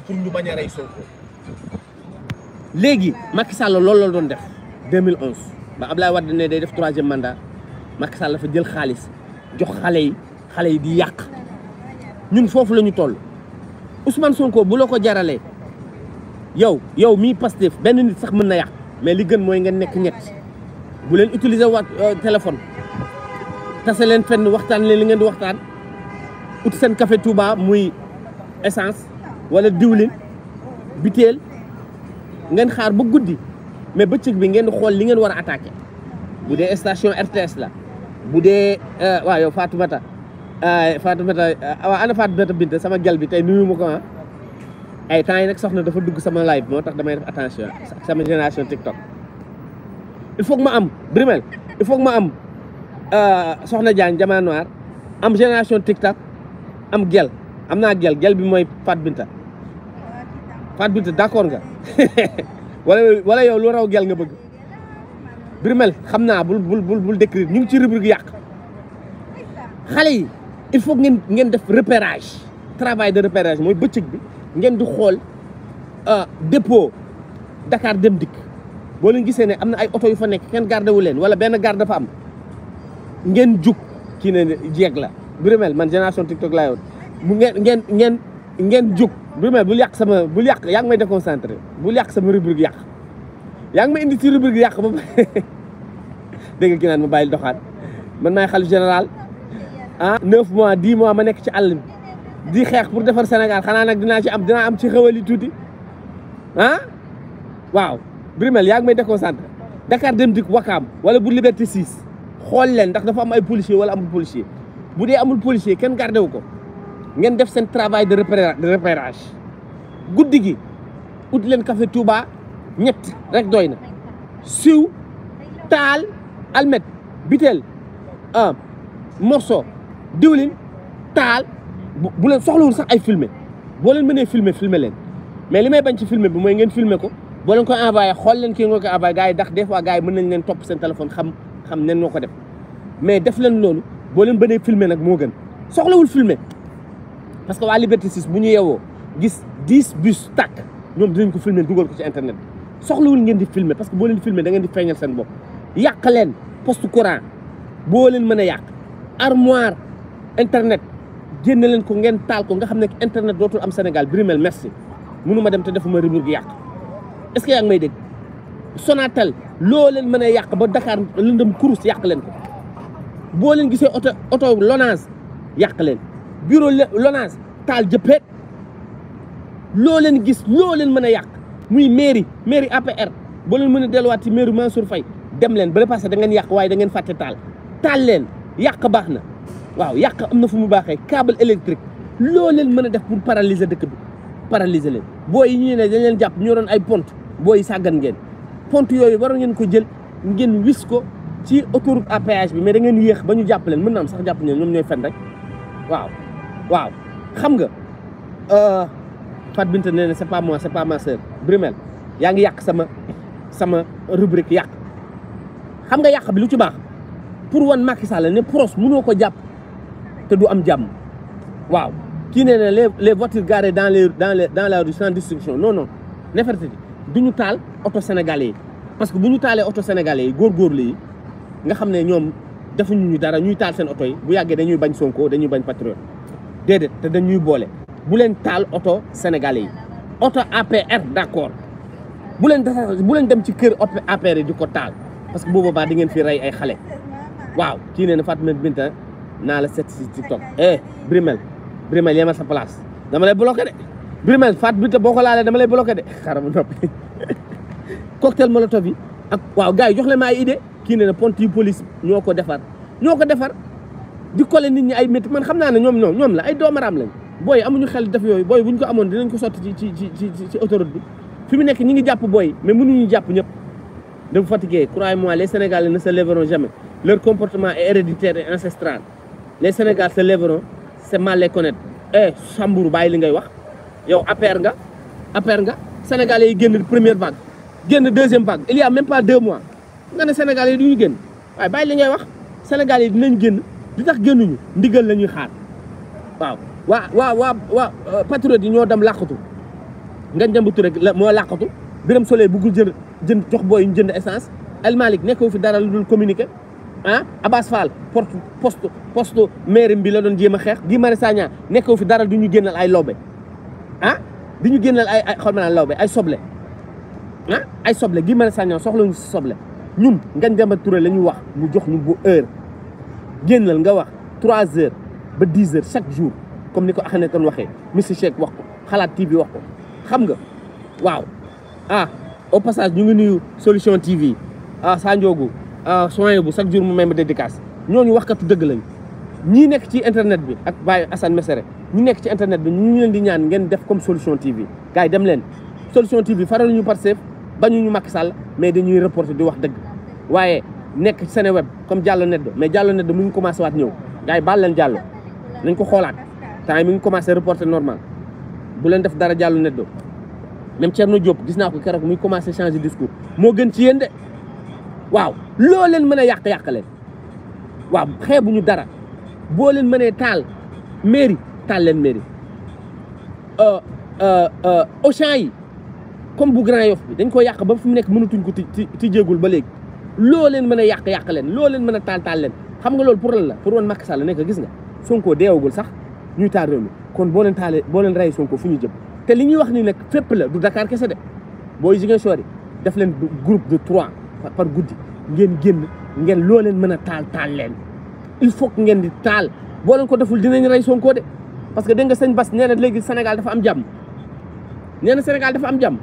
pour ñu bañ a rey Sonko léegi Macky Sall loolu la doon def 2011 ba Abdoulaye Wade ne day def troisième mandat Macky Sall dafa jël xaalis jox xale yi xale yi di yàq ñun foofu la ñu toll Ousmane Sonko bu la ko jaralee yow yow mii Pastef benn nit sax mën na yàq mais li gën mooy nga nekk ñett bu leen utiliser waat euh, téléphone tase leen fenn waxtaan leen li ngeen di waxtaan ut seen café muy essance wala diwlin biteel ngeen xaar ba guddi mais ba bëccëg bi ngeen xool li ngeen war a attaqué bu dee station RTS la bu dee euh, waaw yow Fatoumata euh, Fatoumata euh, waaw ana Fatoumata Binta sama gel bi tey nuyu ma ko ah ay temps yi nag soxna dafa dugg sama live moo tax damay def attention sama génération TikTok il faut ma am Brimel il faut ma am soxna Diagne jamaa noir am génération TikTok am gel am naa gel gel bi mooy Fat Binta bi Bintou d'accord nga wala wala yow lu raw gel nga bëgg Birmel xam naa bul bul bul ñu ngi ci rubrique yàq xale yi il faut ngeen ngeen def repérage travail de repérage mooy bëccëg bi ngeen di xool euh, dépôt Dakar dem dikk boo ngi gisee ne am na ay oto yu fa nekk kenn garde wu leen wala benn garde dafa am ngeen jug kii ne jeeg la Birmel man génération TikTok laa ngeen ngeen ngeen ngeen jug. bu may bul yàq sama bul yàq yaa ngi may déconcentré bul yàq sama rubrique yàq yaa ngi may indi si rubrique yàq ba dégg nga ki naan ma doxaat man maay xal général ah neuf mois di mois ma nekk ci àll di xeex pour defar Sénégal xanaa nag dinaa ci am dinaa am ci xewal yi tuuti ah waaw Brimel yaa ngi may déconcentré Dakar dem dik Wakaam wala bu Liberté 6 xool leen ndax dafa am ay policier wala amul policier bu dee amul policier kenn gardé wu ko ngeen def un travail de repérage guddi gi ut café Touba ñett rek doy siw almet bitel ah morceau diwlin taal bu leen soxlawul sax ay filmer bo leen filmer filmer leen mais limay bañ ci filmer bi moy ngeen filmer ko bo leen ko envoyé xol leen ki nga ko envoyé vous fois gaay nañ leen top seen téléphone xam xam nen noo def mais def leen loolu filmer, leen filmer nak mo gën soxlawul filmer parce que waa Liberté 6 bu ñuy yeewoo gis 10 bus tàkk ñoom dinañ ko filmer dugal ko ci internet bi soxlawul ngeen di filmer parce que boo leen di filmer da ngeen di feeñal seen bopp yàq leen poste courant boo leen mën a yàq armoire internet génne leen ko ngeen taal ko nga xam ne internet dootul am Sénégal Brimel merci mënu ma dem te defuma rebours gi yàq est-ce yaa ngi may deg Sonatel loo leen mën a yàq ba Dakar lëndëm kurus yàq leen ko boo leen gisee oto oto Lonase yàq leen bureau LONASE taal jëppeet loo leen gis loo leen mën a yàq muy mairie mairie APR boo leen mën a delluwaat ci mairie Mansour Faye dem leen bala passé da ngeen yàq waaye da ngeen fàtte taal taal leen yàq baax na waaw yàq am na fu mu baaxee câble électrique loo leen mën a def pour paralyser dëkk bi paralyser leen booy yi ñu ne dañ leen jàpp ñoo doon ay pont booy yi sàggan ngeen pont yooyu waroon ngeen ko jël ngeen wis ko ci autoroute à péage bi mais da ngeen yéex ba ñu jàpp leen mën na sax jàpp ñoom ñoom ñooy fen rek waaw waaw xam nga euh, Fat Binta nee na c'est pas moi c'est pas ma sœur Brumel yaa ngi yak sama sama rubrique yak. xam nga yak bi lu ci baax pour wan Macky Sall ne Pros mënoo ko jàpp te du am jàmm waaw kii nee na les les voitures garées dans les dans les dans la rue sans distinction non non Nefertiti du ñu taal auto sénégalais parce que bu ñu taalee oto sénégalais yi góorgóorlu yi nga xam ne ñoom defuñu ñu dara ñuy taal seen oto yi bu yàggee dañuy bañ Sonko dañuy bañ patriote déedéet te dañuy boole bu leen taal oto sénégalais yi oto APR d'accord bu leen defar bu leen dem ci kër APR yi di ko taal parce que boobu baa di ngeen fi rey ay xale waaw kii nee na Fatoumata Binta naa la set si TikTok eh Brimel Brimel yemal sa place dama lay bloqué de Brimel Fat Binta boo ko laalee dama lay bloqué de xaaral ma noppi cocktail molotov yi ak waaw gars yi jox leen ma ay idée kii nee na pont police ñoo ko defar ñoo ko defar di kole nit ñi ay métti man xam naa ne ñoom ñoom ñoom la ay doomaraam lañ booy amuñu xel def yooyu booy buñ ko amoon dinañ ko sotti ci ci ci ci autoroute bi fi mu nekk ñi ngi jàpp booy mais mënuñu jàpp ñëpp dem fatigué croyez-moi les Sénégalais ne se lèveront jamais leur comportement est héréditaire et ancestral les Sénégalais se lèveront c'est mal les connaître eh Sambour bàyyi li ngay wax yow APR nga APR nga Sénégalais yi génn première vague génn deuxième vague il y a même pas deux mois nga ne Sénégalais yi du ñu génn waaye bàyyi li ngay wax Sénégalais yi dinañ génn li tax génnuñu ndigal la ñuy xaar waaw waa waa waa waa euh, patriote yi ñoo dem làqatu nga jëmb tur rek la moo làqatu Birame Souleye buggul jël jënd jox booy ñu jënd essence El Malick nekkoo fi dara lu dul communiqué ah Abass Fall porte poste poste maire bi la doon jéem a xeex Guy Marius Sagna nekkoo fi dara du ñu génnal ay loobe ah di ñu génnal ay ay xol ma naan ay soble ah ay soble Guy Marius Sagna soxla ñu soble ñun nga jëmb tur la ñuy wax mu jox ñu bu heure. 3 nga 3 heures heures chaque jour comme ni ko axane Cheikh TV wax ah, au passage ñu solution TV ah ah soin bu chaque jour mu may ma dédicace ci internet bi ak Baye Assane internet comme solution TV dem leen solution TV faral ñu bañu ñu Macky Sall mais dañuy reporter di nekk ci Seneweb comme Diallo Neddo mais Diallo Neddo mu ngi commencé waat ñëw gars yi jàll leen ko xoolaat temps yi mi ngi commencé reporter normal bu leen def dara Diallo Neddo même Thierno Diop gis naa ko mu muy commencé changer discours moo gën ci yéen de waaw loo mën a yàq waaw xee bu ñu dara boo leen mënee taal mairie taal leen mairie euh, euh, euh, Auchan yi comme bu Grand Yoff bi dañ ko yàq ba fu mu nekk mënatuñ ko ti ti jéegul ba léegi loo leen mën a yàq yàq leen loo leen mën a taal taal leen xam nga loolu pour lan la pour woon Macky Sall nekk gis nga Sonko deewagul sax ñuy taal réew kon boo leen taalee boo leen rey Sonko fu ñu jëm te li ñuy wax ni nag fépp la du Dakar kese de booy Ziguinchor yi def leen groupe de trois par guddi ngeen génn ngeen loo leen mën a taal taal leen il faut ngeen di taal boo leen ko deful dinañ rey Sonko de parce que dégg sañ sëñ Bass nee léegi Sénégal dafa am jàmm nee na Sénégal dafa am jàmm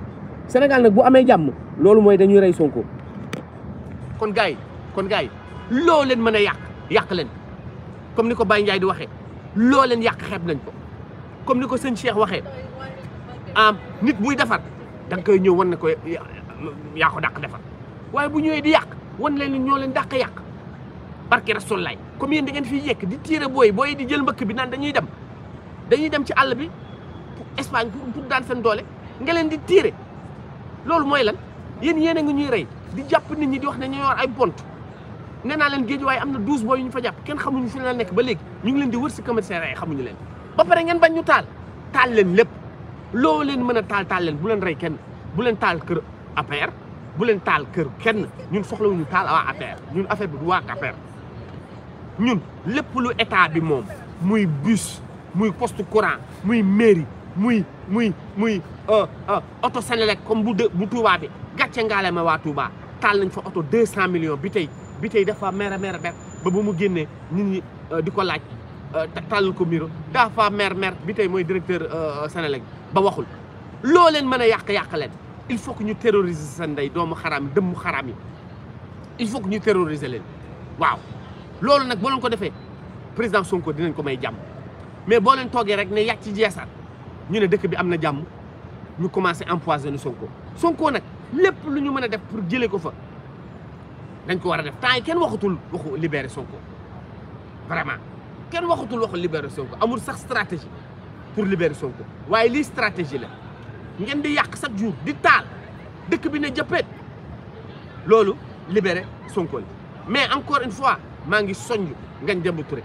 Sénégal nag bu amee jàmm loolu mooy dañuy rey Sonko kon gars yi kon gars yi loo leen mën a yàq yàq leen comme ni ko bay Ndiaye di waxee loo leen yàq xeeb nañ ko comme ni ko sëñ Cheikh waxee ah nit buy defar da koy ñëw wan na ko yaa ko dàq defar waaye bu ñëwee di yàq wan leen ñoo leen dàq yàq barke Rasulaay comme yéen da ngeen fii yekk di tiire booy booy di jël mbëkk bi naan dañuy dem dañuy dem ci àll bi pour Espagne pour daan seen doole nga leen di tiire loolu mooy lan yéen yeneen a ñuy rey. di jàpp ni ñi di wax ne ñoo ay bont nee naa leen géej waaye am na douze booy yu ñu fa jàpp kenn xamuñu fi la nekk ba léegi ñu ngi leen di wër si commissaire yi xamuñu leen ba pare ngeen bañ ñu taal taal leen lépp loo leen mën a taal taal leen bu leen rey kenn bu leen taal kër APR bu leen taal kër kenn ñun soxlawuñu taal waa APR ñun affaire bi du waa APR ñun lépp lu état bi moom muy bus muy poste courant muy mairie muy muy muy oto euh, euh, Senelec comme bu bu Tuubaa bi gàcce ngaale ma waa Touba taal nañ fa oto 200 millions bi tey bi tey dafa mer a mer ber ba bu mu génnee nit ñi euh, di ko laaj euh, tàll ko miro dafa mer mer bi tey mooy directeur euh, Sénélec ba waxul loo leen mën a yàq-yàq leen il faut que ñu terroriser seen ndey doomu xaram yi dëmmu xaraam yi il faut que ñu terroriser leen waaw loolu nag boo ko defee président Sonko dinañ ko may jàmm mais boo leen toogee rek ne yàcc ci jeesar ñu ne dëkk bi am na jàmm ñu commencé empoisonner Sonko Sonko nag lépp lu ñu mën a def pour jëlee ko fa dañ ko war a def temps yi kenn waxatul waxu libéré Sonko vraiment kenn waxatul waxu libéré Sonko amul sax stratégie pour libéré Sonko waaye lii stratégie la ngeen di yàq chaque jour di taal dëkk bi ne jëppeet loolu libéré Sonko la mais encore une fois maa ngi soññ Ngagne Demba Touré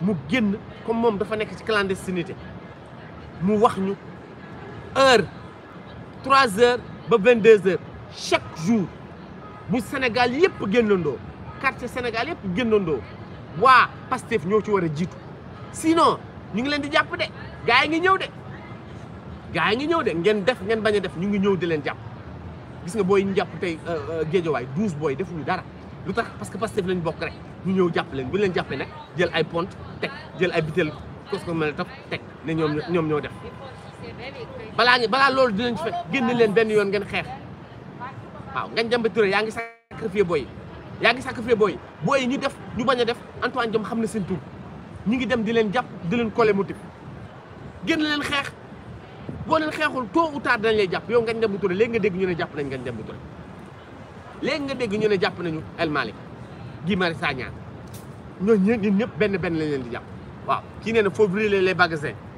mu génn comme moom dafa nekk ci clandestinité mu wax ñu heure 3 heures ba 22 heures chaque jour bu Sénégal yëpp génnandoo quartier Sénégal yëpp génnandoo waa Pastef ñoo ci war a jiitu sinon ñu ngi leen di jàpp de gaa yi ngi ñëw de gaa yi ngi ñëw de ngeen def ngeen bañ def ñu ngi ñëw di leen jàpp gis nga booy ñu jàpp tey euh, euh, géejowaay 12 booy defuñu dara lu tax parce que Pastef lañ bokk rek ñu ñëw jàpp leen bu leen jàppee nag jël ay pont teg jël ay bitel kos ko mel teg ne ñoom ñoom ñoo def balaa ñu balaa loolu dinañ ci fekk génn leen benn yoon ngeen xeex waaw Ngagne Demba Touré yaa ngi sacrifié booy yaa ngi sacrifié booy booy ñu def ñu bañ a def Antoine Diome xam na seen tur ñu ngi dem di leen jàpp di leen collé motif génn leen xeex boo leen xeexul tôt ou dañ lay jàpp yow Ngagne Demba Touré léegi nga dégg ñu ne jàpp nañ Ngagne Demba Touré léegi nga dégg ñu ne jàpp nañu El Malick Guy Marius Sagna ñëpp benn benn lañ leen di jàpp waaw kii nee na faut brûler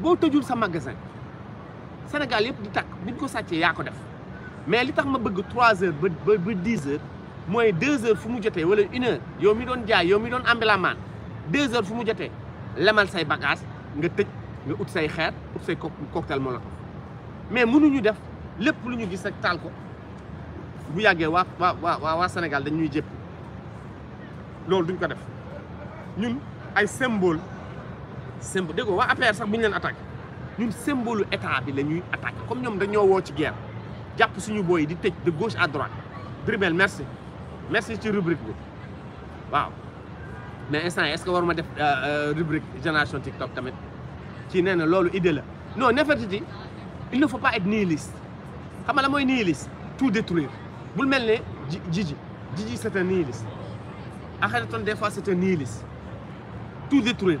boo tëjul sa magasin Sénégal yëpp di takk buñ ko sàccee yaa ko def mais li tax ma bëgg trois heures ba ba ba 10 heures mooy deux heures fu mu jotee wala une heure yow mi doon jaay yow mi doon ambilamaan 2 heures fu mu jotee lemal say bagage nga tëj nga ut say xeer ut say cocktail molotov mais mënuñu def lépp lu ñu gis rek taal ko bu yàggee waa waa waa waa Sénégal dañ ñuy jëpp loolu duñ ko def ñun ay symbole. symbole dégg waa APR sax bu Nous leen ñun symbole état bi nous ñuy comme nous avons woo ci guerre Nous suñu booy di de gauche à droite Drimel merci merci ci rubrique mais instant est ce que war ma def euh, euh, rubrique génération TikTok tamit ci nee na idée la non Nefertiti il ne faut pas être nihiliste xam nga nihiliste tout détruire Vous le mettez, Jiji Jiji c'est un nihiliste Akhenaton des fois c'est un nihiliste tout détruire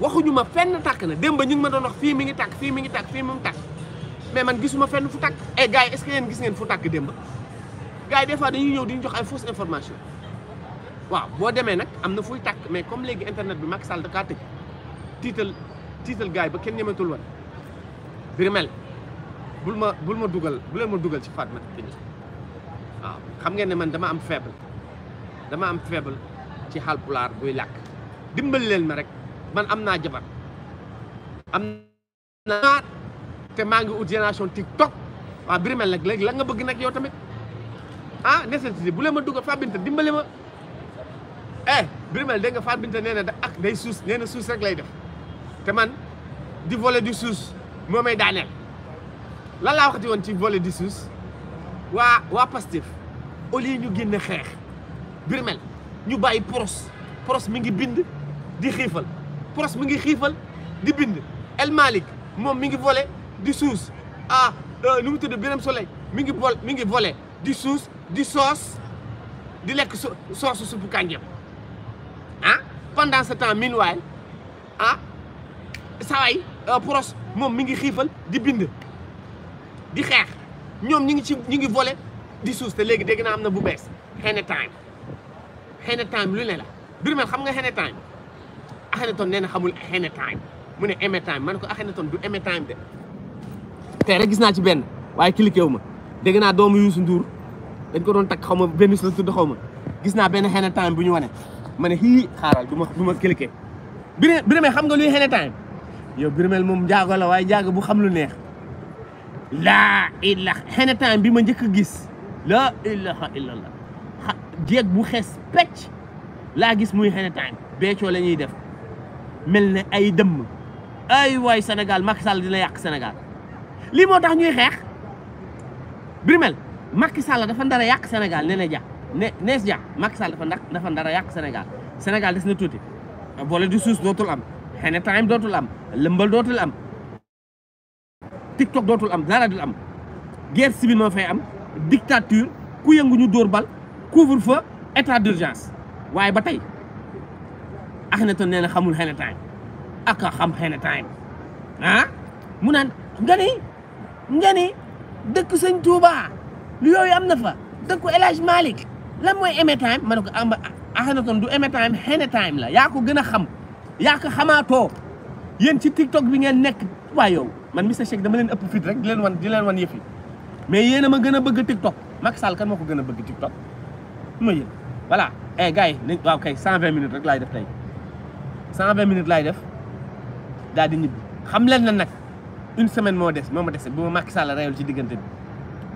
waxuñu ma fenn tàkk na démb ñu ngi ma doon wax fii mi ngi tàkk fii mu ngi tàkk fii mi ngi tàkk mais man gisuma fenn fu tàkk ay eh, gars yi est gis neen fu tàkk démb gars yi fois dañuy ñëw di jox ay fausse information waaw boo demee nag am na fuy tàkk mais comme léegi internet bi Macky Sall da kaa tëj tiital tiital ba kenn ñemetul woon Birmel bul ma bul ma dugal bu leen ma dugal ci Fatma waaw xam ngeen ne man dama am faible dama am faible ci xalpulaar buy làkk dimbali leen ma rek. man am naa jabar am naa te maa ngi ut génération TikTok waaw Birima nag léegi la nga bëgg nag yow tamit ah nécessité bu leen ma dugg Fabinta dimbali ma eh Birima dégg nga Fabinta nee na da ak day suus nee na suus rek lay def te man di volet du suus moo may daaneel lan laa waxati ci volet di suus waa waa Pastef au lieu ñu génne xeex Birima ñu bàyyi poros poros mi ngi bind di xiifal. Pros mingi xifal di bind El malik, mom mingi volé di sous ah e, nu mu tudd Birame Soleil mingi vol mi ngi volé di sous di sauce di lek sauce soosu suppu kànjam ah pendant ce temps meanwhile ah saway e, Pros moom mi ngi xiifal di bind di xex ñom ñi ngi ci ñi ngi volé di sous te léegi dégg naa am bu bess xene time xene time lu ne la birmel xam nga xene time أخنتون نين خمول أخنة تايم من أمة تايم ما نكو أخنتون دو أمة تايم ده تعرف جزنا تبين واي كل كيوما دعنا دوم يوسف دور دعكو رون تك خمول بينوس لتو دخمول جزنا بين أخنة تايم بنيو أنا من هي خارج دوما دوما كل كي بنا بنا ما خم قولي أخنة تايم يو بنا مل مم جاغو لا واي جاغو بو خمول نيخ لا إلا أخنة تايم بي من جك جز لا إلا إلا الله جيك بو خس بتش لا جس مو أخنة تايم بيتش ولا نيدف mel ne ay dëmm ay waay Sénégal Macky Sall dina yàq Sénégal lii moo ñuy xeex Brimel Macky Sall dafa ndara yàq Sénégal nee na ja ne nees ja Macky Sall dafa ndax dafa ndara yàq Sénégal Sénégal des na tuuti boole di suus dootul am xene time dootul am lëmbal dootul am TikTok dootul am dara dul am guerre civile moo fay am dictature ku yëngu ñu dóor bal couvre-feu état d'urgence waaye ba tey Akhenaton nee na xamul xëy na time ak xam xëy na time ah mu naan nga dëkk sëñ Touba lu yooyu am na fa dëkku El Hadj Malick mooy aimé time ma ne ko Akhenaton ah, ah, du aimé time xëy na time la yaa ko gën a xam yaa ko xamaatoo yéen ci TikTok bi ngeen nekk waa yow man Mister Shake dama leen ëpp fit rek di len wan di leen wan yëf yi mais ma gën a bëgg TikTok Macky Sall kan moo ko gën a bëgg TikTok ma yéen voilà eh gars yi waaw kay 120 rek laay def tey. 120 minutes lay def daal di ñibbi xam leen na nak une semaine mo dess moo ma dese bu Macky Sall reyul ci digënté bi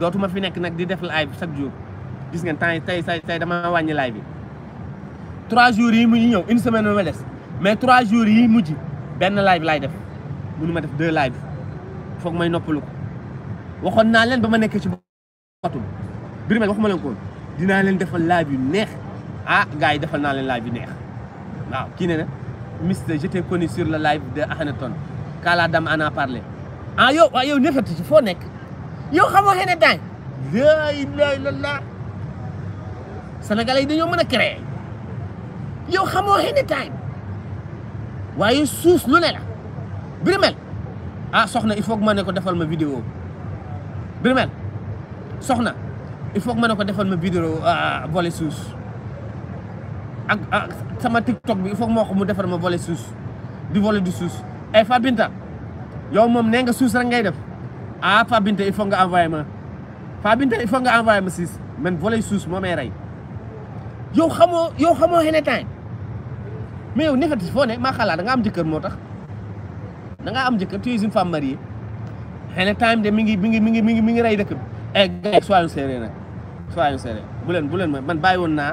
dootuma fi nekk nak di def live bi chaque jour gis ngeen tay tay tay say dama wañi live bi trois jours yi mu ñëw une semaine mo dess mais 3 jours yi mu mujj benn live lay def mënu ma def deux live foog may noppalu ko waxoon naa leen ba ma nekkee ci boppam Birame waxuma leen ko dina leen defal live yu neex ah gaay defal na leen live yu neex waaw ki ne na Mister je t'ai connu sur le live de Ahneton. quand la dame en a parlé ah yo, yo, Yo, y a yo, yo, Sénégalais créer Yo, ne la Brimel. ah soxna il faut que je ne ko ma vidéo Brimel, il faut que ma vidéo ah, ah ak ak sama TikTok bi i faut moo ko mu defar ma volet suus di vole du suus ay eh, Fabinta yow moom nee nga suus rek ngay def ah Fabinta il faut nga envoyé ma Fabinta il faut nga envoyé siis man volet suus moo may rey yow xamoo yow xamoo xenetaan mais yow négatif foo ne maa xalaat da nga am jëkkër moo tax da nga am jëkkër tu es une femme mariée xëy time de mi ngi mi ngi mi ngi mi ngi mi ngi rey dëkk bi. ay eh, gars soyons sérieux nag soyons sérieux bu leen bu leen man bàyyi woon naa.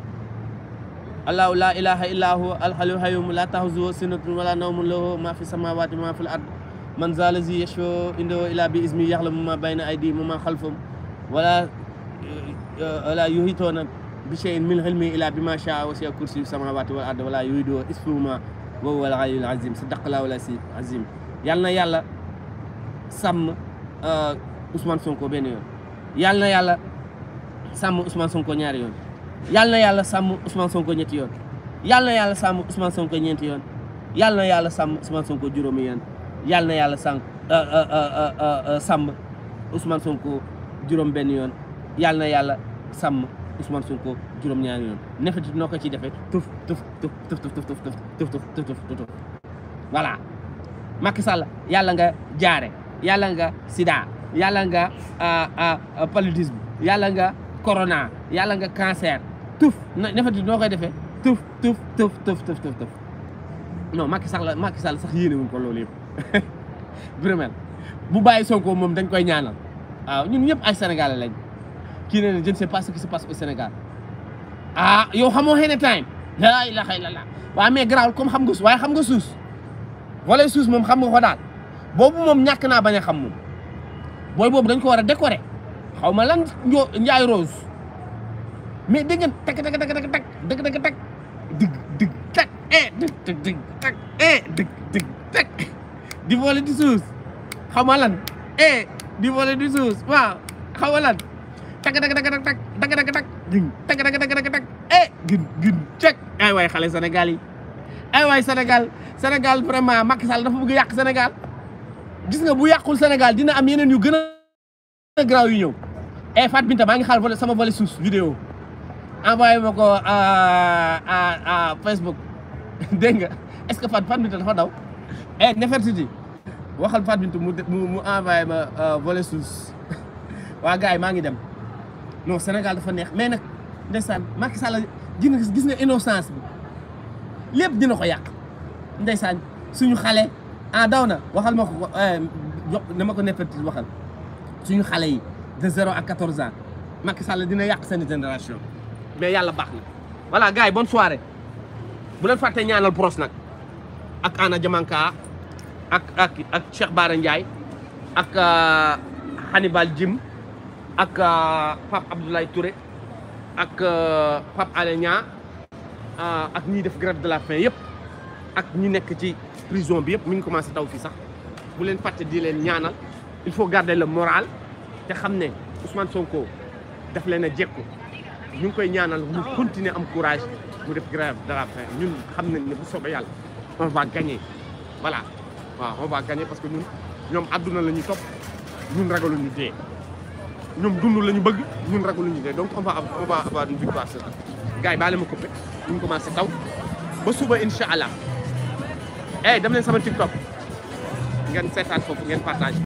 الله لا إله إلا هو الحي القيوم لا تأخذه سنة ولا نوم له ما في السماوات وما في الأرض من ذا الذي يشفع عنده إلا بإذنه يعلم ما بين أيديهم وما خلفهم ولا ولا يهيتون بشيء من علمه إلا بما شاء وسع كرسي السماوات والأرض ولا يريد اسمهما وهو العلي العظيم صدق الله ولا yàlla عظيم يالنا يالا سام Sonko سونكو yoon yàlla na yàlla sàmm Ousmane Sonko ñaari yoon yàlla na yàlla sàmm Ousmane Sonko ñetti yoon yàlla na yàlla sàmm Ousmane Sonko ñeenti yoon yàlla na yàlla sàmm Ousmane Sonko juróomi yoon yàlla na yàlla sàmm sàmm Ousmane Sonko juróom benn yoon yàlla na yàlla sàmm Ousmane Sonko juróom-ñaari yoon neefit noo ko ciy defee tuf tuf tuf tuf tuf tuf tuf tuf tuf tuf tuf voilà Macky Sall yàlla nga jaare yàlla nga sida yàlla nga paludisme yàlla nga corona yàlla nga cancer tuf na defati noo koy defee tuf tuf tuf tuf tuf tuf tuf non Macky Sall Macky Sall sax yéene wuñ ko loolu yëpp vraiment bu bàyyi Sonko moom dañ koy ñaanal waaw ñun ñëpp ay Sénégalais lañ kii ne ne je ne sais pas ce qui se passe au Sénégal ah yow xamoo xëy na time laa ilaha illallah waaw mais garaawul comme xam nga suus waaye xam nga suus volet suus moom xam nga ko daal boobu moom ñàkk naa bañ a xam moom booy boobu dañ ko war a décorer xaw ma lan Ndiaye Rose. mais dégg ngeen teg teg teg teg dëgg dëgg teg dëgg dëgg teg eh dëgg dëgg teg eh dëgg dëgg teg di boole di suus xaw ma lan eh di boole di suus waaw xaw ma lan teg teg teg teg teg teg teg gin teg teg teg teg teg eh gin gin teg ay waay xale Sénégal yi ay waay Sénégal Sénégal vraiment Macky Sall dafa bëgg a yàq Sénégal gis nga bu yàqul Sénégal dina am yeneen yu gën a graaw yu ñëw eh Fat Binta maa ngi xaar sama volet suus vidéo envoyé ma ko à euh, euh, euh, Facebook dégg nga est-ce que Fatou Fatou Bintou dafa daw eh Nefertiti waxal Fatou Bintou mu mu envoyé ma volet suus waa gars yi maa ngi dem non Sénégal fa neex mais nag ndeysaan Macky Sall gis nga innocence bi lépp dina ko yàq ndeysaan suñu xale ah daw na waxal ma ko eh, jox na ma ko Nefertiti waxal suñu xale yi de zéro à quatorze ans Macky Sall dina yàq seen génération mais yàlla baax na voilà gars yi bonne soirée bu leen fàttee ñaanal Brosse nag ak Anna Diamanka ak ak ak Cheikh Ndiaye ak euh, Hannibal Jim ak euh, Pape Abdoulaye Touré ak euh, Pape Alé Niang ak ñiy def grève de la faim yëpp ak ñi nekk ci prison bi yëpp mi ngi commencé taw fii sax bu leen fàtte di leen ñaanal il faut garder le moral te xam ne Ousmane Sonko daf leen a jekko ñu ngi koy ñaanal mu continuer am courage mu def grève de la ñun xam nañ ne bu soobee yàlla on va gagner voilà waaw on parce que ñun ñoom àdduna la ñu topp ñun ragaluñu dee ñoom dund la bëgg ñun ragaluñu dee donc on va on va avoir une victoire c'est ça gars yi baale ma coupé ñu ngi commencé taw ba suba incha allah eh dem leen sama TikTok ngeen seetaan foofu ngeen partage